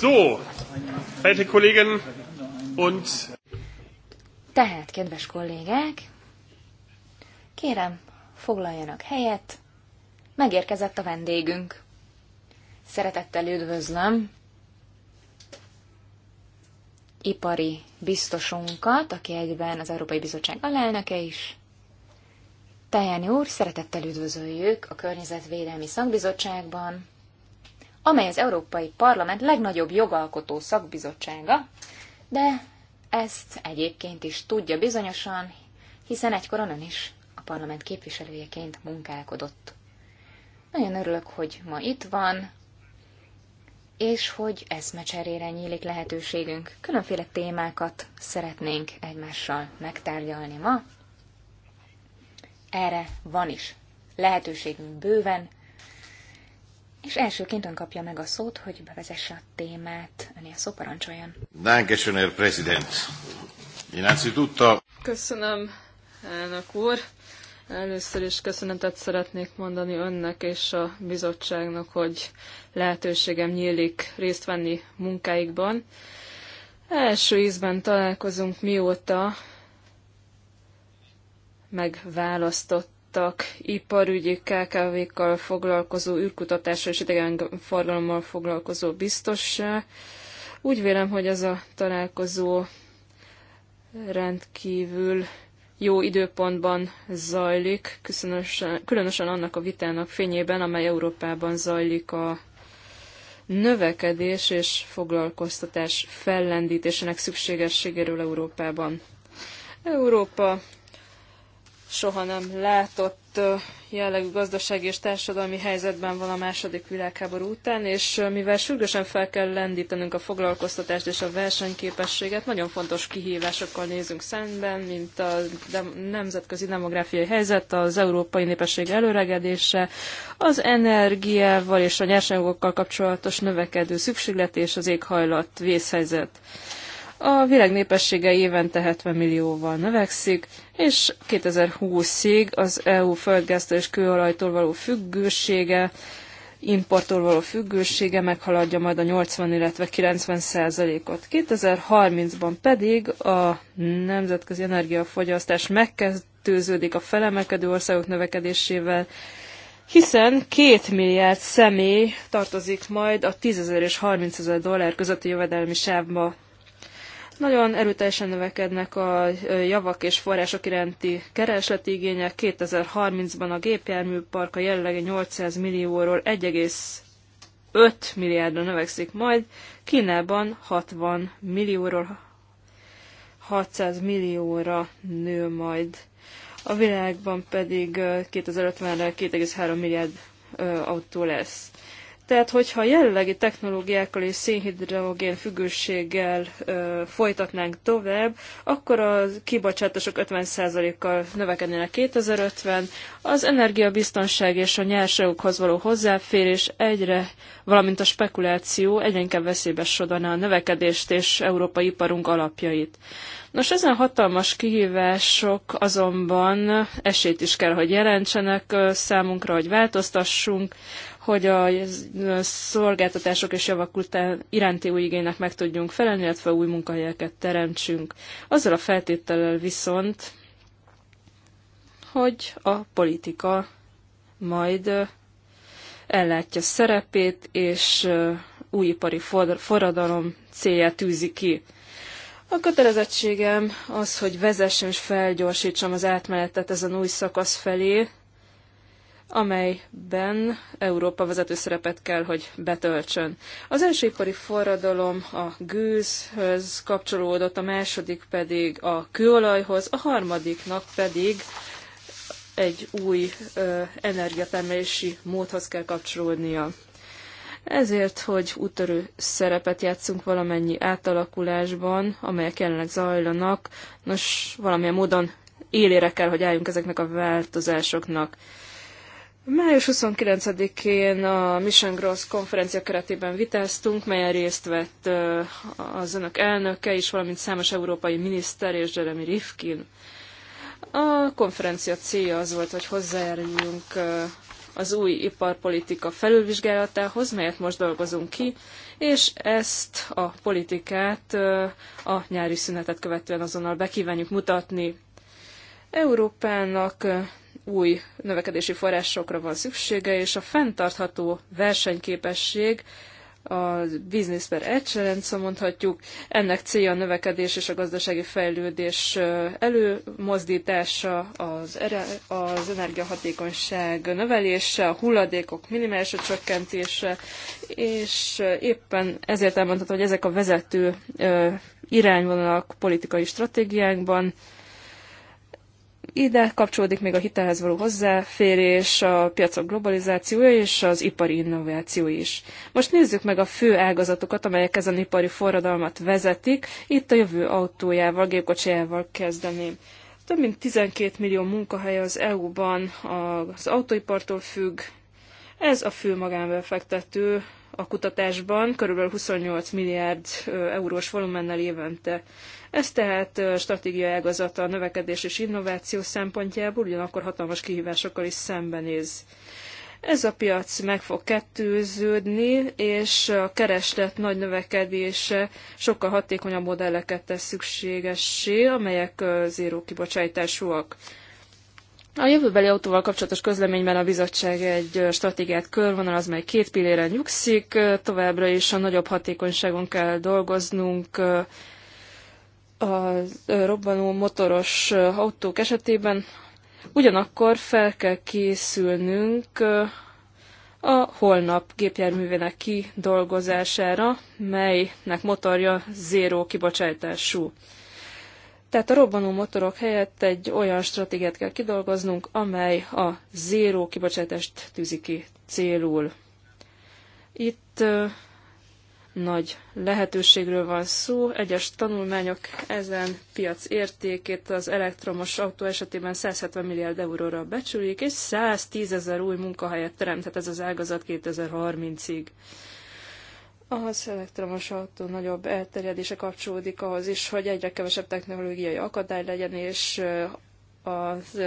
So, werte Kollegen und... Tehát, kedves kollégák, kérem, foglaljanak helyet, megérkezett a vendégünk. Szeretettel üdvözlöm ipari biztosunkat, aki egyben az Európai Bizottság alelnöke is. Tajani úr, szeretettel üdvözöljük a Környezetvédelmi Szakbizottságban, amely az Európai Parlament legnagyobb jogalkotó szakbizottsága, de ezt egyébként is tudja bizonyosan, hiszen egykoron ön is a parlament képviselőjeként munkálkodott. Nagyon örülök, hogy ma itt van, és hogy eszmecserére nyílik lehetőségünk. Különféle témákat szeretnénk egymással megtárgyalni ma. Erre van is lehetőségünk bőven, és elsőként ön kapja meg a szót, hogy bevezesse a témát. Önél szó parancsoljon. Dankeschön, President. tudta. Köszönöm, elnök úr. Először is köszönetet szeretnék mondani önnek és a bizottságnak, hogy lehetőségem nyílik részt venni munkáikban. Első ízben találkozunk mióta megválasztott láttak iparügyi KKV-kkal foglalkozó űrkutatásra és idegenforgalommal foglalkozó biztossá. Úgy vélem, hogy ez a találkozó rendkívül jó időpontban zajlik, különösen, különösen annak a vitának fényében, amely Európában zajlik a növekedés és foglalkoztatás fellendítésének szükségességéről Európában. Európa soha nem látott jellegű gazdasági és társadalmi helyzetben van a második világháború után, és mivel sürgősen fel kell lendítenünk a foglalkoztatást és a versenyképességet, nagyon fontos kihívásokkal nézünk szemben, mint a nemzetközi demográfiai helyzet, az európai népesség előregedése, az energiával és a nyersanyagokkal kapcsolatos növekedő szükséglet és az éghajlat vészhelyzet. A világ népessége évente 70 millióval növekszik, és 2020-ig az EU földgáztól és kőolajtól való függősége, importtól való függősége meghaladja majd a 80, illetve 90 százalékot. 2030-ban pedig a nemzetközi energiafogyasztás megkezdődik a felemelkedő országok növekedésével, hiszen két milliárd személy tartozik majd a 10 és 30 ezer dollár közötti jövedelmi sávba nagyon erőteljesen növekednek a javak és források iránti keresleti igények. 2030-ban a gépjárműpark a jelenlegi 800 millióról 1,5 milliárdra növekszik majd, Kínában 60 millióról 600 millióra nő majd. A világban pedig 2050-re 2,3 milliárd autó lesz. Tehát, hogyha a jelenlegi technológiákkal és szénhidrogén függőséggel ö, folytatnánk tovább, akkor a kibocsátások 50%-kal növekednének 2050, az energiabiztonság és a nyersanyagokhoz való hozzáférés egyre, valamint a spekuláció egyre inkább veszélybe sodana a növekedést és európai iparunk alapjait. Nos, ezen hatalmas kihívások azonban esélyt is kell, hogy jelentsenek számunkra, hogy változtassunk, hogy a szolgáltatások és javak után iránti új igénynek meg tudjunk felelni, illetve új munkahelyeket teremtsünk. Azzal a feltétellel viszont, hogy a politika majd ellátja szerepét, és újipari forradalom célját tűzi ki. A kötelezettségem az, hogy vezessem és felgyorsítsam az átmenetet ezen új szakasz felé, amelyben Európa vezető szerepet kell, hogy betöltsön. Az első ipari forradalom a gőzhöz kapcsolódott, a második pedig a kőolajhoz, a harmadiknak pedig egy új ö, energiatermelési módhoz kell kapcsolódnia. Ezért, hogy úttörő szerepet játszunk valamennyi átalakulásban, amelyek jelenleg zajlanak, nos, valamilyen módon élére kell, hogy álljunk ezeknek a változásoknak. Május 29-én a Mission Gross konferencia keretében vitáztunk, melyen részt vett az önök elnöke is, valamint számos európai miniszter és Jeremy Rifkin. A konferencia célja az volt, hogy hozzájáruljunk az új iparpolitika felülvizsgálatához, melyet most dolgozunk ki, és ezt a politikát a nyári szünetet követően azonnal bekívánjuk mutatni. Európának új növekedési forrásokra van szüksége, és a fenntartható versenyképesség a business per excellence szóval mondhatjuk. Ennek célja a növekedés és a gazdasági fejlődés előmozdítása, az, az energiahatékonyság növelése, a hulladékok minimális csökkentése, és éppen ezért elmondható, hogy ezek a vezető irányvonalak politikai stratégiánkban, ide kapcsolódik még a hitelhez való hozzáférés, a piacok globalizációja és az ipari innováció is. Most nézzük meg a fő ágazatokat, amelyek ezen ipari forradalmat vezetik. Itt a jövő autójával, gépkocsijával kezdeném. Több mint 12 millió munkahely az EU-ban az autóipartól függ. Ez a fő magánbefektető a kutatásban, körülbelül 28 milliárd eurós volumennel évente. Ez tehát stratégiai ágazata a növekedés és innováció szempontjából, ugyanakkor hatalmas kihívásokkal is szembenéz. Ez a piac meg fog kettőződni, és a kereslet nagy növekedése sokkal hatékonyabb modelleket tesz szükségessé, amelyek zéró kibocsátásúak. A jövőbeli autóval kapcsolatos közleményben a bizottság egy stratégiát körvonalaz, mely két pilléren nyugszik, továbbra is a nagyobb hatékonyságon kell dolgoznunk, a robbanó motoros autók esetében, ugyanakkor fel kell készülnünk a holnap gépjárművének kidolgozására, melynek motorja zéró kibocsátású. Tehát a robbanó motorok helyett egy olyan stratégiát kell kidolgoznunk, amely a zéró kibocsátást tűzi ki célul. Itt nagy lehetőségről van szó. Egyes tanulmányok ezen piac értékét az elektromos autó esetében 170 milliárd euróra becsülik, és 110 ezer új munkahelyet teremthet ez az ágazat 2030-ig. Az elektromos autó nagyobb elterjedése kapcsolódik ahhoz is, hogy egyre kevesebb technológiai akadály legyen, és az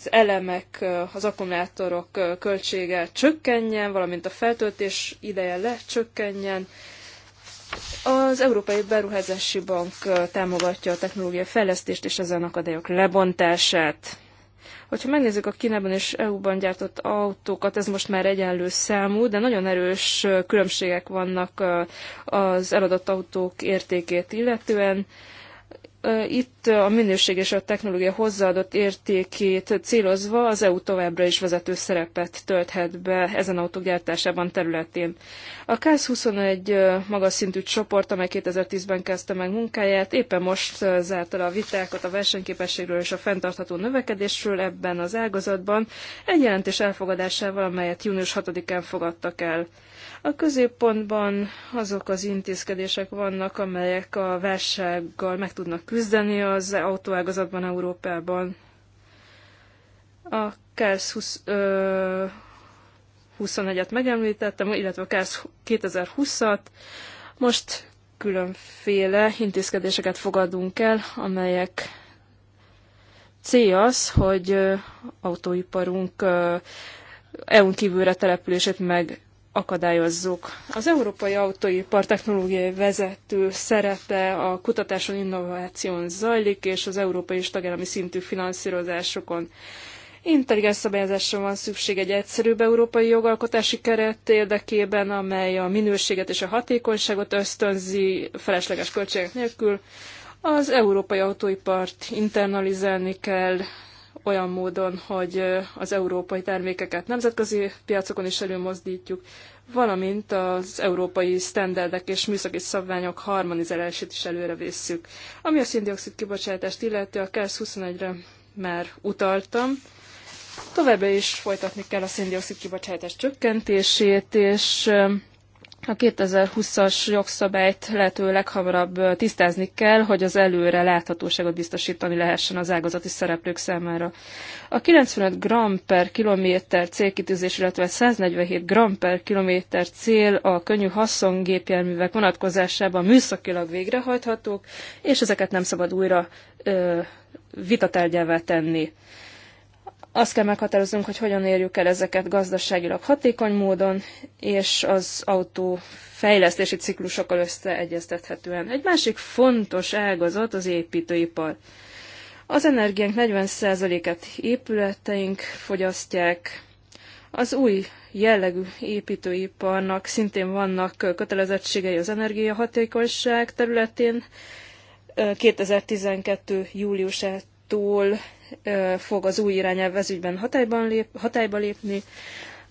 az elemek, az akkumulátorok költsége csökkenjen, valamint a feltöltés ideje lecsökkenjen. Az Európai Beruházási Bank támogatja a technológiai fejlesztést és ezen akadályok lebontását. Hogyha megnézzük a Kínában és EU-ban gyártott autókat, ez most már egyenlő számú, de nagyon erős különbségek vannak az eladott autók értékét illetően itt a minőség és a technológia hozzáadott értékét célozva az EU továbbra is vezető szerepet tölthet be ezen autók gyártásában területén. A KSZ 21 magas szintű csoport, amely 2010-ben kezdte meg munkáját, éppen most zárta le a vitákat a versenyképességről és a fenntartható növekedésről ebben az ágazatban egy jelentés elfogadásával, amelyet június 6-án fogadtak el. A középpontban azok az intézkedések vannak, amelyek a válsággal meg tudnak küzdeni az autóágazatban Európában. A KERS 21-et megemlítettem, illetve a KERS 2020-at. Most különféle intézkedéseket fogadunk el, amelyek célja az, hogy autóiparunk EU-n kívülre települését meg akadályozzuk. Az európai autóipar technológiai vezető szerepe a kutatáson, innováción zajlik, és az európai és tagállami szintű finanszírozásokon. Intelligens szabályozásra van szükség egy egyszerűbb európai jogalkotási keret érdekében, amely a minőséget és a hatékonyságot ösztönzi felesleges költségek nélkül. Az európai autóipart internalizálni kell, olyan módon, hogy az európai termékeket nemzetközi piacokon is előmozdítjuk, valamint az európai sztenderdek és műszaki szabványok harmonizálását is előre visszük. Ami a széndiokszid kibocsátást illeti, a KESZ 21-re már utaltam. Továbbá is folytatni kell a széndiokszid kibocsátás csökkentését, és a 2020-as jogszabályt lehető leghamarabb tisztázni kell, hogy az előre láthatóságot biztosítani lehessen az ágazati szereplők számára. A 95 g per kilométer célkitűzés, illetve 147 g per kilométer cél a könnyű haszongépjárművek vonatkozásában műszakilag végrehajthatók, és ezeket nem szabad újra vitatárgyává tenni. Azt kell meghatároznunk, hogy hogyan érjük el ezeket gazdaságilag hatékony módon, és az autó fejlesztési ciklusokkal összeegyeztethetően. Egy másik fontos ágazat az építőipar. Az energiánk 40%-et épületeink fogyasztják, az új jellegű építőiparnak szintén vannak kötelezettségei az energiahatékonyság területén. 2012. júliusát márciustól fog az új irányelv ügyben hatályban lép, hatályba lépni.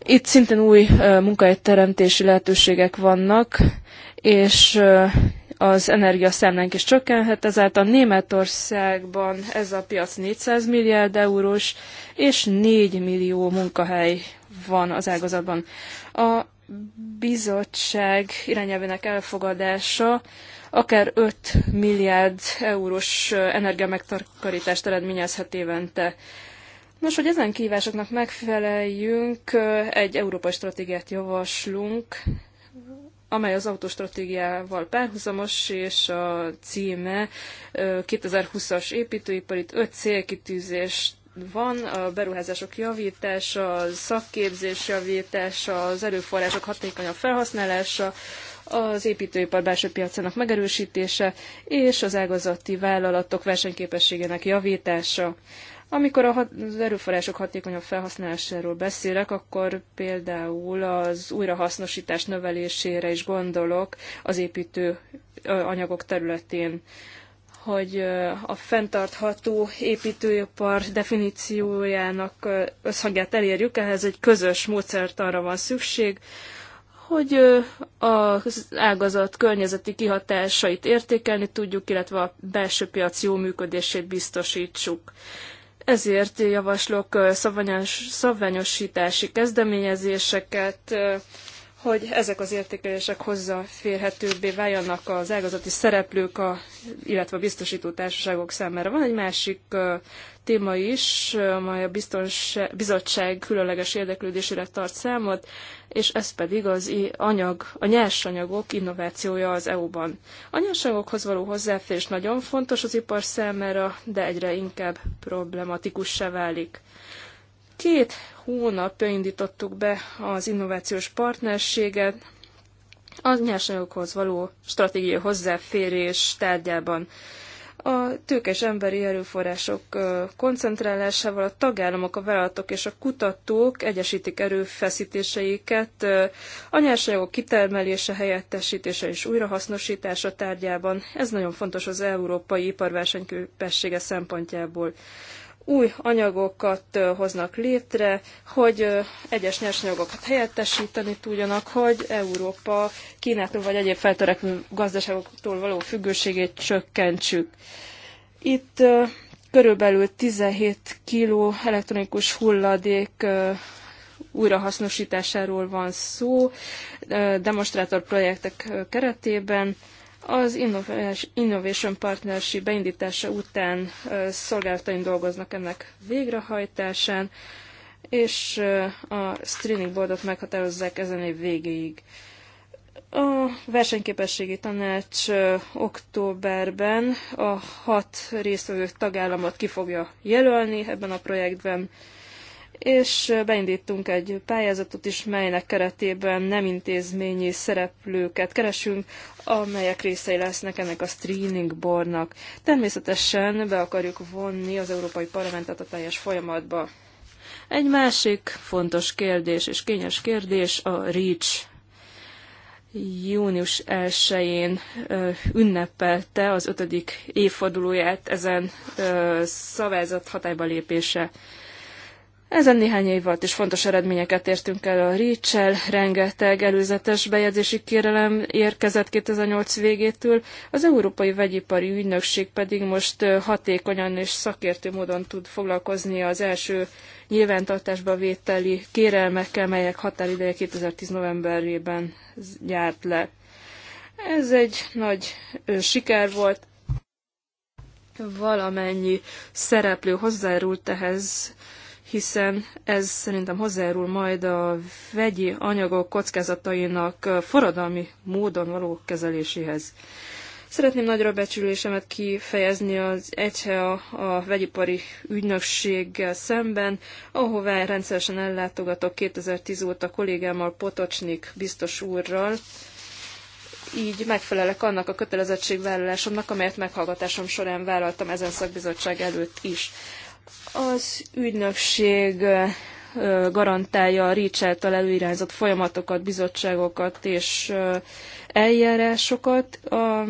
Itt szintén új munkahelyteremtési lehetőségek vannak, és az energiaszámlánk is csökkenhet, ezáltal Németországban ez a piac 400 milliárd eurós, és 4 millió munkahely van az ágazatban. A bizottság irányelvének elfogadása akár 5 milliárd eurós energiamegtakarítást eredményezhet évente. Nos, hogy ezen kívásoknak megfeleljünk, egy európai stratégiát javaslunk, amely az autóstratégiával párhuzamos, és a címe 2020-as építőipar, itt öt célkitűzés van a beruházások javítása, a szakképzés javítása, az erőforrások hatékonyabb felhasználása, az építőipar belső piacának megerősítése és az ágazati vállalatok versenyképességének javítása. Amikor az erőforrások hatékonyabb felhasználásáról beszélek, akkor például az újrahasznosítás növelésére is gondolok az építő anyagok területén hogy a fenntartható építőipar definíciójának összhangját elérjük, ehhez egy közös módszertanra van szükség, hogy az ágazat környezeti kihatásait értékelni tudjuk, illetve a belső piac jó működését biztosítsuk. Ezért javaslok szabványos, szabványosítási kezdeményezéseket, hogy ezek az értékelések hozzáférhetőbbé váljanak az ágazati szereplők, a, illetve a biztosító társaságok számára. Van egy másik uh, téma is, amely a biztonság, bizottság különleges érdeklődésére tart számot, és ez pedig az anyag, a nyersanyagok innovációja az EU-ban. A nyersanyagokhoz való hozzáférés nagyon fontos az ipar számára, de egyre inkább problematikussá válik. Két hónapja indítottuk be az innovációs partnerséget az nyersanyagokhoz való stratégiai hozzáférés tárgyában. A tőkes emberi erőforrások koncentrálásával a tagállamok, a vállalatok és a kutatók egyesítik erőfeszítéseiket a nyersanyagok kitermelése, helyettesítése és újrahasznosítása tárgyában. Ez nagyon fontos az európai iparversenyképessége szempontjából új anyagokat hoznak létre, hogy egyes nyersanyagokat helyettesíteni tudjanak, hogy Európa Kínától vagy egyéb feltörekvő gazdaságoktól való függőségét csökkentsük. Itt körülbelül 17 kg elektronikus hulladék újrahasznosításáról van szó demonstrátor projektek keretében. Az Innovation Partnership beindítása után szolgálataim dolgoznak ennek végrehajtásán, és a streaming boardot meghatározzák ezen év végéig. A versenyképességi tanács októberben a hat résztvevő tagállamot ki fogja jelölni ebben a projektben, és beindítunk egy pályázatot is, melynek keretében nem intézményi szereplőket keresünk, amelyek részei lesznek ennek a streaming bornak. Természetesen be akarjuk vonni az Európai Parlamentet a teljes folyamatba. Egy másik fontos kérdés és kényes kérdés a REACH június 1-én ünnepelte az ötödik évfordulóját ezen szavázat hatályba lépése. Ezen néhány év volt, is fontos eredményeket értünk el a Ricsel, rengeteg előzetes bejegyzési kérelem érkezett 2008 végétől, az Európai Vegyipari Ügynökség pedig most hatékonyan és szakértő módon tud foglalkozni az első nyilvántartásba vételi kérelmekkel, melyek határideje 2010 novemberében járt le. Ez egy nagy siker volt, valamennyi szereplő hozzájárult ehhez, hiszen ez szerintem hozzájárul majd a vegyi anyagok kockázatainak forradalmi módon való kezeléséhez. Szeretném nagyra becsülésemet kifejezni az a, a vegyipari ügynökséggel szemben, ahová rendszeresen ellátogatok 2010 óta kollégámmal Potocsnik biztos úrral. Így megfelelek annak a kötelezettségvállalásomnak, amelyet meghallgatásom során vállaltam ezen szakbizottság előtt is. Az ügynökség garantálja a REACH által előirányzott folyamatokat, bizottságokat és eljárásokat. A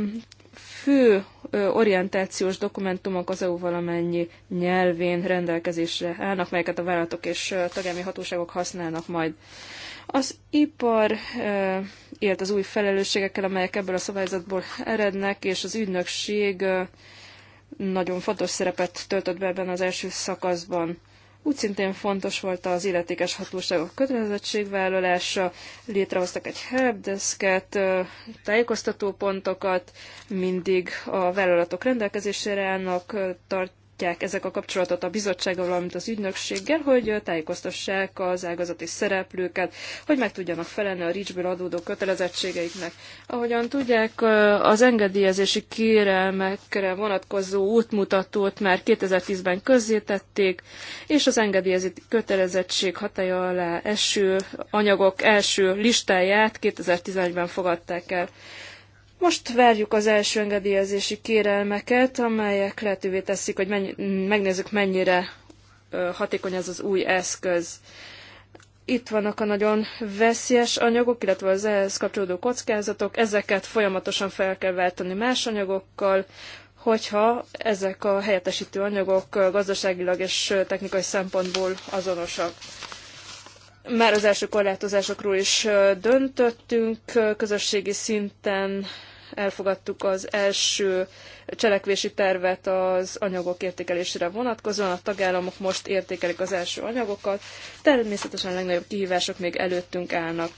fő orientációs dokumentumok az EU valamennyi nyelvén rendelkezésre állnak, melyeket a vállalatok és tagállami hatóságok használnak majd. Az ipar élt az új felelősségekkel, amelyek ebből a szabályzatból erednek, és az ügynökség nagyon fontos szerepet töltött be ebben az első szakaszban. Úgy szintén fontos volt az illetékes hatóságok kötelezettségvállalása, létrehoztak egy helpdesket, tájékoztatópontokat, mindig a vállalatok rendelkezésére állnak, tart, tartják ezek a kapcsolatot a bizottsággal, valamint az ügynökséggel, hogy tájékoztassák az ágazati szereplőket, hogy meg tudjanak felelni a ricsből adódó kötelezettségeiknek. Ahogyan tudják, az engedélyezési kérelmekre vonatkozó útmutatót már 2010-ben közzétették, és az engedélyezési kötelezettség hatája alá eső anyagok első listáját 2011-ben fogadták el. Most várjuk az első engedélyezési kérelmeket, amelyek lehetővé teszik, hogy mennyi, megnézzük, mennyire hatékony ez az új eszköz. Itt vannak a nagyon veszélyes anyagok, illetve az ehhez kapcsolódó kockázatok, ezeket folyamatosan fel kell váltani más anyagokkal, hogyha ezek a helyettesítő anyagok gazdaságilag és technikai szempontból azonosak. Már az első korlátozásokról is döntöttünk, közösségi szinten elfogadtuk az első cselekvési tervet az anyagok értékelésére vonatkozóan. A tagállamok most értékelik az első anyagokat. Természetesen a legnagyobb kihívások még előttünk állnak.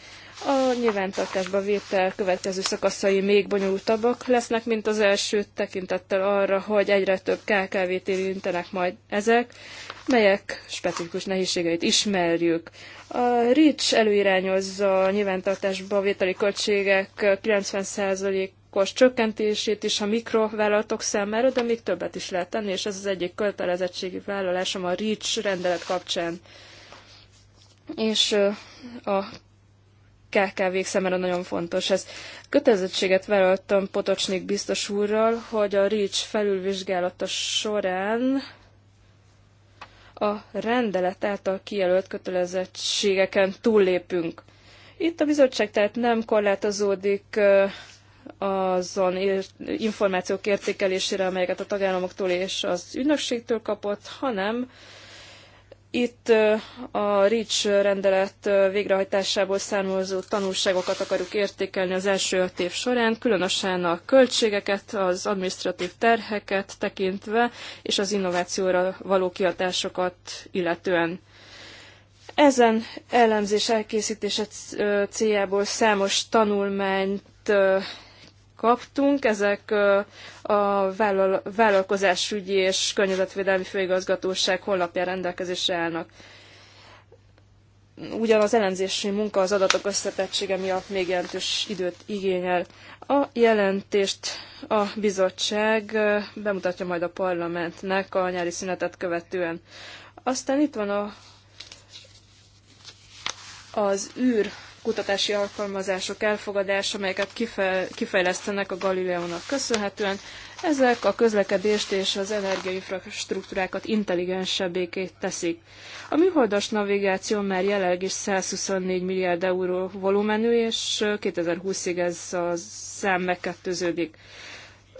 A nyilvántartásba vétel következő szakaszai még bonyolultabbak lesznek, mint az első tekintettel arra, hogy egyre több KKV-t érintenek majd ezek, melyek specifikus nehézségeit ismerjük. A RICS előirányozza a nyilvántartásba vételi költségek 90%-os csökkentését is a mikrovállalatok számára, de még többet is lehet tenni, és ez az egyik kötelezettségi vállalásom a RICS rendelet kapcsán. És a KKV-k szemére nagyon fontos. Ez kötelezettséget vállaltam Potocsnik biztos úrral, hogy a Rics felülvizsgálata során a rendelet által kijelölt kötelezettségeken túllépünk. Itt a bizottság tehát nem korlátozódik azon információk értékelésére, amelyeket a tagállamoktól és az ügynökségtől kapott, hanem itt a REACH rendelet végrehajtásából származó tanulságokat akarjuk értékelni az első öt év során, különösen a költségeket, az administratív terheket tekintve, és az innovációra való kiadásokat illetően. Ezen elemzés elkészítése céljából számos tanulmányt kaptunk. Ezek a vállalkozásügyi és környezetvédelmi főigazgatóság honlapján rendelkezésre állnak. Ugyan az elemzési munka az adatok összetettsége miatt még jelentős időt igényel. A jelentést a bizottság bemutatja majd a parlamentnek a nyári szünetet követően. Aztán itt van a, az űr kutatási alkalmazások elfogadása, amelyeket kifejlesztenek a Galileónak köszönhetően. Ezek a közlekedést és az energiainfrastruktúrákat intelligensebbé teszik. A műholdas navigáció már jelenleg is 124 milliárd euró volumenű, és 2020-ig ez a szám megkettőződik.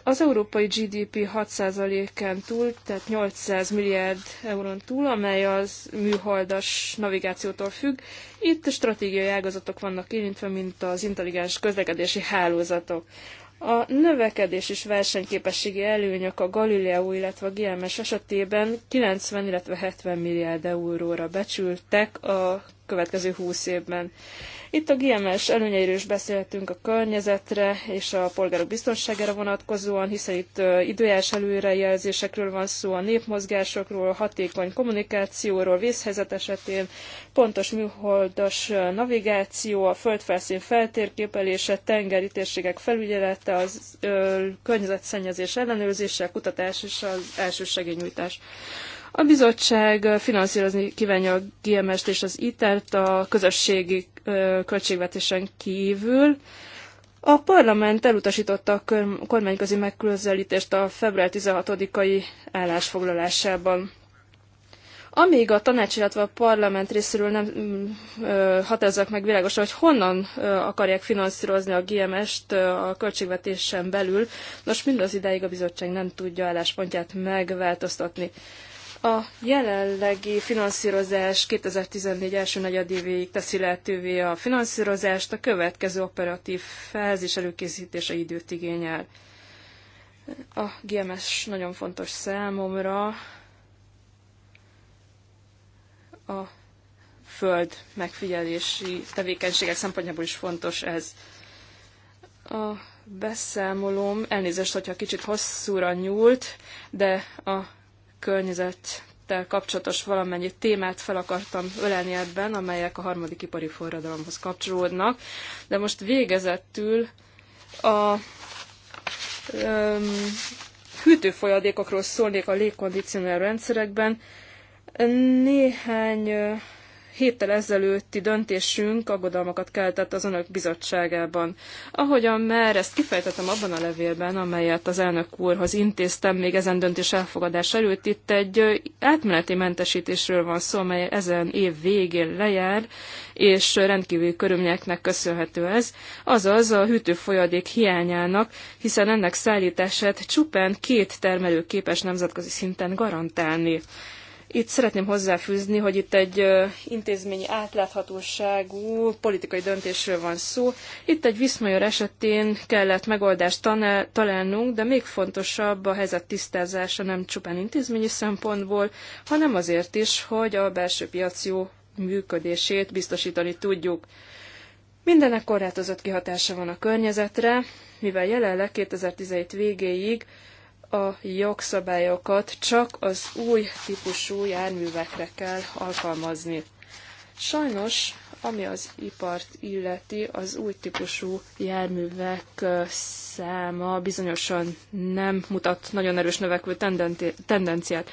Az európai GDP 6%-en túl, tehát 800 milliárd eurón túl, amely az műholdas navigációtól függ. Itt stratégiai ágazatok vannak érintve, mint az intelligens közlekedési hálózatok. A növekedés és versenyképességi előnyök a Galileo, illetve a GMS esetében 90, illetve 70 milliárd euróra becsültek a következő húsz évben. Itt a GMS előnyeiről is beszéltünk a környezetre és a polgárok biztonságára vonatkozóan, hiszen itt időjárás előrejelzésekről van szó, a népmozgásokról, hatékony kommunikációról, vészhelyzet esetén, pontos műholdas navigáció, a földfelszín feltérképelése, tengeri térségek felügyelete, az környezetszennyezés ellenőrzése, a kutatás és az elsősegélynyújtás. A bizottság finanszírozni kívánja a GMS-t és az ITER-t e a közösségi költségvetésen kívül. A parlament elutasította a kormányközi megközelítést a február 16-ai állásfoglalásában. Amíg a tanács, illetve a parlament részéről nem mm, határozzák meg világosan, hogy honnan akarják finanszírozni a GMS-t a költségvetésen belül, nos mindaz ideig a bizottság nem tudja álláspontját megváltoztatni. A jelenlegi finanszírozás 2014 első negyedévéig teszi lehetővé a finanszírozást, a következő operatív fázis előkészítése időt igényel. A GMS nagyon fontos számomra. A föld megfigyelési tevékenységek szempontjából is fontos ez. A beszámolóm, elnézést, hogyha kicsit hosszúra nyúlt, de a környezettel kapcsolatos valamennyi témát fel akartam ölelni ebben, amelyek a harmadik ipari forradalomhoz kapcsolódnak. De most végezettül a um, hűtőfolyadékokról szólnék a légkondicionál rendszerekben. Néhány uh, héttel ezelőtti döntésünk aggodalmakat keltett az önök bizottságában. Ahogyan már ezt kifejtettem abban a levélben, amelyet az elnök úrhoz intéztem még ezen döntés elfogadás előtt, itt egy átmeneti mentesítésről van szó, amely ezen év végén lejár, és rendkívüli körülményeknek köszönhető ez, azaz a hűtőfolyadék hiányának, hiszen ennek szállítását csupán két termelő képes nemzetközi szinten garantálni. Itt szeretném hozzáfűzni, hogy itt egy intézményi átláthatóságú politikai döntésről van szó. Itt egy Viszmajor esetén kellett megoldást találnunk, de még fontosabb a helyzet tisztázása nem csupán intézményi szempontból, hanem azért is, hogy a belső piac jó működését biztosítani tudjuk. Mindenek korlátozott kihatása van a környezetre, mivel jelenleg 2017 végéig a jogszabályokat csak az új típusú járművekre kell alkalmazni. Sajnos, ami az ipart illeti, az új típusú járművek száma bizonyosan nem mutat nagyon erős növekvő tendenciát.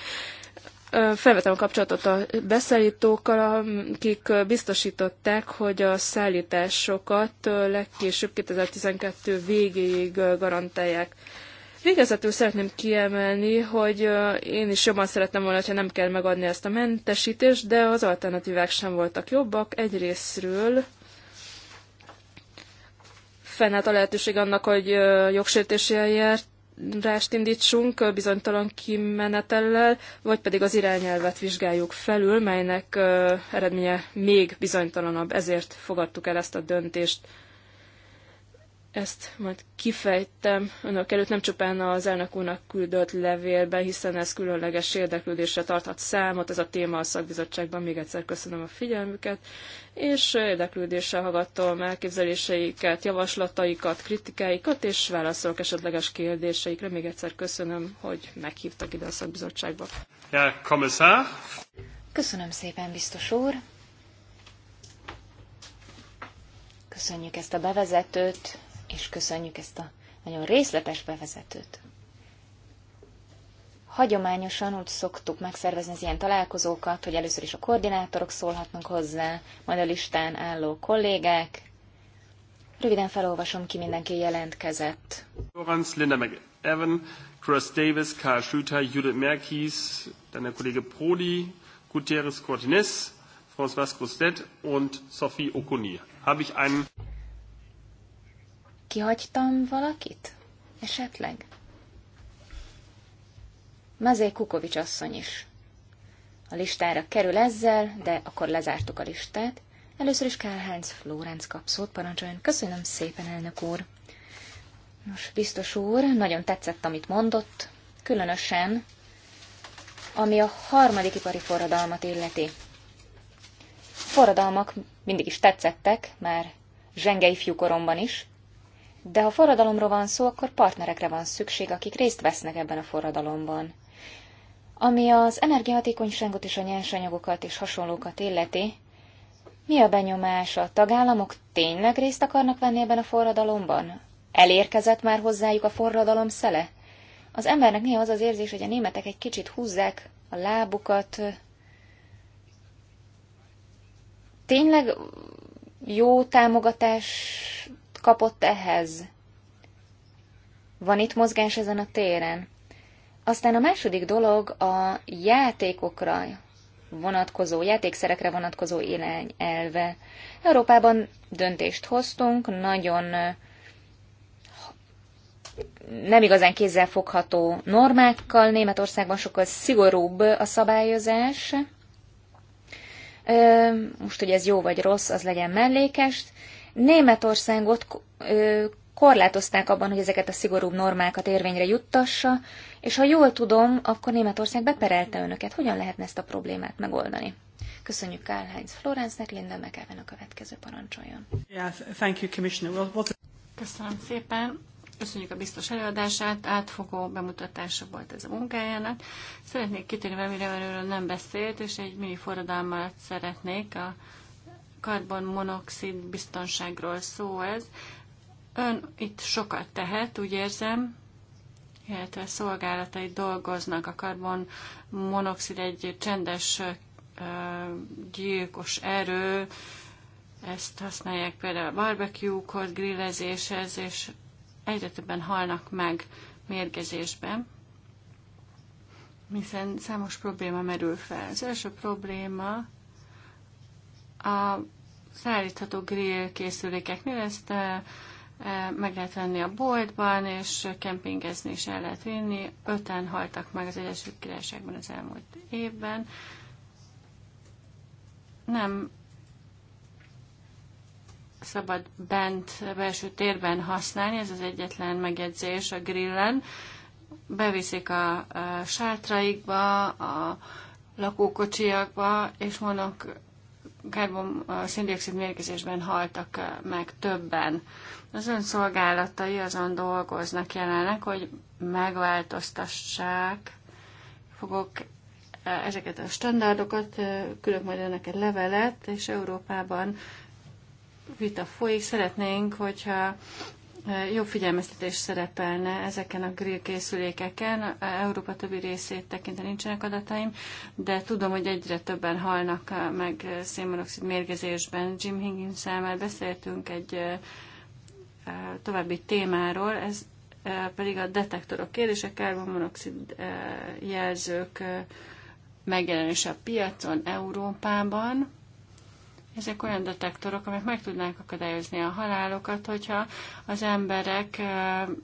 Felvetem a kapcsolatot a beszállítókkal, akik biztosították, hogy a szállításokat legkésőbb 2012 végéig garantálják. Végezetül szeretném kiemelni, hogy én is jobban szeretném volna, ha nem kell megadni ezt a mentesítést, de az alternatívák sem voltak jobbak. Egyrésztről fennállt a lehetőség annak, hogy jogsértési eljárást indítsunk bizonytalan kimenetellel, vagy pedig az irányelvet vizsgáljuk felül, melynek eredménye még bizonytalanabb, ezért fogadtuk el ezt a döntést. Ezt majd kifejtem önök előtt, nem csupán az elnök úrnak küldött levélben, hiszen ez különleges érdeklődésre tarthat számot, ez a téma a szakbizottságban. Még egyszer köszönöm a figyelmüket, és érdeklődéssel hallgatom elképzeléseiket, javaslataikat, kritikáikat, és válaszolok esetleges kérdéseikre. Még egyszer köszönöm, hogy meghívtak ide a szakbizottságba. Ja, Köszönöm szépen, biztos úr. Köszönjük ezt a bevezetőt és köszönjük ezt a nagyon részletes bevezetőt. Hagyományosan úgy szoktuk megszervezni az ilyen találkozókat, hogy először is a koordinátorok szólhatnak hozzá, majd a listán álló kollégák. Röviden felolvasom ki mindenki jelentkezett. Lorenz, Linda Evan, Chris Davis, Karl Schüter, Judith Merkies, dann der Kollege Prodi, Gutierrez Cortines, François Grostet und Sophie Okoni. Habe ich einen... Kihagytam valakit? Esetleg? Mazé Kukovics asszony is. A listára kerül ezzel, de akkor lezártuk a listát. Először is Karl-Heinz Florenc kap szót, parancsoljon. Köszönöm szépen, elnök úr. Nos, biztos úr, nagyon tetszett, amit mondott, különösen, ami a harmadik ipari forradalmat illeti. Forradalmak mindig is tetszettek, már zsengei fiúkoromban is, de ha forradalomról van szó, akkor partnerekre van szükség, akik részt vesznek ebben a forradalomban. Ami az energiahatékonyságot és a nyersanyagokat és hasonlókat illeti, mi a benyomás? A tagállamok tényleg részt akarnak venni ebben a forradalomban? Elérkezett már hozzájuk a forradalom szele? Az embernek néha az az érzés, hogy a németek egy kicsit húzzák a lábukat. Tényleg jó támogatás kapott ehhez? Van itt mozgás ezen a téren? Aztán a második dolog a játékokra vonatkozó, játékszerekre vonatkozó irány elve. Európában döntést hoztunk, nagyon nem igazán fogható normákkal, Németországban sokkal szigorúbb a szabályozás. Most, hogy ez jó vagy rossz, az legyen mellékes. Németországot korlátozták abban, hogy ezeket a szigorúbb normákat érvényre juttassa, és ha jól tudom, akkor Németország beperelte önöket. Hogyan lehetne ezt a problémát megoldani? Köszönjük Karl Heinz Florencnek, Linda McEwen a következő parancsoljon. Yeah, thank you, Commissioner. Well, what... Köszönöm szépen. Köszönjük a biztos előadását, átfogó bemutatása volt ez a munkájának. Szeretnék kitérni valamire, amiről nem beszélt, és egy mini forradalmat szeretnék a karbonmonoxid biztonságról szó ez. Ön itt sokat tehet, úgy érzem, illetve szolgálatai dolgoznak a karbonmonoxid egy csendes gyilkos erő, ezt használják például a barbecue-khoz, grillezéshez, és egyre többen halnak meg mérgezésben, hiszen számos probléma merül fel. Az első probléma a szállítható grill készülékeknél ezt meg lehet venni a boltban, és kempingezni is el lehet vinni. Öten haltak meg az Egyesült Királyságban az elmúlt évben. Nem szabad bent, belső térben használni, ez az egyetlen megjegyzés a grillen. Beviszik a, a sátraikba, a lakókocsiakba, és mondok kárbon szindioxid mérgezésben haltak meg többen. Az ön szolgálatai azon dolgoznak jelenleg, hogy megváltoztassák, fogok ezeket a standardokat, külök majd egy levelet, és Európában vita folyik. Szeretnénk, hogyha jó figyelmeztetés szerepelne ezeken a grill készülékeken. Európa többi részét tekintve nincsenek adataim, de tudom, hogy egyre többen halnak meg szénmonoxid mérgezésben. Jim higgins már beszéltünk egy további témáról, ez pedig a detektorok kérdése, kárbomonoxid jelzők megjelenése a piacon Európában ezek olyan detektorok, amelyek meg tudnák akadályozni a halálokat, hogyha az emberek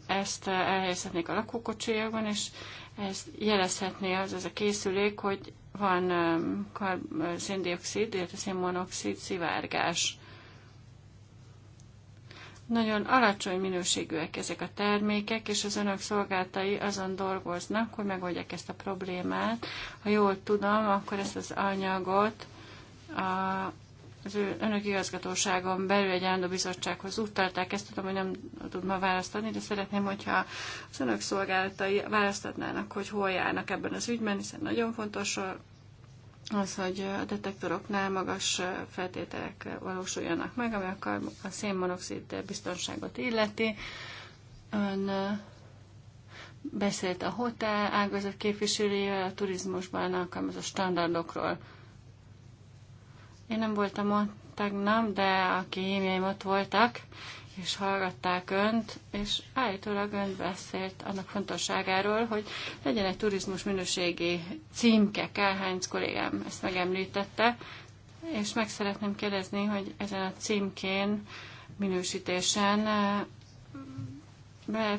ezt elhelyezhetnék a lakókocsijakban, és ezt jelezhetné az, az a készülék, hogy van széndiokszid, illetve szénmonoxid szivárgás. Nagyon alacsony minőségűek ezek a termékek, és az önök szolgáltai azon dolgoznak, hogy megoldják ezt a problémát. Ha jól tudom, akkor ezt az anyagot a az ő, önök igazgatóságon belül egy állandó bizottsághoz utalták, ezt tudom, hogy nem tud ma választani, de szeretném, hogyha az önök szolgálatai választatnának, hogy hol járnak ebben az ügyben, hiszen nagyon fontos az, hogy a detektoroknál magas feltételek valósuljanak meg, ami a szénmonoxid biztonságot illeti. Ön beszélt a hotel ágazat képviselőjével, a turizmusban alkalmazott standardokról. Én nem voltam ott tegnap, de a kémiaim ott voltak, és hallgatták önt, és állítólag ön beszélt annak fontosságáról, hogy legyen egy turizmus minőségi címke, Kálhánc kollégám ezt megemlítette, és meg szeretném kérdezni, hogy ezen a címkén, minősítésen eh,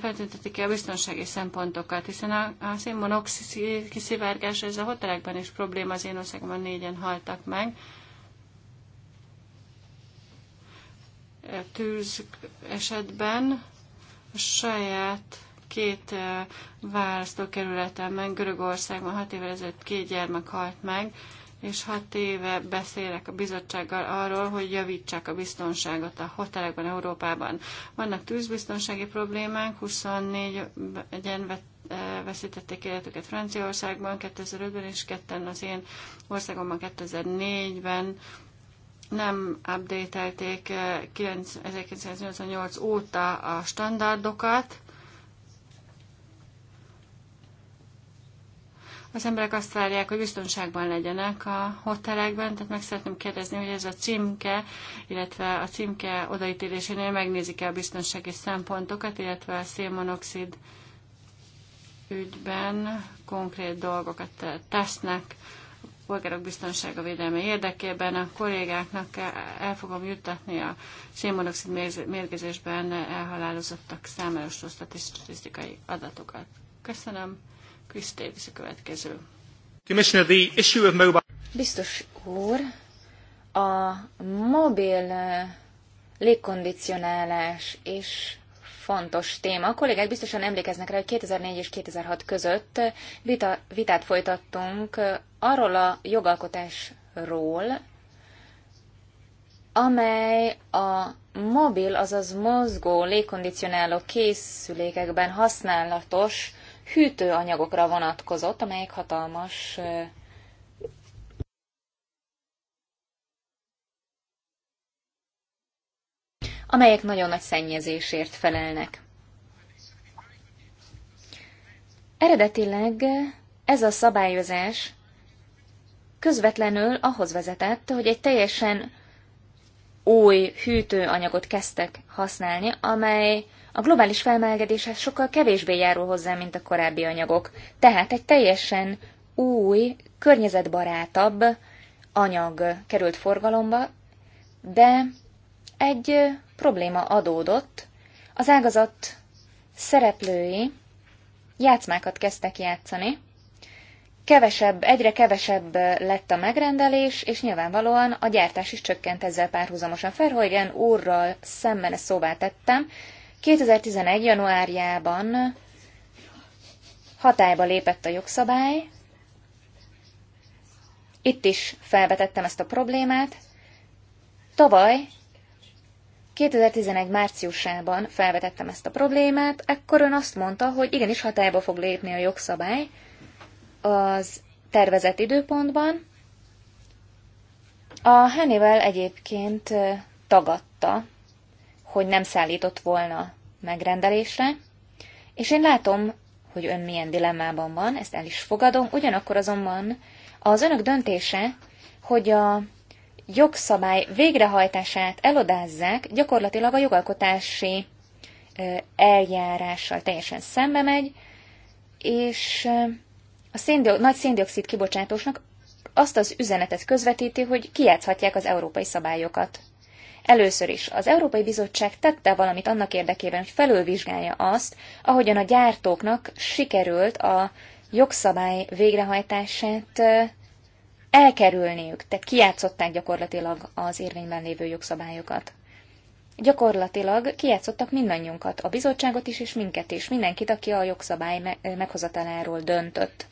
feltüntetik-e a biztonsági szempontokat, hiszen a, a szénmonoxid kiszivárgás, ez a hotelekben is probléma, az én országban négyen haltak meg, tűz esetben a saját két eh, választókerületemben, Görögországban hat évvel ezelőtt két gyermek halt meg, és hat éve beszélek a bizottsággal arról, hogy javítsák a biztonságot a hotelekben, Európában. Vannak tűzbiztonsági problémák, 24 egyen eh, veszítették életüket Franciaországban 2005-ben, és ketten az én országomban 2004-ben nem updatelték 1988 eh, óta a standardokat. Az emberek azt várják, hogy biztonságban legyenek a hotelekben, tehát meg szeretném kérdezni, hogy ez a címke, illetve a címke odaítélésénél megnézik-e a biztonsági szempontokat, illetve a szénmonoxid ügyben konkrét dolgokat tesznek polgárok biztonsága védelme érdekében a kollégáknak el fogom juttatni a sémonoxid mérgezésben elhalálozottak számára osztott statisztikai adatokat. Köszönöm. Chris a következő. Commissioner, the issue of mobile... Biztos úr, a mobil légkondicionálás és fontos téma. A kollégák biztosan emlékeznek rá, hogy 2004 és 2006 között vita, vitát folytattunk arról a jogalkotásról, amely a mobil, azaz mozgó légkondicionáló készülékekben használatos hűtőanyagokra vonatkozott, amelyek hatalmas amelyek nagyon nagy szennyezésért felelnek. Eredetileg ez a szabályozás közvetlenül ahhoz vezetett, hogy egy teljesen új hűtőanyagot kezdtek használni, amely a globális felmelegedéshez sokkal kevésbé járul hozzá, mint a korábbi anyagok. Tehát egy teljesen új, környezetbarátabb anyag került forgalomba, de egy probléma adódott. Az ágazat szereplői játszmákat kezdtek játszani, kevesebb, egyre kevesebb lett a megrendelés, és nyilvánvalóan a gyártás is csökkent ezzel párhuzamosan. Ferhoigen úrral szemben ezt szóvá tettem. 2011. januárjában hatályba lépett a jogszabály. Itt is felvetettem ezt a problémát. Tavaly 2011 márciusában felvetettem ezt a problémát, ekkor ön azt mondta, hogy igenis hatályba fog lépni a jogszabály az tervezett időpontban. A Hanivel egyébként tagadta, hogy nem szállított volna megrendelésre, és én látom, hogy ön milyen dilemmában van, ezt el is fogadom, ugyanakkor azonban az önök döntése, hogy a jogszabály végrehajtását elodázzák, gyakorlatilag a jogalkotási eljárással teljesen szembe megy, és a széndio- nagy széndiokszid kibocsátósnak azt az üzenetet közvetíti, hogy kijátszhatják az európai szabályokat. Először is az Európai Bizottság tette valamit annak érdekében, hogy felülvizsgálja azt, ahogyan a gyártóknak sikerült a jogszabály végrehajtását elkerülniük, tehát kiátszották gyakorlatilag az érvényben lévő jogszabályokat. Gyakorlatilag kiátszottak mindannyiunkat, a bizottságot is, és minket is, mindenkit, aki a jogszabály meghozataláról döntött.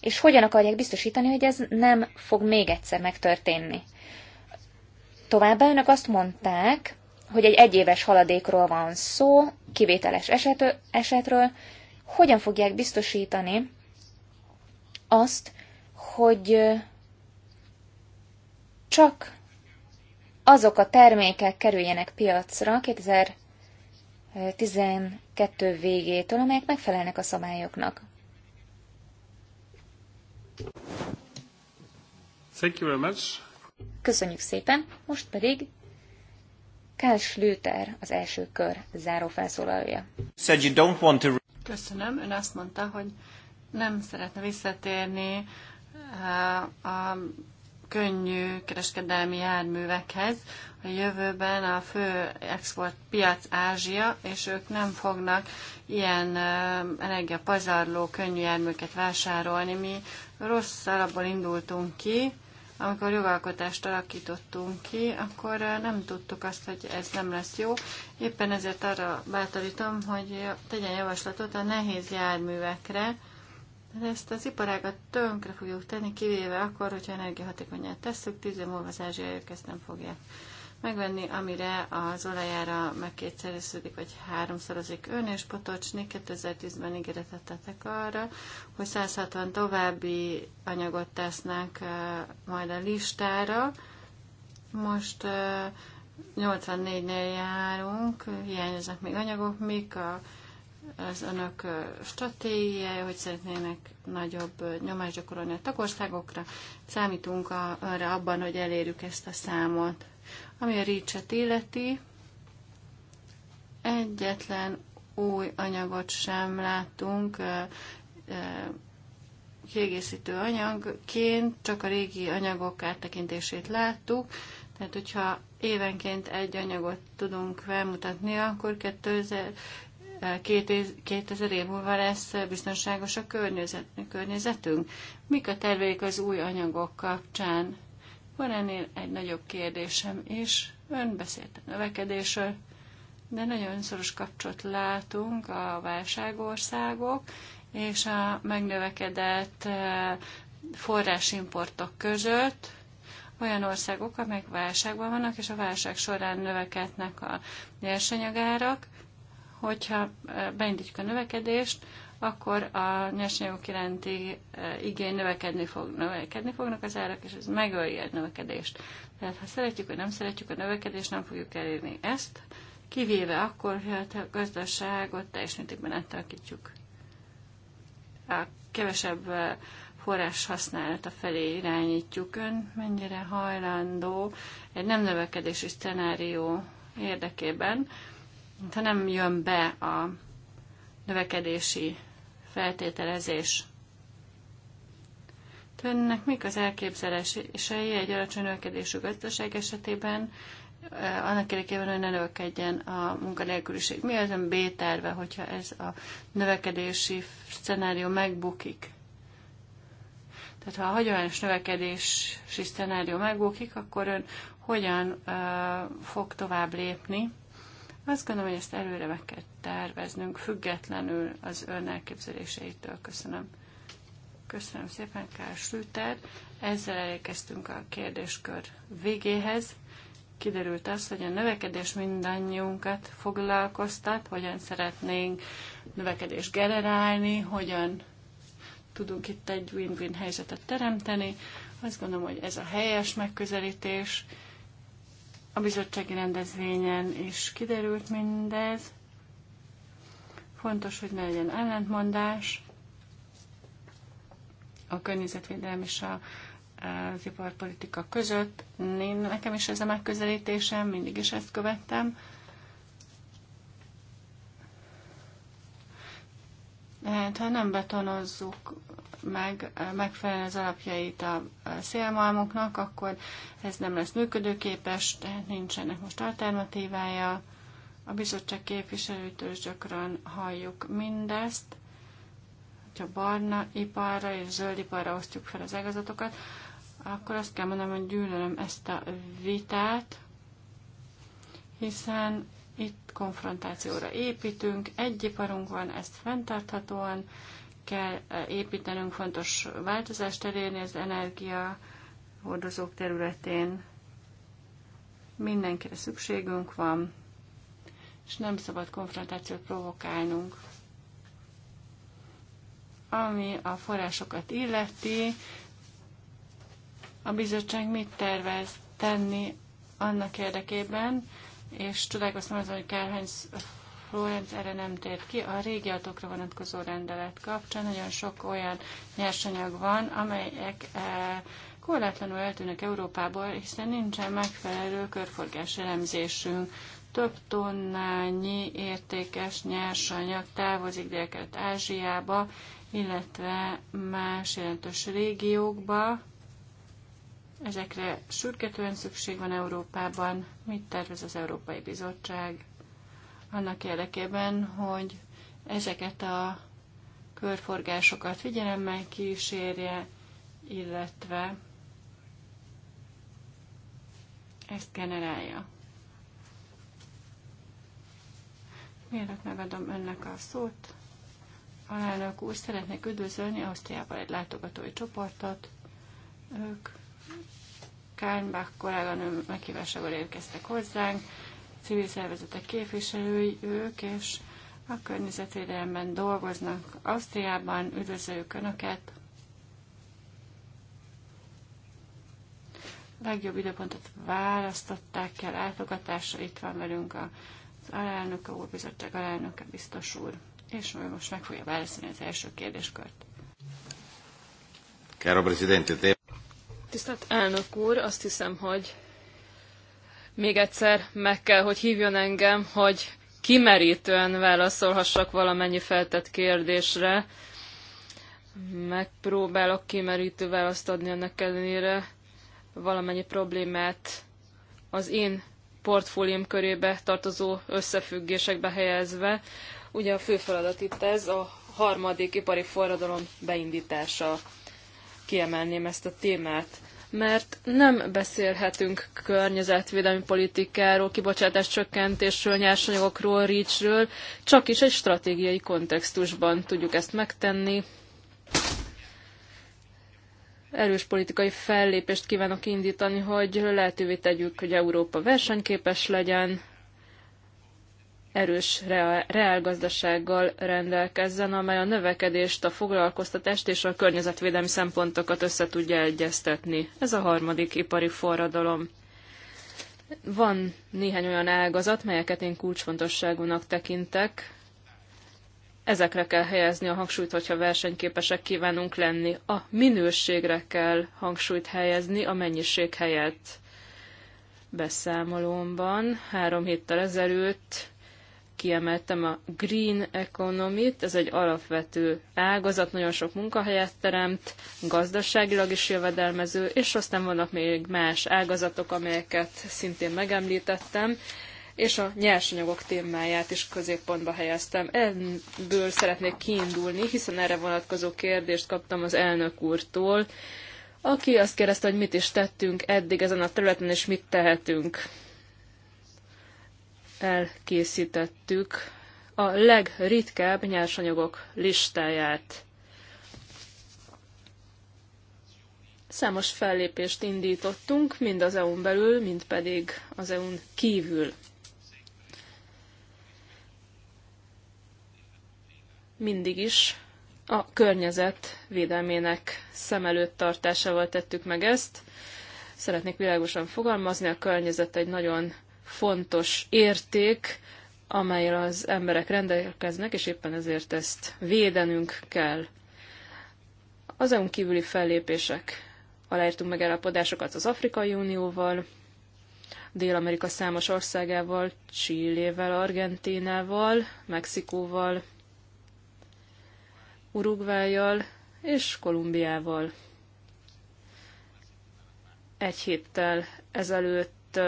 És hogyan akarják biztosítani, hogy ez nem fog még egyszer megtörténni? Továbbá önök azt mondták, hogy egy egyéves haladékról van szó, kivételes esető, esetről, hogyan fogják biztosítani azt, hogy csak azok a termékek kerüljenek piacra 2012 végétől, amelyek megfelelnek a szabályoknak. Thank you very much. Köszönjük szépen, most pedig Karl Schlüter az első kör záró felszólalója. Said you don't want to... Köszönöm, ön azt mondta, hogy nem szeretne visszatérni eh, a könnyű kereskedelmi járművekhez. A jövőben a fő export piac Ázsia, és ők nem fognak ilyen energiapazarló könnyű járműket vásárolni. Mi rossz alapból indultunk ki, amikor jogalkotást alakítottunk ki, akkor nem tudtuk azt, hogy ez nem lesz jó. Éppen ezért arra bátorítom, hogy tegyen javaslatot a nehéz járművekre, de ezt az iparágat tönkre fogjuk tenni, kivéve akkor, hogyha energiahatékonyát tesszük, tíz év múlva az ázsiaiak ezt nem fogják megvenni, amire az olajára meg kétszereződik, vagy háromszorozik ön, és Potocsni 2010-ben ígéretet arra, hogy 160 további anyagot tesznek majd a listára. Most 84-nél járunk, hiányoznak még anyagok, mik a az önök stratégiája, hogy szeretnének nagyobb nyomást gyakorolni a tagországokra. Számítunk a, arra abban, hogy elérjük ezt a számot. Ami a ricset illeti, egyetlen új anyagot sem látunk kiegészítő anyagként, csak a régi anyagok áttekintését láttuk, tehát hogyha évenként egy anyagot tudunk felmutatni, akkor 2000 év múlva lesz biztonságos a környezet, környezetünk? Mik a terveik az új anyagok kapcsán? Van ennél egy nagyobb kérdésem is. Ön beszélt a növekedésről, de nagyon szoros kapcsolat látunk a válságországok és a megnövekedett eh, forrásimportok között olyan országok, amelyek válságban vannak, és a válság során növekednek a nyersanyagárak, hogyha beindítjuk a növekedést, akkor a nyersanyagok iránti igény növekedni fog, növekedni fognak az árak, és ez megöli a növekedést. Tehát ha szeretjük vagy nem szeretjük a növekedést, nem fogjuk elérni ezt, kivéve akkor, hogy a gazdaságot teljes mértékben átalakítjuk a kevesebb forrás használata felé irányítjuk ön, mennyire hajlandó egy nem növekedési szenárió érdekében ha nem jön be a növekedési feltételezés. tönnek mik az elképzelései egy alacsony növekedésű gazdaság esetében, eh, annak érdekében, hogy ne növekedjen a munkanélküliség? Mi az ön B-terve, hogyha ez a növekedési szenárió megbukik? Tehát ha a hagyományos növekedési szenárió megbukik, akkor ön hogyan uh, fog tovább lépni? Azt gondolom, hogy ezt előre meg kell terveznünk, függetlenül az ön elképzeléseitől. Köszönöm. Köszönöm szépen, Kár Slüter. Ezzel elérkeztünk a kérdéskör végéhez. Kiderült az, hogy a növekedés mindannyiunkat foglalkoztat, hogyan szeretnénk növekedést generálni, hogyan tudunk itt egy win-win helyzetet teremteni. Azt gondolom, hogy ez a helyes megközelítés, a bizottsági rendezvényen is kiderült mindez. Fontos, hogy ne legyen ellentmondás. A környezetvédelem és a, az iparpolitika között. Én, nekem is ez a megközelítésem, mindig is ezt követtem. Hát, ha nem betonozzuk meg megfelelően az alapjait a szélmalmoknak, akkor ez nem lesz működőképes, tehát nincsenek most alternatívája. A bizottság képviselőtől is gyakran halljuk mindezt, hogyha barna iparra és zöld iparra osztjuk fel az ágazatokat, akkor azt kell mondanom, hogy gyűlölöm ezt a vitát, hiszen konfrontációra építünk, egy iparunk van, ezt fenntarthatóan kell eh, építenünk, fontos változást elérni az energia hordozók területén. Mindenkire szükségünk van, és nem szabad konfrontációt provokálnunk. Ami a forrásokat illeti, a bizottság mit tervez tenni annak érdekében, és csodálkoztam azon, hogy Kárhányz Florenc erre nem tért ki. A régiatokra vonatkozó rendelet kapcsán nagyon sok olyan nyersanyag van, amelyek eh, korlátlanul eltűnnek Európából, hiszen nincsen megfelelő körforgás elemzésünk. Több tonnányi értékes nyersanyag távozik délkelet ázsiába illetve más jelentős régiókba, Ezekre sürgetően szükség van Európában. Mit tervez az Európai Bizottság annak érdekében, hogy ezeket a körforgásokat figyelemmel kísérje, illetve ezt generálja. Mielőtt megadom önnek a szót, alelnök úr, szeretnék üdvözölni Ausztriában egy látogatói csoportot. Ők Kárnbach kolléganőm meghívásával érkeztek hozzánk, civil szervezetek képviselői ők, és a környezetvédelemben dolgoznak Ausztriában. Üdvözöljük Önöket! A legjobb időpontot választották el látogatásra. Itt van velünk az alelnöke, a úrbizottság alelnöke, biztos úr. És ő most meg fogja válaszolni az első kérdéskört. Caro Presidente, te... Tisztelt elnök úr, azt hiszem, hogy még egyszer meg kell, hogy hívjon engem, hogy kimerítően válaszolhassak valamennyi feltett kérdésre. Megpróbálok kimerítő választ adni ennek ellenére valamennyi problémát az én portfólium körébe tartozó összefüggésekbe helyezve. Ugye a fő feladat itt ez a harmadik ipari forradalom beindítása kiemelném ezt a témát, mert nem beszélhetünk környezetvédelmi politikáról, kibocsátás csökkentésről, nyersanyagokról, rícsről, csak is egy stratégiai kontextusban tudjuk ezt megtenni. Erős politikai fellépést kívánok indítani, hogy lehetővé tegyük, hogy Európa versenyképes legyen, erős reálgazdasággal rendelkezzen, amely a növekedést, a foglalkoztatást és a környezetvédelmi szempontokat össze tudja egyeztetni. Ez a harmadik ipari forradalom. Van néhány olyan ágazat, melyeket én kulcsfontosságúnak tekintek. Ezekre kell helyezni a hangsúlyt, hogyha versenyképesek kívánunk lenni. A minőségre kell hangsúlyt helyezni a mennyiség helyett. Beszámolómban három héttel ezelőtt kiemeltem a green economy-t, ez egy alapvető ágazat, nagyon sok munkahelyet teremt, gazdaságilag is jövedelmező, és aztán vannak még más ágazatok, amelyeket szintén megemlítettem, és a nyersanyagok témáját is középpontba helyeztem. Ebből szeretnék kiindulni, hiszen erre vonatkozó kérdést kaptam az elnök úrtól, aki azt kérdezte, hogy mit is tettünk eddig ezen a területen, és mit tehetünk elkészítettük a legritkább nyersanyagok listáját. Számos fellépést indítottunk, mind az EU-n belül, mind pedig az EU-n kívül. Mindig is a környezet védelmének szem előtt tartásával tettük meg ezt. Szeretnék világosan fogalmazni, a környezet egy nagyon fontos érték, amelyel az emberek rendelkeznek, és éppen ezért ezt védenünk kell. Az EU kívüli fellépések. Aláírtunk elapodásokat az Afrikai Unióval, Dél-Amerika számos országával, Csillével, Argentínával, Mexikóval, Uruguayjal és Kolumbiával. Egy héttel ezelőtt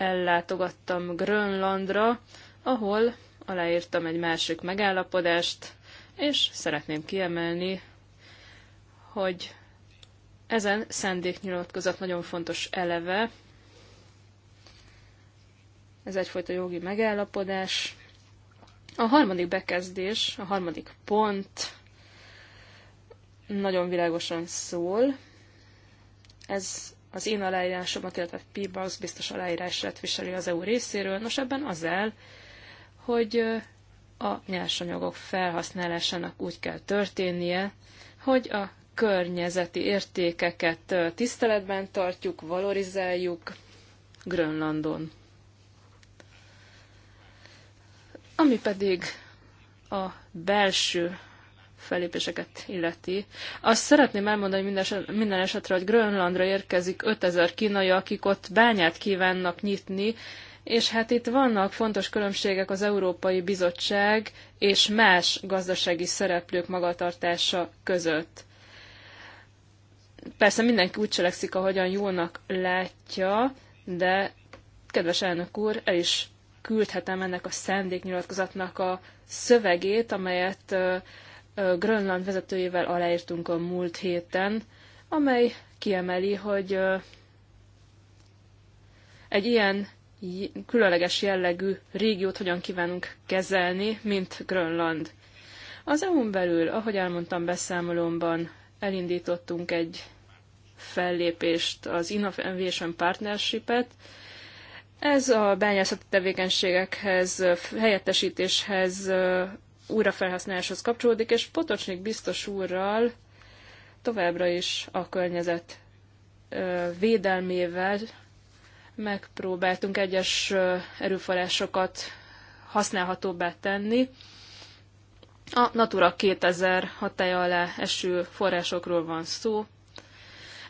ellátogattam Grönlandra, ahol aláírtam egy másik megállapodást, és szeretném kiemelni, hogy ezen szándéknyilatkozat nagyon fontos eleve. Ez egyfajta jogi megállapodás. A harmadik bekezdés, a harmadik pont nagyon világosan szól. Ez az én aláírásomat, illetve P-Box biztos aláírását viseli az EU részéről. Nos, ebben az el, hogy a nyersanyagok felhasználásának úgy kell történnie, hogy a környezeti értékeket tiszteletben tartjuk, valorizáljuk Grönlandon. Ami pedig a belső fellépéseket illeti. Azt szeretném elmondani minden, minden esetre, hogy Grönlandra érkezik 5000 kínai, akik ott bányát kívánnak nyitni, és hát itt vannak fontos különbségek az Európai Bizottság és más gazdasági szereplők magatartása között. Persze mindenki úgy cselekszik, ahogyan jónak látja, de kedves elnök úr, el is küldhetem ennek a szendéknyilatkozatnak a szövegét, amelyet Grönland vezetőjével aláírtunk a múlt héten, amely kiemeli, hogy egy ilyen különleges jellegű régiót hogyan kívánunk kezelni, mint Grönland. Az EU-n belül, ahogy elmondtam beszámolomban, elindítottunk egy fellépést, az Innovation Partnership-et. Ez a bányászati tevékenységekhez, helyettesítéshez újrafelhasználáshoz kapcsolódik, és Potocsnik biztos úrral továbbra is a környezet védelmével megpróbáltunk egyes erőforrásokat használhatóbbá tenni. A Natura 2000 hatája alá eső forrásokról van szó.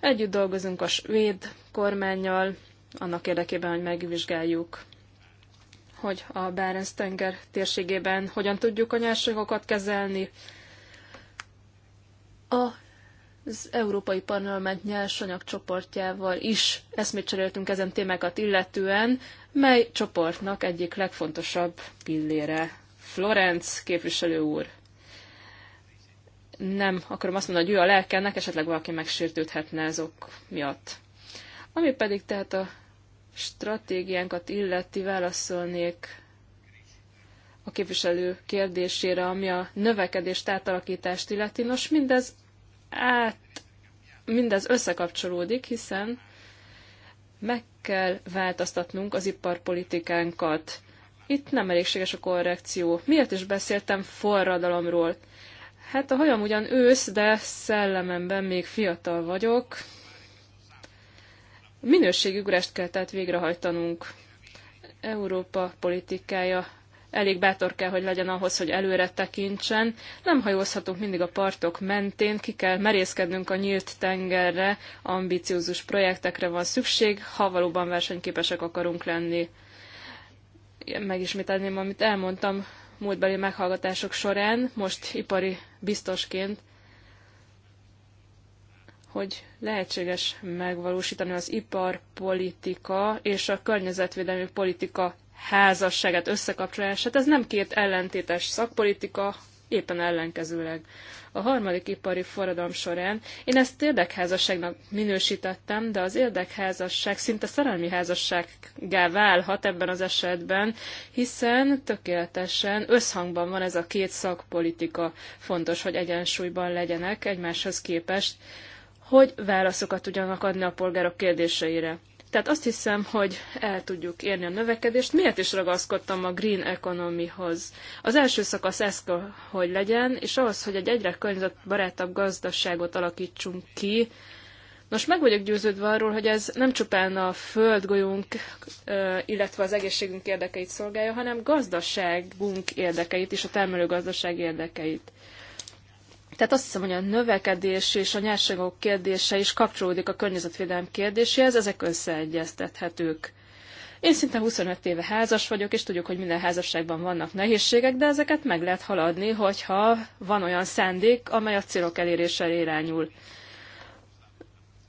Együtt dolgozunk a svéd kormányjal, annak érdekében, hogy megvizsgáljuk hogy a Bárens tenger térségében hogyan tudjuk a nyersanyagokat kezelni. A az Európai Parlament nyersanyag csoportjával is eszmét cseréltünk ezen témákat illetően, mely csoportnak egyik legfontosabb pillére. Florenc képviselő úr. Nem akarom azt mondani, hogy ő a lelkennek, esetleg valaki megsértődhetne azok miatt. Ami pedig tehát a stratégiánkat illeti válaszolnék a képviselő kérdésére, ami a növekedést átalakítást illeti. Nos, mindez át, mindez összekapcsolódik, hiszen meg kell változtatnunk az iparpolitikánkat. Itt nem elégséges a korrekció. Miért is beszéltem forradalomról? Hát a hajam ugyan ősz, de szellememben még fiatal vagyok, Minőségugrást kell tehát végrehajtanunk. Európa politikája elég bátor kell, hogy legyen ahhoz, hogy előre tekintsen. Nem hajózhatunk mindig a partok mentén, ki kell merészkednünk a nyílt tengerre, ambiciózus projektekre van szükség, ha valóban versenyképesek akarunk lenni. Megismételném, amit elmondtam múltbeli meghallgatások során, most ipari biztosként hogy lehetséges megvalósítani az iparpolitika és a környezetvédelmi politika házasságát, összekapcsolását. Ez nem két ellentétes szakpolitika, éppen ellenkezőleg. A harmadik ipari forradalom során én ezt érdekházasságnak minősítettem, de az érdekházasság szinte szerelmi házassággá válhat ebben az esetben, hiszen tökéletesen összhangban van ez a két szakpolitika. Fontos, hogy egyensúlyban legyenek egymáshoz képest, hogy válaszokat tudjanak adni a polgárok kérdéseire. Tehát azt hiszem, hogy el tudjuk érni a növekedést. Miért is ragaszkodtam a green economyhoz? Az első szakasz ez, hogy legyen, és ahhoz, hogy egy egyre környezetbarátabb gazdaságot alakítsunk ki, Nos, meg vagyok győződve arról, hogy ez nem csupán a földgolyónk, illetve az egészségünk érdekeit szolgálja, hanem gazdaságunk érdekeit és a termelő gazdaság érdekeit. Tehát azt hiszem, hogy a növekedés és a nyerségok kérdése is kapcsolódik a környezetvédelem kérdéséhez, ezek összeegyeztethetők. Én szinte 25 éve házas vagyok, és tudjuk, hogy minden házasságban vannak nehézségek, de ezeket meg lehet haladni, hogyha van olyan szándék, amely a célok elérésére irányul.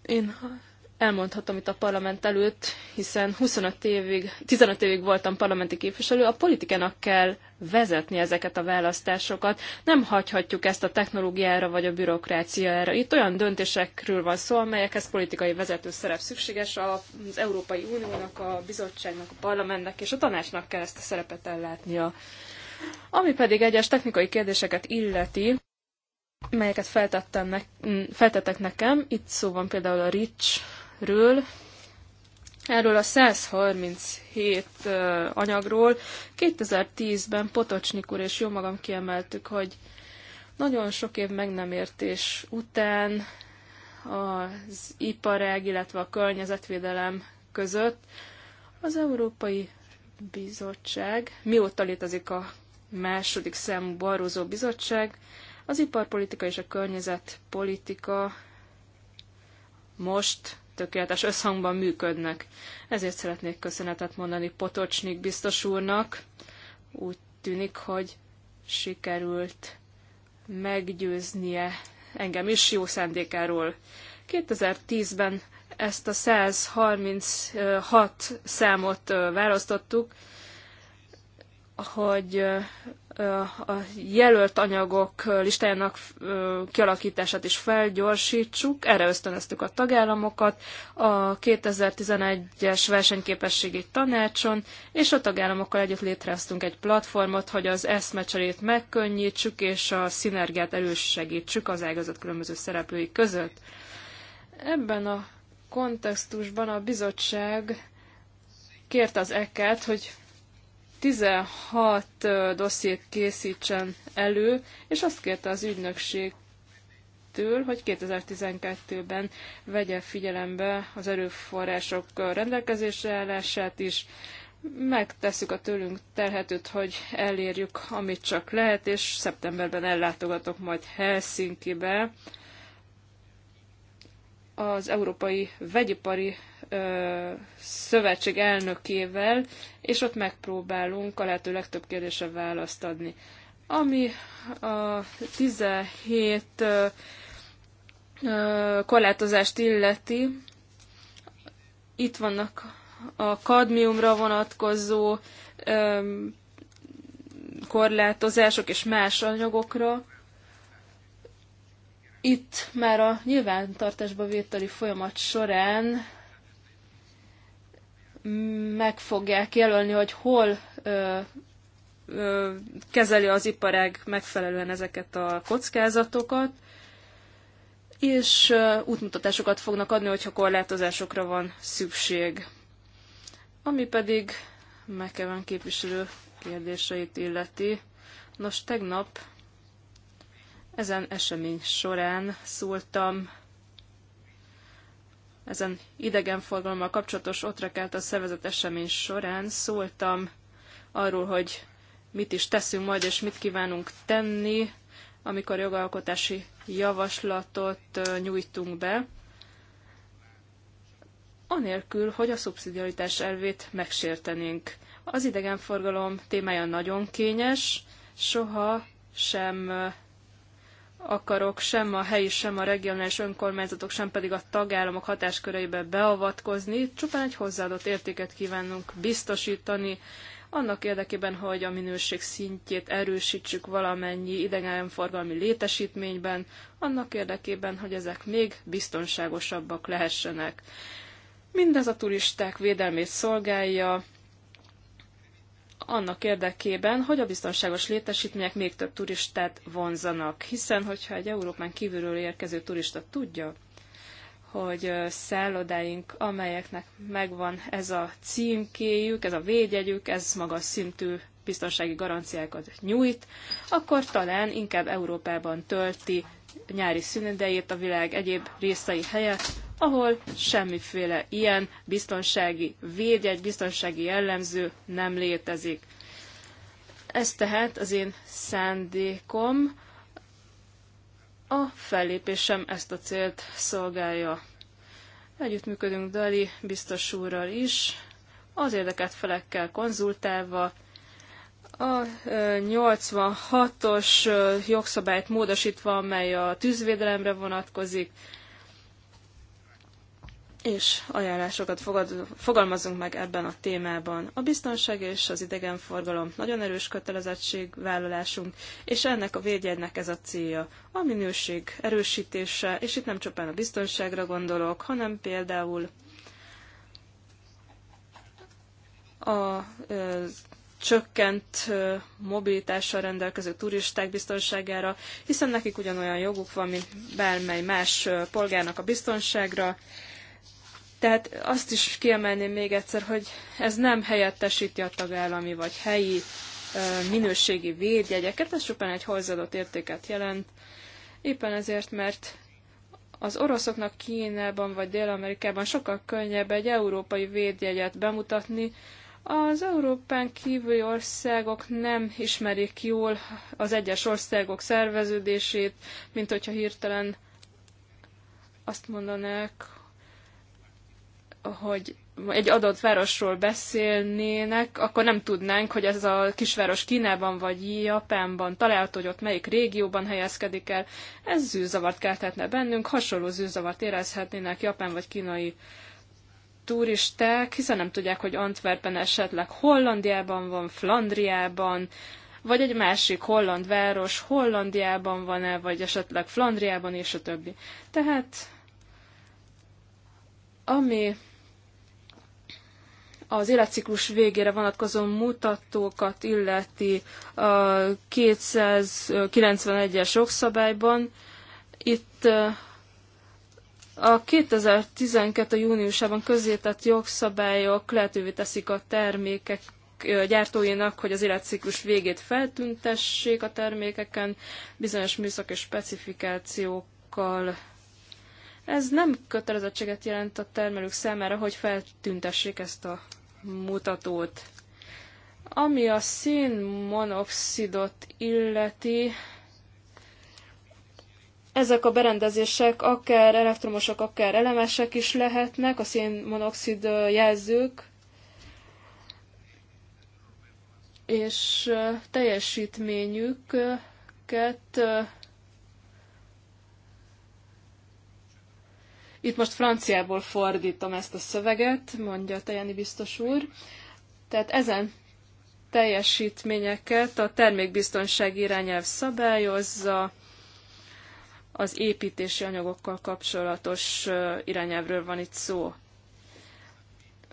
Én elmondhatom itt a parlament előtt, hiszen 25 évig, 15 évig voltam parlamenti képviselő, a politikának kell vezetni ezeket a választásokat. Nem hagyhatjuk ezt a technológiára vagy a bürokráciára. Itt olyan döntésekről van szó, amelyekhez politikai vezető szerep szükséges. Az Európai Uniónak, a bizottságnak, a parlamentnek és a tanácsnak kell ezt a szerepet ellátnia. Ami pedig egyes technikai kérdéseket illeti, melyeket feltettem ne, feltettek nekem, itt szó van például a RICS ről, erről a 137 anyagról 2010-ben Potocsnik úr és jó magam kiemeltük, hogy nagyon sok év meg nem értés után az iparág, illetve a környezetvédelem között az Európai Bizottság, mióta létezik a második számú barózó Bizottság, az iparpolitika és a környezetpolitika most tökéletes összhangban működnek. Ezért szeretnék köszönetet mondani Potocsnik biztos úrnak. Úgy tűnik, hogy sikerült meggyőznie engem is jó szándékáról. 2010-ben ezt a 136 számot választottuk, hogy a jelölt anyagok listájának kialakítását is felgyorsítsuk, erre ösztönöztük a tagállamokat, a 2011-es versenyképességi tanácson, és a tagállamokkal együtt létrehoztunk egy platformot, hogy az eszmecserét megkönnyítsük, és a szinergiát elősegítsük az ágazat különböző szereplői között. Ebben a kontextusban a bizottság kérte az eket, hogy 16 dossziét készítsen elő, és azt kérte az ügynökségtől, hogy 2012-ben vegye figyelembe az erőforrások rendelkezésre állását is, megtesszük a tőlünk terhetőt, hogy elérjük, amit csak lehet, és szeptemberben ellátogatok majd Helsinki-be az Európai Vegyipari ö, Szövetség elnökével, és ott megpróbálunk a lehető legtöbb kérdésre választ adni. Ami a 17 ö, ö, korlátozást illeti, itt vannak a kadmiumra vonatkozó ö, korlátozások és más anyagokra, itt már a nyilvántartásba vételi folyamat során meg fogják jelölni, hogy hol ö, ö, kezeli az iparág megfelelően ezeket a kockázatokat, és ö, útmutatásokat fognak adni, hogyha korlátozásokra van szükség. Ami pedig megkeven képviselő kérdéseit illeti. Nos, tegnap ezen esemény során szóltam ezen idegenforgalommal kapcsolatos otrakát a szervezet esemény során szóltam arról, hogy mit is teszünk majd, és mit kívánunk tenni, amikor jogalkotási javaslatot nyújtunk be, anélkül, hogy a szubszidiaritás elvét megsértenénk. Az idegenforgalom témája nagyon kényes, soha sem akarok sem a helyi, sem a regionális önkormányzatok, sem pedig a tagállamok hatásköreibe beavatkozni, csupán egy hozzáadott értéket kívánunk biztosítani, annak érdekében, hogy a minőség szintjét erősítsük valamennyi idegenforgalmi létesítményben, annak érdekében, hogy ezek még biztonságosabbak lehessenek. Mindez a turisták védelmét szolgálja, annak érdekében, hogy a biztonságos létesítmények még több turistát vonzanak. Hiszen, hogyha egy Európán kívülről érkező turista tudja, hogy szállodáink, amelyeknek megvan ez a címkéjük, ez a védjegyük, ez magas szintű biztonsági garanciákat nyújt, akkor talán inkább Európában tölti nyári szünidejét a világ egyéb részei helyett, ahol semmiféle ilyen biztonsági védjegy, biztonsági jellemző nem létezik. Ez tehát az én szándékom, a fellépésem ezt a célt szolgálja. Együttműködünk Dali biztos úrral is, az érdekelt felekkel konzultálva, a 86-os jogszabályt módosítva, amely a tűzvédelemre vonatkozik, és ajánlásokat fogad, fogalmazunk meg ebben a témában. A biztonság és az idegenforgalom nagyon erős kötelezettségvállalásunk, és ennek a védjegynek ez a célja, a minőség erősítése, és itt nem csupán a biztonságra gondolok, hanem például a ö, csökkent ö, mobilitással rendelkező turisták biztonságára, hiszen nekik ugyanolyan joguk van, mint bármely más ö, polgárnak a biztonságra, tehát azt is kiemelném még egyszer, hogy ez nem helyettesíti a tagállami vagy helyi minőségi védjegyeket, ez csupán egy hozzáadott értéket jelent. Éppen ezért, mert az oroszoknak Kínában vagy Dél-Amerikában sokkal könnyebb egy európai védjegyet bemutatni, az Európán kívüli országok nem ismerik jól az egyes országok szerveződését, mint hogyha hirtelen azt mondanák, hogy egy adott városról beszélnének, akkor nem tudnánk, hogy ez a kisváros Kínában vagy Japánban található, hogy ott melyik régióban helyezkedik el. Ez zűrzavart keltetne bennünk, hasonló zűrzavart érezhetnének japán vagy kínai turisták, hiszen nem tudják, hogy Antwerpen esetleg Hollandiában van, Flandriában, vagy egy másik holland város Hollandiában van-e, vagy esetleg Flandriában, és a többi. Tehát, ami az életciklus végére vonatkozó mutatókat illeti a 291-es jogszabályban. Itt a 2012. júniusában közzétett jogszabályok lehetővé teszik a termékek gyártóinak, hogy az életciklus végét feltüntessék a termékeken bizonyos műszaki specifikációkkal. Ez nem kötelezettséget jelent a termelők számára, hogy feltüntessék ezt a mutatót. Ami a szénmonoxidot illeti, ezek a berendezések akár elektromosak, akár elemesek is lehetnek, a szénmonoxid jelzők, és teljesítményüket Itt most franciából fordítom ezt a szöveget, mondja Tejani biztos úr. Tehát ezen teljesítményeket a termékbiztonsági irányelv szabályozza, az építési anyagokkal kapcsolatos irányelvről van itt szó.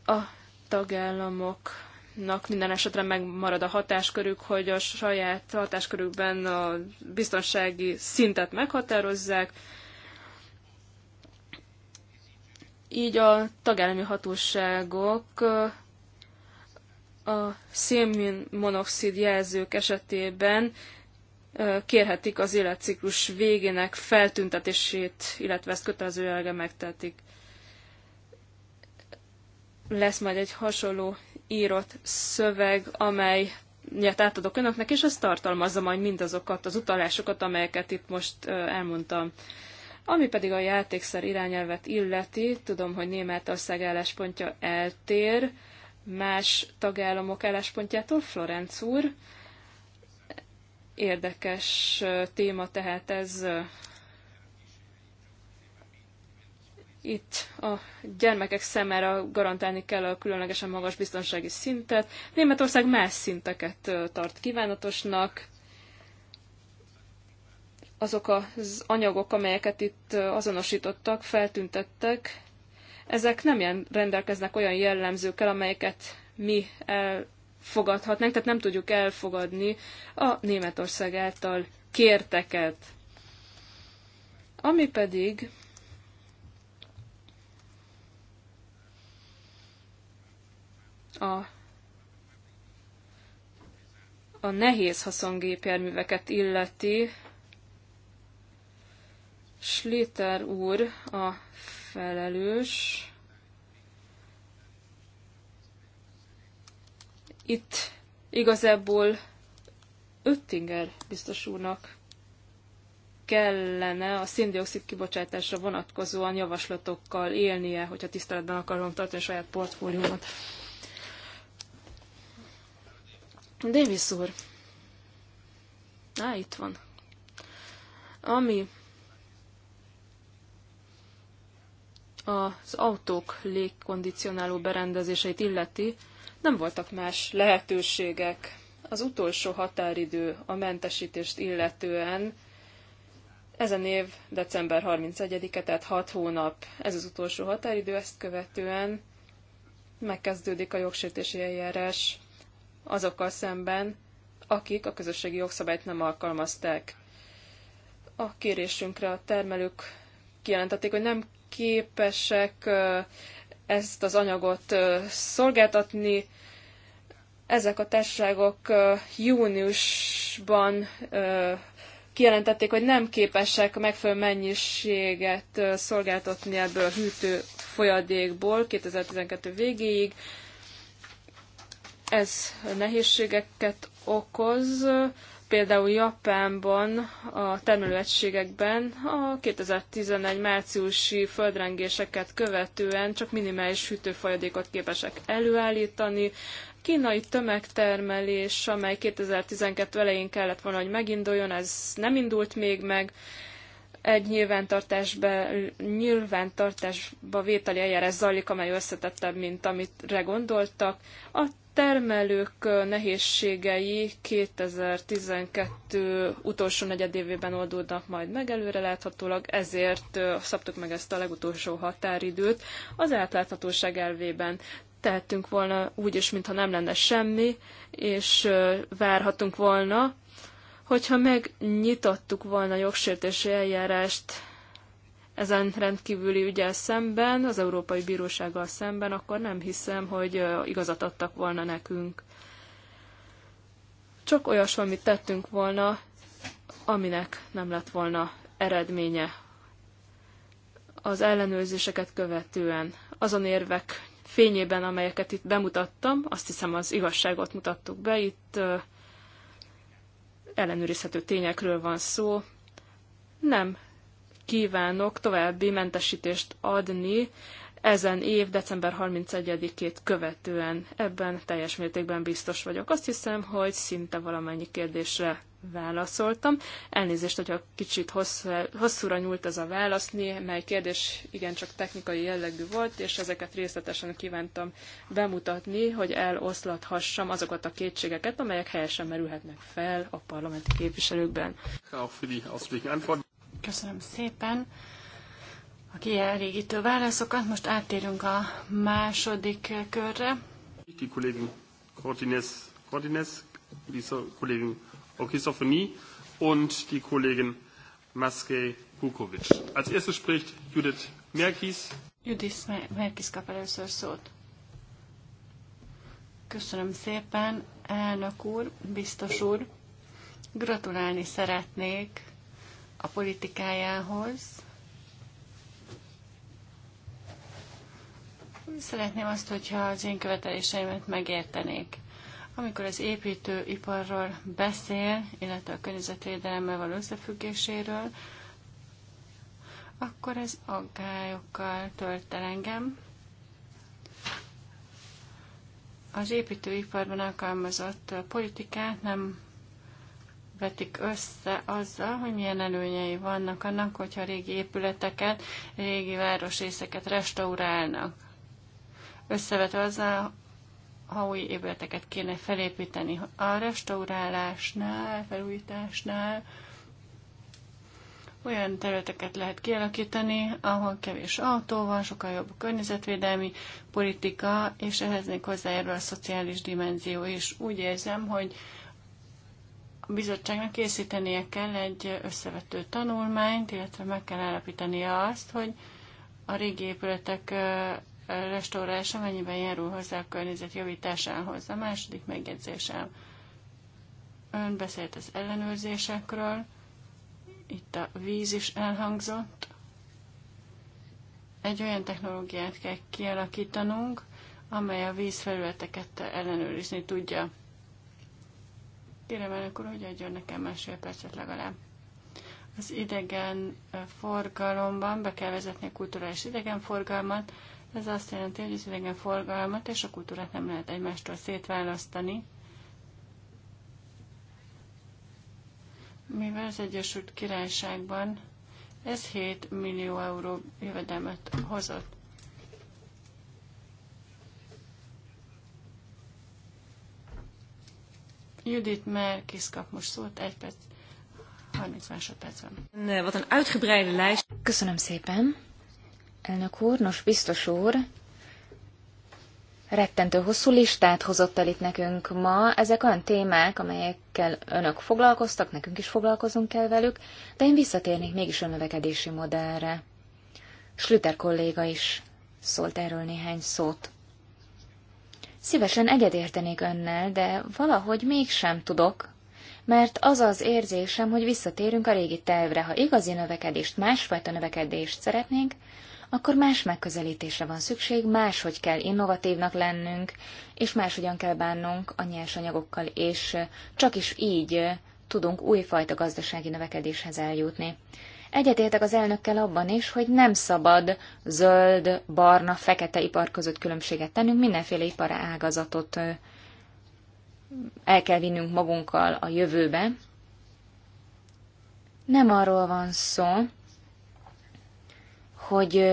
A tagállamoknak minden esetre megmarad a hatáskörük, hogy a saját hatáskörükben a biztonsági szintet meghatározzák, így a tagállami hatóságok a szénmonoxid jelzők esetében kérhetik az életciklus végének feltüntetését, illetve ezt kötelező jelge megtetik. Lesz majd egy hasonló írott szöveg, amely nyert átadok önöknek, és ez tartalmazza majd mindazokat az utalásokat, amelyeket itt most elmondtam. Ami pedig a játékszer irányelvet illeti, tudom, hogy Németország álláspontja eltér más tagállamok álláspontjától, Florenc úr. Érdekes téma tehát ez itt a gyermekek szemére garantálni kell a különlegesen magas biztonsági szintet. Németország más szinteket tart kívánatosnak, azok az anyagok, amelyeket itt azonosítottak, feltüntettek, ezek nem rendelkeznek olyan jellemzőkkel, amelyeket mi elfogadhatnánk, tehát nem tudjuk elfogadni a Németország által kérteket. Ami pedig a, a nehéz haszongépjárműveket illeti, Schlitter úr a felelős. Itt igazából Öttinger biztos úrnak kellene a széndiokszid kibocsátásra vonatkozóan javaslatokkal élnie, hogyha tiszteletben akarom tartani a saját portfóliómat. Davis úr. Á, itt van. Ami az autók légkondicionáló berendezéseit illeti, nem voltak más lehetőségek. Az utolsó határidő a mentesítést illetően ezen év december 31-e, tehát 6 hónap. Ez az utolsó határidő, ezt követően megkezdődik a jogsértési eljárás azokkal szemben, akik a közösségi jogszabályt nem alkalmazták. A kérésünkre a termelők kijelentették, hogy nem képesek ezt az anyagot szolgáltatni. Ezek a társaságok júniusban kijelentették, hogy nem képesek megfelelő mennyiséget szolgáltatni ebből a hűtő folyadékból 2012 végéig. Ez nehézségeket okoz Például Japánban, a termelőegységekben a 2011 márciusi földrengéseket követően csak minimális hűtőfolyadékot képesek előállítani. Kínai tömegtermelés, amely 2012 elején kellett volna, hogy meginduljon, ez nem indult még meg egy nyilvántartásba, nyilvántartásba vételi eljárás zajlik, amely összetettebb, mint amit gondoltak. A termelők nehézségei 2012 utolsó negyedévében oldódnak majd meg előre láthatólag, ezért szabtuk meg ezt a legutolsó határidőt az átláthatóság elvében. Tehetünk volna úgy is, mintha nem lenne semmi, és várhatunk volna, Hogyha megnyitottuk volna jogsértési eljárást ezen rendkívüli ügyel szemben, az Európai Bírósággal szemben, akkor nem hiszem, hogy igazat adtak volna nekünk. Csak olyas, amit tettünk volna, aminek nem lett volna eredménye az ellenőrzéseket követően. Azon érvek fényében, amelyeket itt bemutattam, azt hiszem az igazságot mutattuk be, itt ellenőrizhető tényekről van szó. Nem kívánok további mentesítést adni ezen év december 31-ét követően. Ebben teljes mértékben biztos vagyok. Azt hiszem, hogy szinte valamennyi kérdésre válaszoltam. Elnézést, hogyha kicsit hosszú, hosszúra nyúlt ez a válasz, mely kérdés igencsak technikai jellegű volt, és ezeket részletesen kívántam bemutatni, hogy eloszlathassam azokat a kétségeket, amelyek helyesen merülhetnek fel a parlamenti képviselőkben. Köszönöm szépen a kielégítő válaszokat. Most áttérünk a második körre. Die Kollegin Cortines, Cortines, diese Okisophonie und die Kollegin Maske Kukovic. Als erstes spricht Judith Merkis. Judith Merkis kap először szót. Köszönöm szépen, elnök úr, biztos úr. Gratulálni szeretnék a politikájához. Szeretném azt, hogyha az én követeléseimet megértenék. Amikor az építőiparról beszél, illetve a környezetvédelemmel való összefüggéséről, akkor ez aggályokkal tölt el engem. Az építőiparban alkalmazott politikát nem vetik össze azzal, hogy milyen előnyei vannak annak, hogyha régi épületeket, régi városrészeket restaurálnak. Összevetve azzal, ha új épületeket kéne felépíteni. A restaurálásnál, felújításnál olyan területeket lehet kialakítani, ahol kevés autó van, sokkal jobb a környezetvédelmi politika, és ehhez még hozzájárul a szociális dimenzió is. Úgy érzem, hogy a bizottságnak készítenie kell egy összevető tanulmányt, illetve meg kell állapítani azt, hogy a régi épületek restaurálása mennyiben járul hozzá a környezet javításához. A második megjegyzésem. Ön beszélt az ellenőrzésekről, itt a víz is elhangzott. Egy olyan technológiát kell kialakítanunk, amely a vízfelületeket ellenőrizni tudja. Kérem elnök úr, hogy adjon nekem másfél percet legalább. Az idegen forgalomban be kell vezetni a kulturális idegen forgalmat, ez azt jelenti, hogy az forgalmat és a kultúrát nem lehet egymástól szétválasztani, mivel az Egyesült Királyságban ez 7 millió euró jövedelmet hozott. Judith Merkis kap most szót, egy perc, 30 másodperc van. Wat een uitgebreide lijst. Köszönöm szépen. Elnök úr, nos, biztos úr, rettentő hosszú listát hozott el itt nekünk ma. Ezek olyan témák, amelyekkel önök foglalkoztak, nekünk is foglalkozunk kell velük, de én visszatérnék mégis a növekedési modellre. Schlüter kolléga is szólt erről néhány szót. Szívesen egyedértenék önnel, de valahogy mégsem tudok, mert az az érzésem, hogy visszatérünk a régi tervre. Ha igazi növekedést, másfajta növekedést szeretnénk, akkor más megközelítésre van szükség, máshogy kell innovatívnak lennünk, és máshogyan kell bánnunk a nyersanyagokkal, és csak is így tudunk újfajta gazdasági növekedéshez eljutni. Egyetértek az elnökkel abban is, hogy nem szabad zöld, barna, fekete ipar között különbséget tennünk, mindenféle ipar ágazatot el kell vinnünk magunkkal a jövőbe. Nem arról van szó, hogy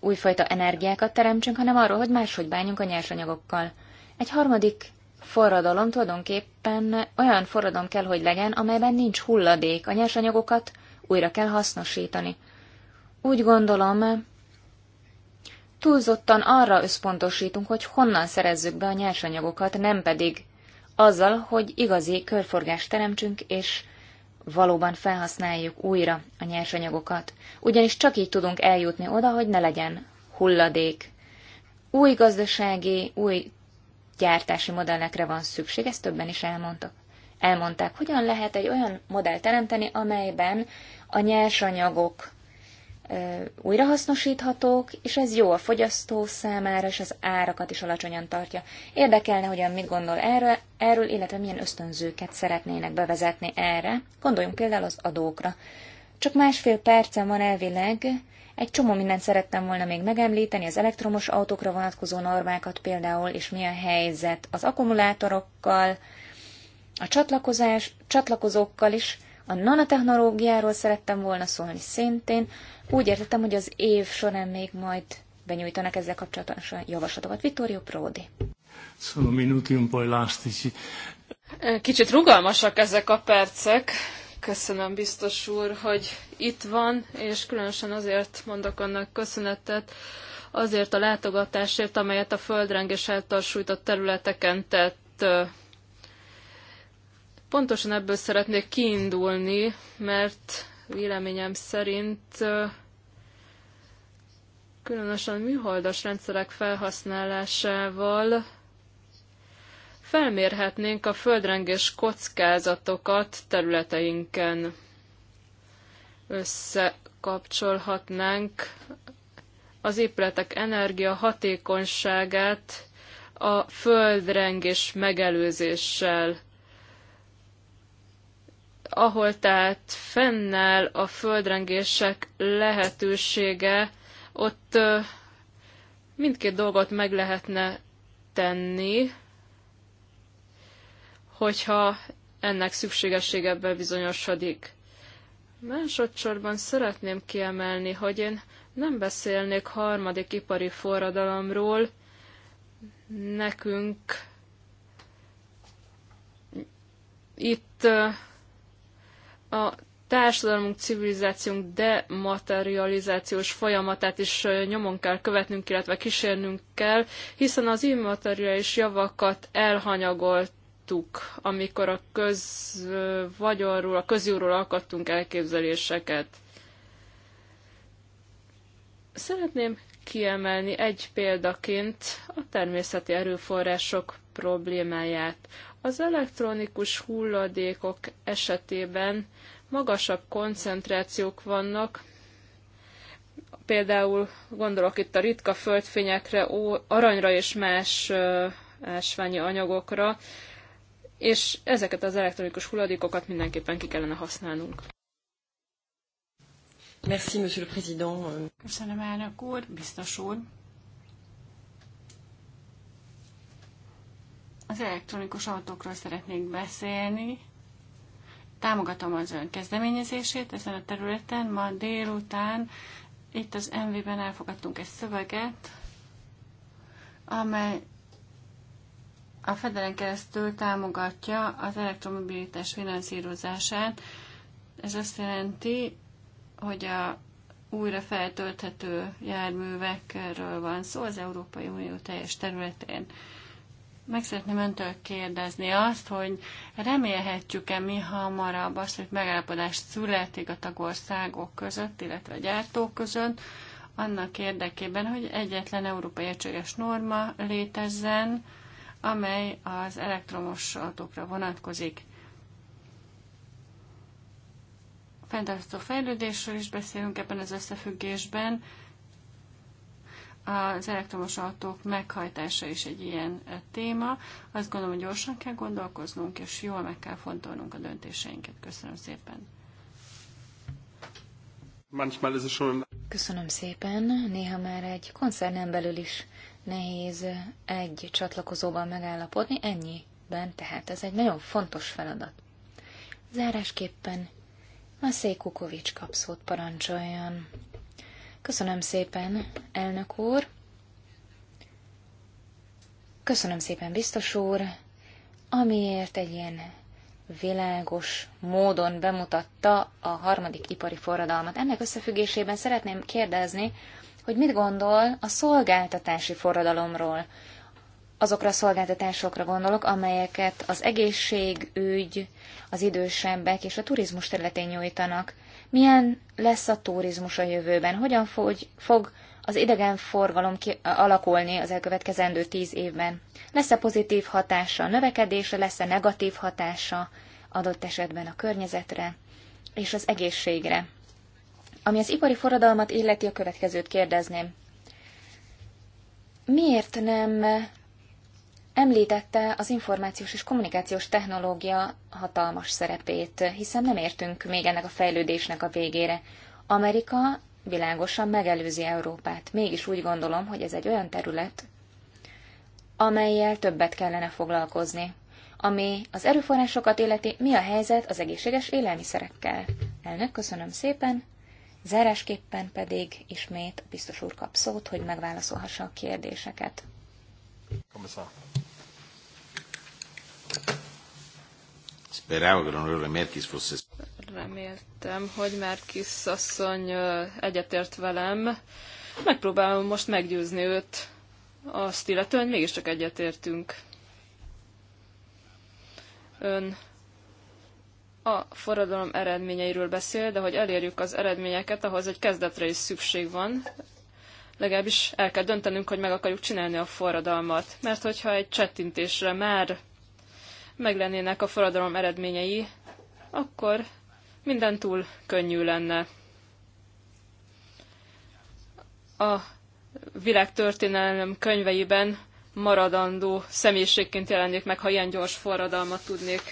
újfajta energiákat teremtsünk, hanem arról, hogy máshogy bánjunk a nyersanyagokkal. Egy harmadik forradalom tulajdonképpen olyan forradalom kell, hogy legyen, amelyben nincs hulladék, a nyersanyagokat újra kell hasznosítani. Úgy gondolom, túlzottan arra összpontosítunk, hogy honnan szerezzük be a nyersanyagokat, nem pedig azzal, hogy igazi körforgást teremtsünk, és valóban felhasználjuk újra a nyersanyagokat. Ugyanis csak így tudunk eljutni oda, hogy ne legyen hulladék. Új gazdasági, új gyártási modellekre van szükség, ezt többen is elmondtak. Elmondták, hogyan lehet egy olyan modellt teremteni, amelyben a nyersanyagok újrahasznosíthatók, és ez jó a fogyasztó számára, és az árakat is alacsonyan tartja. Érdekelne, hogyan mit gondol erről, erről, illetve milyen ösztönzőket szeretnének bevezetni erre. Gondoljunk például az adókra. Csak másfél percen van elvileg, egy csomó mindent szerettem volna még megemlíteni, az elektromos autókra vonatkozó normákat például, és milyen helyzet az akkumulátorokkal, a csatlakozás, csatlakozókkal is, a nanotechnológiáról szerettem volna szólni szintén. Úgy értettem, hogy az év során még majd benyújtanak ezzel kapcsolatosan javaslatokat. Vittorio Prodi. Sono minuti un po' elastici. Kicsit rugalmasak ezek a percek. Köszönöm biztos úr, hogy itt van, és különösen azért mondok annak köszönetet, azért a látogatásért, amelyet a földrengés által sújtott területeken tett Pontosan ebből szeretnék kiindulni, mert véleményem szerint különösen műholdas rendszerek felhasználásával felmérhetnénk a földrengés kockázatokat területeinken. Összekapcsolhatnánk az épületek energia hatékonyságát a földrengés megelőzéssel ahol tehát fennáll a földrengések lehetősége, ott mindkét dolgot meg lehetne tenni, hogyha ennek szükségessége bebizonyosodik. Másodszorban szeretném kiemelni, hogy én nem beszélnék harmadik ipari forradalomról, nekünk itt a társadalmunk, civilizációnk dematerializációs folyamatát is nyomon kell követnünk, illetve kísérnünk kell, hiszen az immateriális javakat elhanyagoltuk, amikor a közvagyonról, a közjúról alkottunk elképzeléseket. Szeretném kiemelni egy példaként a természeti erőforrások problémáját. Az elektronikus hulladékok esetében magasabb koncentrációk vannak, például gondolok itt a ritka földfényekre, aranyra és más ásványi anyagokra, és ezeket az elektronikus hulladékokat mindenképpen ki kellene használnunk. Merci, Monsieur le Président. Köszönöm, elnök úr, biztos úr. Az elektronikus autókról szeretnék beszélni. Támogatom az ön kezdeményezését ezen a területen. Ma délután itt az MV-ben elfogadtunk egy szöveget, amely a Fedelen keresztül támogatja az elektromobilitás finanszírozását. Ez azt jelenti, hogy a újra feltölthető járművekről van szó az Európai Unió teljes területén meg szeretném öntől kérdezni azt, hogy remélhetjük-e mi hamarabb azt, hogy megállapodás születik a tagországok között, illetve a gyártók között, annak érdekében, hogy egyetlen európai egységes norma létezzen, amely az elektromos autókra vonatkozik. Fentartó fejlődésről is beszélünk ebben az összefüggésben, az elektromos autók meghajtása is egy ilyen e, téma. Azt gondolom, hogy gyorsan kell gondolkoznunk, és jól meg kell fontolnunk a döntéseinket. Köszönöm szépen. Köszönöm szépen. Néha már egy koncernen belül is nehéz egy csatlakozóban megállapodni, ennyiben, tehát ez egy nagyon fontos feladat. Zárásképpen Maszé Kukovics kapszót parancsoljon. Köszönöm szépen, elnök úr. Köszönöm szépen, biztos úr, amiért egy ilyen világos módon bemutatta a harmadik ipari forradalmat. Ennek összefüggésében szeretném kérdezni, hogy mit gondol a szolgáltatási forradalomról. Azokra a szolgáltatásokra gondolok, amelyeket az egészségügy, az idősebbek és a turizmus területén nyújtanak. Milyen lesz a turizmus a jövőben? Hogyan fogy, fog az idegenforgalom ki, alakulni az elkövetkezendő tíz évben? Lesz-e pozitív hatása a növekedésre, lesz-e negatív hatása adott esetben a környezetre és az egészségre? Ami az ipari forradalmat illeti, a következőt kérdezném. Miért nem Említette az információs és kommunikációs technológia hatalmas szerepét, hiszen nem értünk még ennek a fejlődésnek a végére. Amerika világosan megelőzi Európát. Mégis úgy gondolom, hogy ez egy olyan terület, amelyel többet kellene foglalkozni. Ami az erőforrásokat illeti, mi a helyzet az egészséges élelmiszerekkel? Elnök, köszönöm szépen. Zárásképpen pedig ismét a biztos úr kap szót, hogy megválaszolhassa a kérdéseket. Komisszár. Speravo che l'onorevole Merkis fosse... Reméltem, hogy Merkis asszony egyetért velem. Megpróbálom most meggyőzni őt azt illetően, hogy mégiscsak egyetértünk. Ön a forradalom eredményeiről beszél, de hogy elérjük az eredményeket, ahhoz egy kezdetre is szükség van. Legalábbis el kell döntenünk, hogy meg akarjuk csinálni a forradalmat. Mert hogyha egy csettintésre már meglennének a forradalom eredményei, akkor minden túl könnyű lenne. A világtörténelem könyveiben maradandó személyiségként jelenik meg, ha ilyen gyors forradalmat tudnék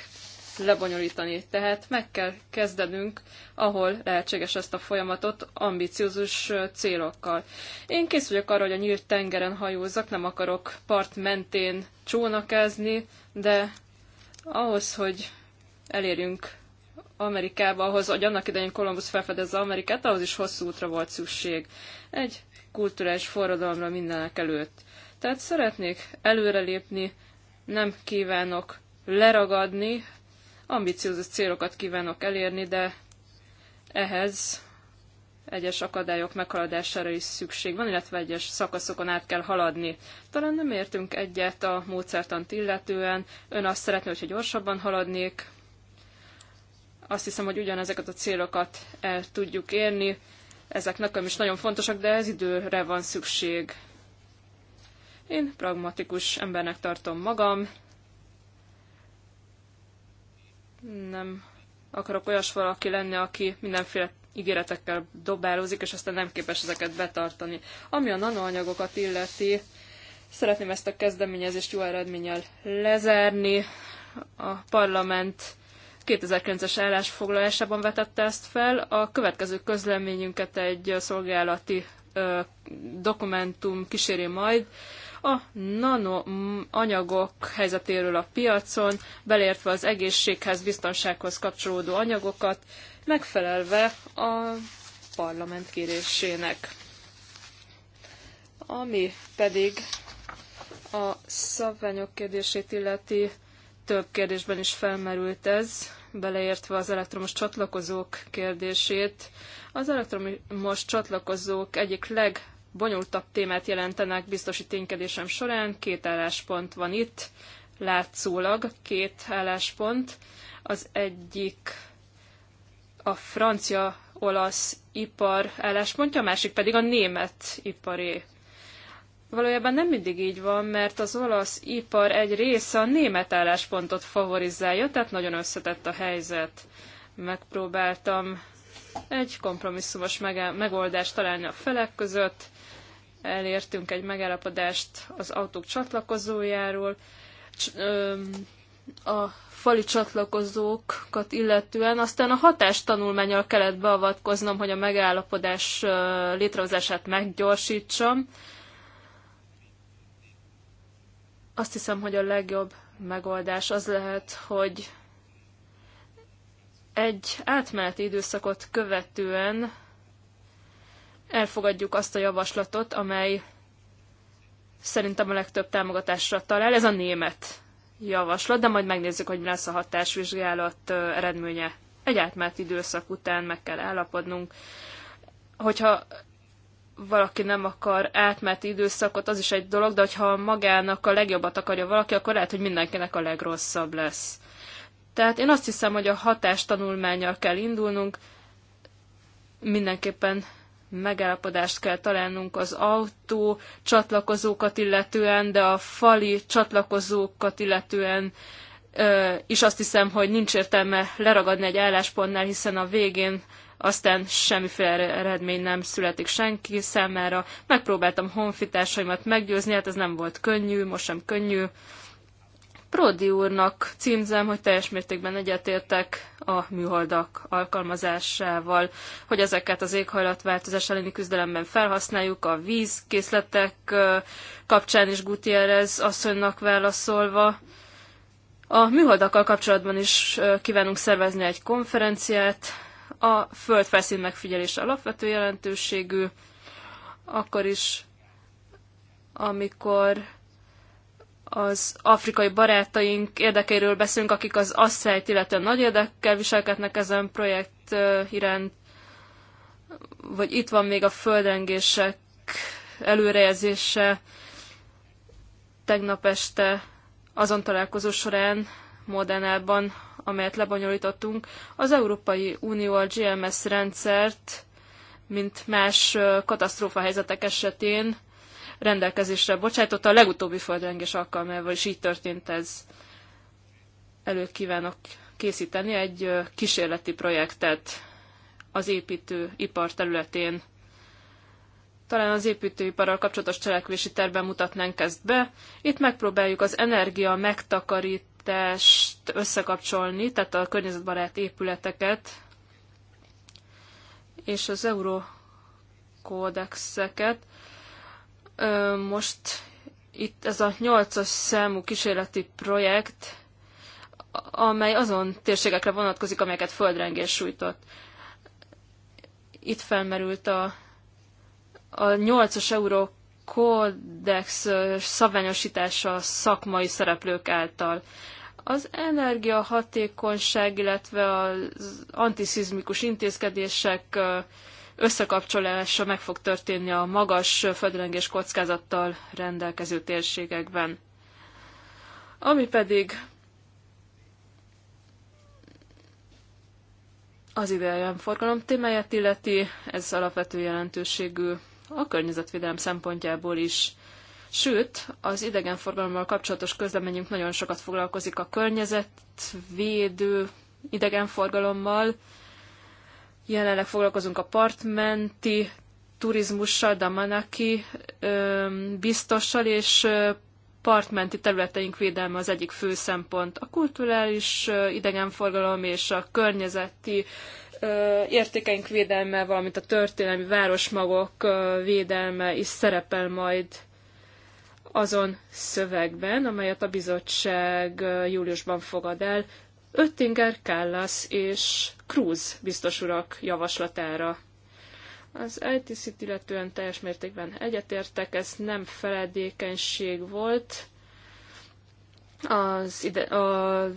lebonyolítani. Tehát meg kell kezdenünk, ahol lehetséges ezt a folyamatot, ambiciózus célokkal. Én kész vagyok arra, hogy a nyílt tengeren hajózzak, nem akarok part mentén csónakázni, de ahhoz, hogy elérjünk Amerikába, ahhoz, hogy annak idején Kolumbusz felfedezze Amerikát, ahhoz is hosszú útra volt szükség. Egy kulturális forradalomra mindenek előtt. Tehát szeretnék előrelépni, nem kívánok leragadni, ambiciózus célokat kívánok elérni, de ehhez egyes akadályok meghaladására is szükség van, illetve egyes szakaszokon át kell haladni. Talán nem értünk egyet a módszertant illetően. Ön azt szeretné, hogyha gyorsabban haladnék. Azt hiszem, hogy ugyanezeket a célokat el tudjuk érni. Ezek nekem is nagyon fontosak, de ez időre van szükség. Én pragmatikus embernek tartom magam. Nem akarok olyas valaki lenni, aki mindenféle ígéretekkel dobálózik, és aztán nem képes ezeket betartani. Ami a nanoanyagokat illeti, szeretném ezt a kezdeményezést jó eredménnyel lezárni. A parlament 2009-es állásfoglalásában vetette ezt fel. A következő közleményünket egy szolgálati ö, dokumentum kíséri majd a nanoanyagok helyzetéről a piacon, beleértve az egészséghez, biztonsághoz kapcsolódó anyagokat, megfelelve a parlament kérésének. Ami pedig a szabványok kérdését illeti, több kérdésben is felmerült ez, beleértve az elektromos csatlakozók kérdését. Az elektromos csatlakozók egyik legbonyolultabb témát jelentenek biztosi ténykedésem során. Két álláspont van itt, látszólag két álláspont. Az egyik a francia olasz ipar álláspontja, a másik pedig a német iparé. Valójában nem mindig így van, mert az olasz ipar egy része a német álláspontot favorizálja, tehát nagyon összetett a helyzet. Megpróbáltam egy kompromisszumos megoldást találni a felek között, elértünk egy megállapodást az autók csatlakozójáról, a fali csatlakozókat illetően, aztán a hatástanulmányal kellett beavatkoznom, hogy a megállapodás létrehozását meggyorsítsam. Azt hiszem, hogy a legjobb megoldás az lehet, hogy egy átmeneti időszakot követően elfogadjuk azt a javaslatot, amely szerintem a legtöbb támogatásra talál. Ez a német javaslat, de majd megnézzük, hogy mi lesz a hatásvizsgálat eredménye. Egy átmert időszak után meg kell állapodnunk. Hogyha valaki nem akar átmert időszakot, az is egy dolog, de hogyha magának a legjobbat akarja valaki, akkor lehet, hogy mindenkinek a legrosszabb lesz. Tehát én azt hiszem, hogy a hatástanulmányjal kell indulnunk, mindenképpen megállapodást kell találnunk az autó csatlakozókat illetően, de a fali csatlakozókat illetően is azt hiszem, hogy nincs értelme leragadni egy álláspontnál, hiszen a végén aztán semmiféle eredmény nem születik senki számára. Megpróbáltam honfitársaimat meggyőzni, hát ez nem volt könnyű, most sem könnyű. Prodi úrnak címzem, hogy teljes mértékben egyetértek a műholdak alkalmazásával, hogy ezeket az éghajlatváltozás elleni küzdelemben felhasználjuk, a vízkészletek kapcsán is Gutierrez asszonynak válaszolva. A műholdakkal kapcsolatban is kívánunk szervezni egy konferenciát, a földfelszín megfigyelése alapvető jelentőségű, akkor is, amikor az afrikai barátaink érdekéről beszélünk, akik az asszályt, illetve nagy érdekkel viselkednek ezen projekt iránt, vagy itt van még a földrengések előrejelzése. Tegnap este azon találkozó során Modernában, amelyet lebonyolítottunk, az Európai Unió a GMS rendszert, mint más katasztrófa helyzetek esetén rendelkezésre bocsájtotta. A legutóbbi földrengés alkalmával is így történt ez. Elő kívánok készíteni egy kísérleti projektet az építőipar területén. Talán az építőiparral kapcsolatos cselekvési terben mutatnánk ezt be. Itt megpróbáljuk az energia megtakarítást összekapcsolni, tehát a környezetbarát épületeket és az euró most itt ez a nyolcas számú kísérleti projekt, amely azon térségekre vonatkozik, amelyeket földrengés sújtott. Itt felmerült a, a 8 euró kódex szabványosítása szakmai szereplők által. Az energiahatékonyság, illetve az antiszizmikus intézkedések összekapcsolása meg fog történni a magas földrengés kockázattal rendelkező térségekben. Ami pedig az idegenforgalom témáját illeti, ez alapvető jelentőségű a környezetvédelem szempontjából is. Sőt, az idegenforgalommal kapcsolatos közleményünk nagyon sokat foglalkozik a környezetvédő idegenforgalommal, Jelenleg foglalkozunk a partmenti turizmussal, Damanaki biztossal, és partmenti területeink védelme az egyik fő szempont. A kulturális idegenforgalom és a környezeti értékeink védelme, valamint a történelmi városmagok védelme is szerepel majd azon szövegben, amelyet a bizottság júliusban fogad el. Öttinger, Kallas és Cruz biztos urak javaslatára. Az ITC-t illetően teljes mértékben egyetértek, ez nem feledékenység volt. Az ide, a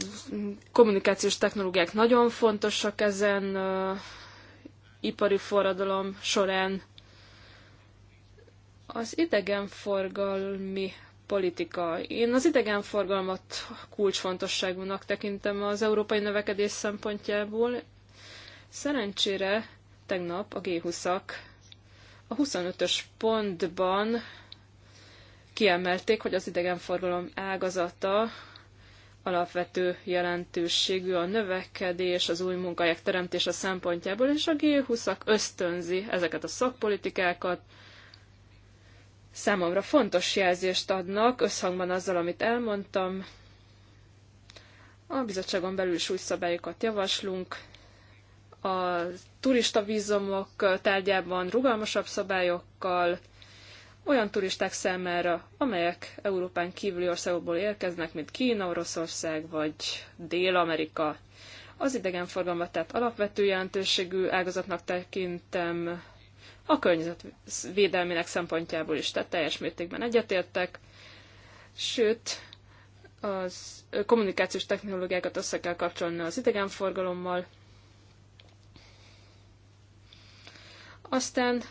kommunikációs technológiák nagyon fontosak ezen a ipari forradalom során. Az idegenforgalmi politika. Én az idegenforgalmat kulcsfontosságúnak tekintem az európai növekedés szempontjából. Szerencsére tegnap a G20-ak a 25-ös pontban kiemelték, hogy az idegenforgalom ágazata alapvető jelentőségű a növekedés, az új munkahelyek teremtése szempontjából, és a G20-ak ösztönzi ezeket a szakpolitikákat, számomra fontos jelzést adnak, összhangban azzal, amit elmondtam. A bizottságon belül is új szabályokat javaslunk. A turista vízumok tárgyában rugalmasabb szabályokkal, olyan turisták számára, amelyek Európán kívüli országokból érkeznek, mint Kína, Oroszország vagy Dél-Amerika. Az idegenforgalmat tehát alapvető jelentőségű ágazatnak tekintem a környezetvédelmének szempontjából is, tehát teljes mértékben egyetértek, sőt, az kommunikációs technológiákat össze kell kapcsolni az idegenforgalommal. Aztán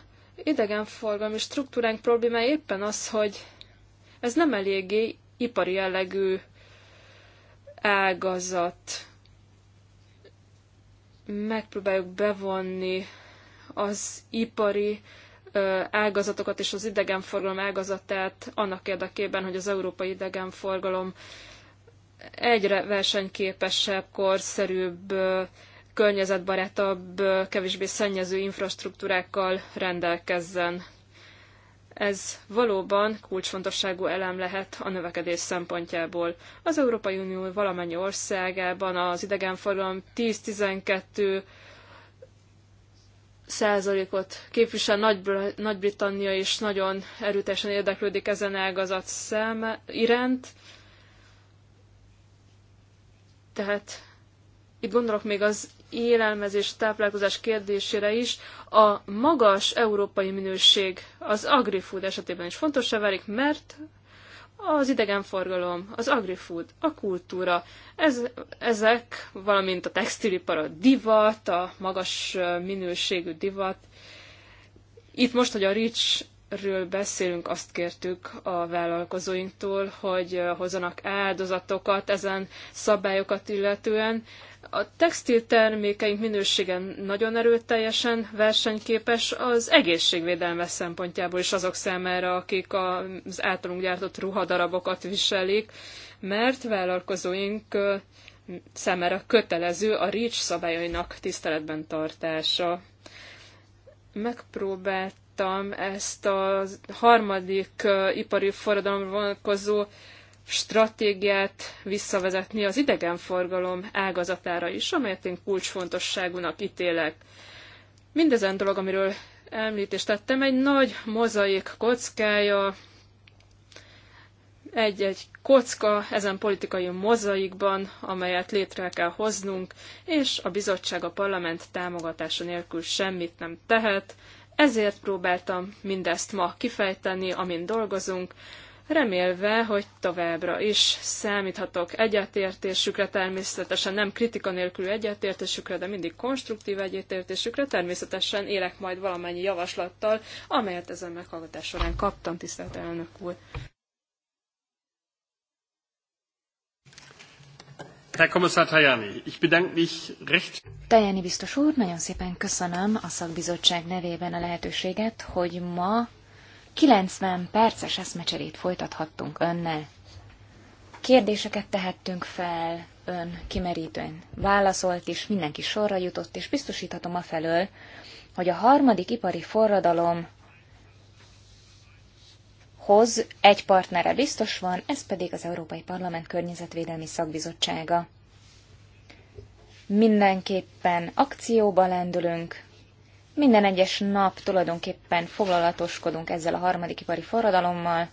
idegenforgalmi struktúránk problémája éppen az, hogy ez nem eléggé ipari jellegű ágazat. Megpróbáljuk bevonni az ipari ágazatokat és az idegenforgalom ágazatát annak érdekében, hogy az európai idegenforgalom egyre versenyképesebb, korszerűbb, környezetbarátabb, kevésbé szennyező infrastruktúrákkal rendelkezzen. Ez valóban kulcsfontosságú elem lehet a növekedés szempontjából. Az Európai Unió valamennyi országában az idegenforgalom 10-12 százalékot képvisel Nagy- britannia és nagyon erőteljesen érdeklődik ezen ágazat szem iránt. Tehát itt gondolok még az élelmezés, táplálkozás kérdésére is, a magas európai minőség az agrifood esetében is fontossá válik, mert az idegenforgalom, az agrifood, a kultúra, ez, ezek, valamint a textilipar, a divat, a magas minőségű divat. Itt most, hogy a Rich ről beszélünk, azt kértük a vállalkozóinktól, hogy hozzanak áldozatokat ezen szabályokat illetően, a textil termékeink minőségen nagyon erőteljesen versenyképes az egészségvédelme szempontjából is azok számára, akik az általunk gyártott ruhadarabokat viselik, mert vállalkozóink számára kötelező a REACH szabályainak tiszteletben tartása. Megpróbáltam ezt a harmadik ipari forradalomra vonatkozó stratégiát visszavezetni az idegenforgalom ágazatára is, amelyet én kulcsfontosságúnak ítélek. Mindezen dolog, amiről említést tettem, egy nagy mozaik kockája, egy-egy kocka ezen politikai mozaikban, amelyet létre kell hoznunk, és a bizottság a parlament támogatása nélkül semmit nem tehet, ezért próbáltam mindezt ma kifejteni, amin dolgozunk, remélve, hogy továbbra is számíthatok egyetértésükre, természetesen nem kritika nélkül egyetértésükre, de mindig konstruktív egyetértésükre, természetesen élek majd valamennyi javaslattal, amelyet ezen meghallgatás során kaptam, tisztelt elnök úr. Herr Kommissar Tajani, ich bedanke mich recht. Tajani biztos úr, nagyon szépen köszönöm a szakbizottság nevében a lehetőséget, hogy ma 90 perces eszmecserét folytathattunk önnel. Kérdéseket tehettünk fel, ön kimerítően válaszolt is, mindenki sorra jutott, és biztosíthatom a felől, hogy a harmadik ipari forradalom hoz egy partnere biztos van, ez pedig az Európai Parlament Környezetvédelmi Szakbizottsága. Mindenképpen akcióba lendülünk, minden egyes nap tulajdonképpen foglalatoskodunk ezzel a harmadik ipari forradalommal,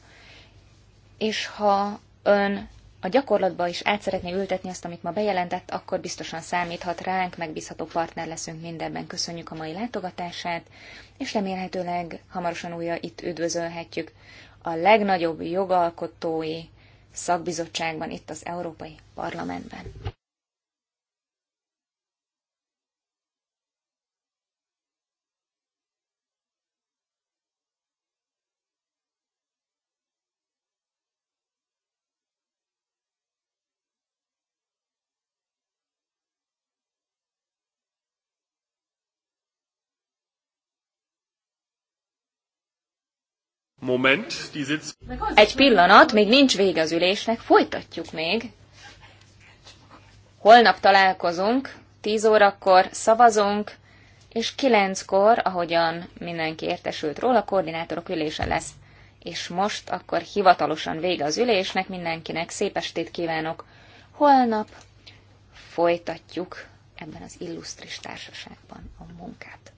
és ha ön a gyakorlatba is át szeretné ültetni azt, amit ma bejelentett, akkor biztosan számíthat ránk, megbízható partner leszünk mindenben. Köszönjük a mai látogatását, és remélhetőleg hamarosan újra itt üdvözölhetjük a legnagyobb jogalkotói szakbizottságban, itt az Európai Parlamentben. Moment, die sitz... Egy pillanat, még nincs vége az ülésnek, folytatjuk még. Holnap találkozunk, 10 órakor szavazunk, és 9-kor, ahogyan mindenki értesült róla, koordinátorok ülése lesz. És most akkor hivatalosan vége az ülésnek, mindenkinek szép estét kívánok. Holnap folytatjuk ebben az illusztris társaságban a munkát.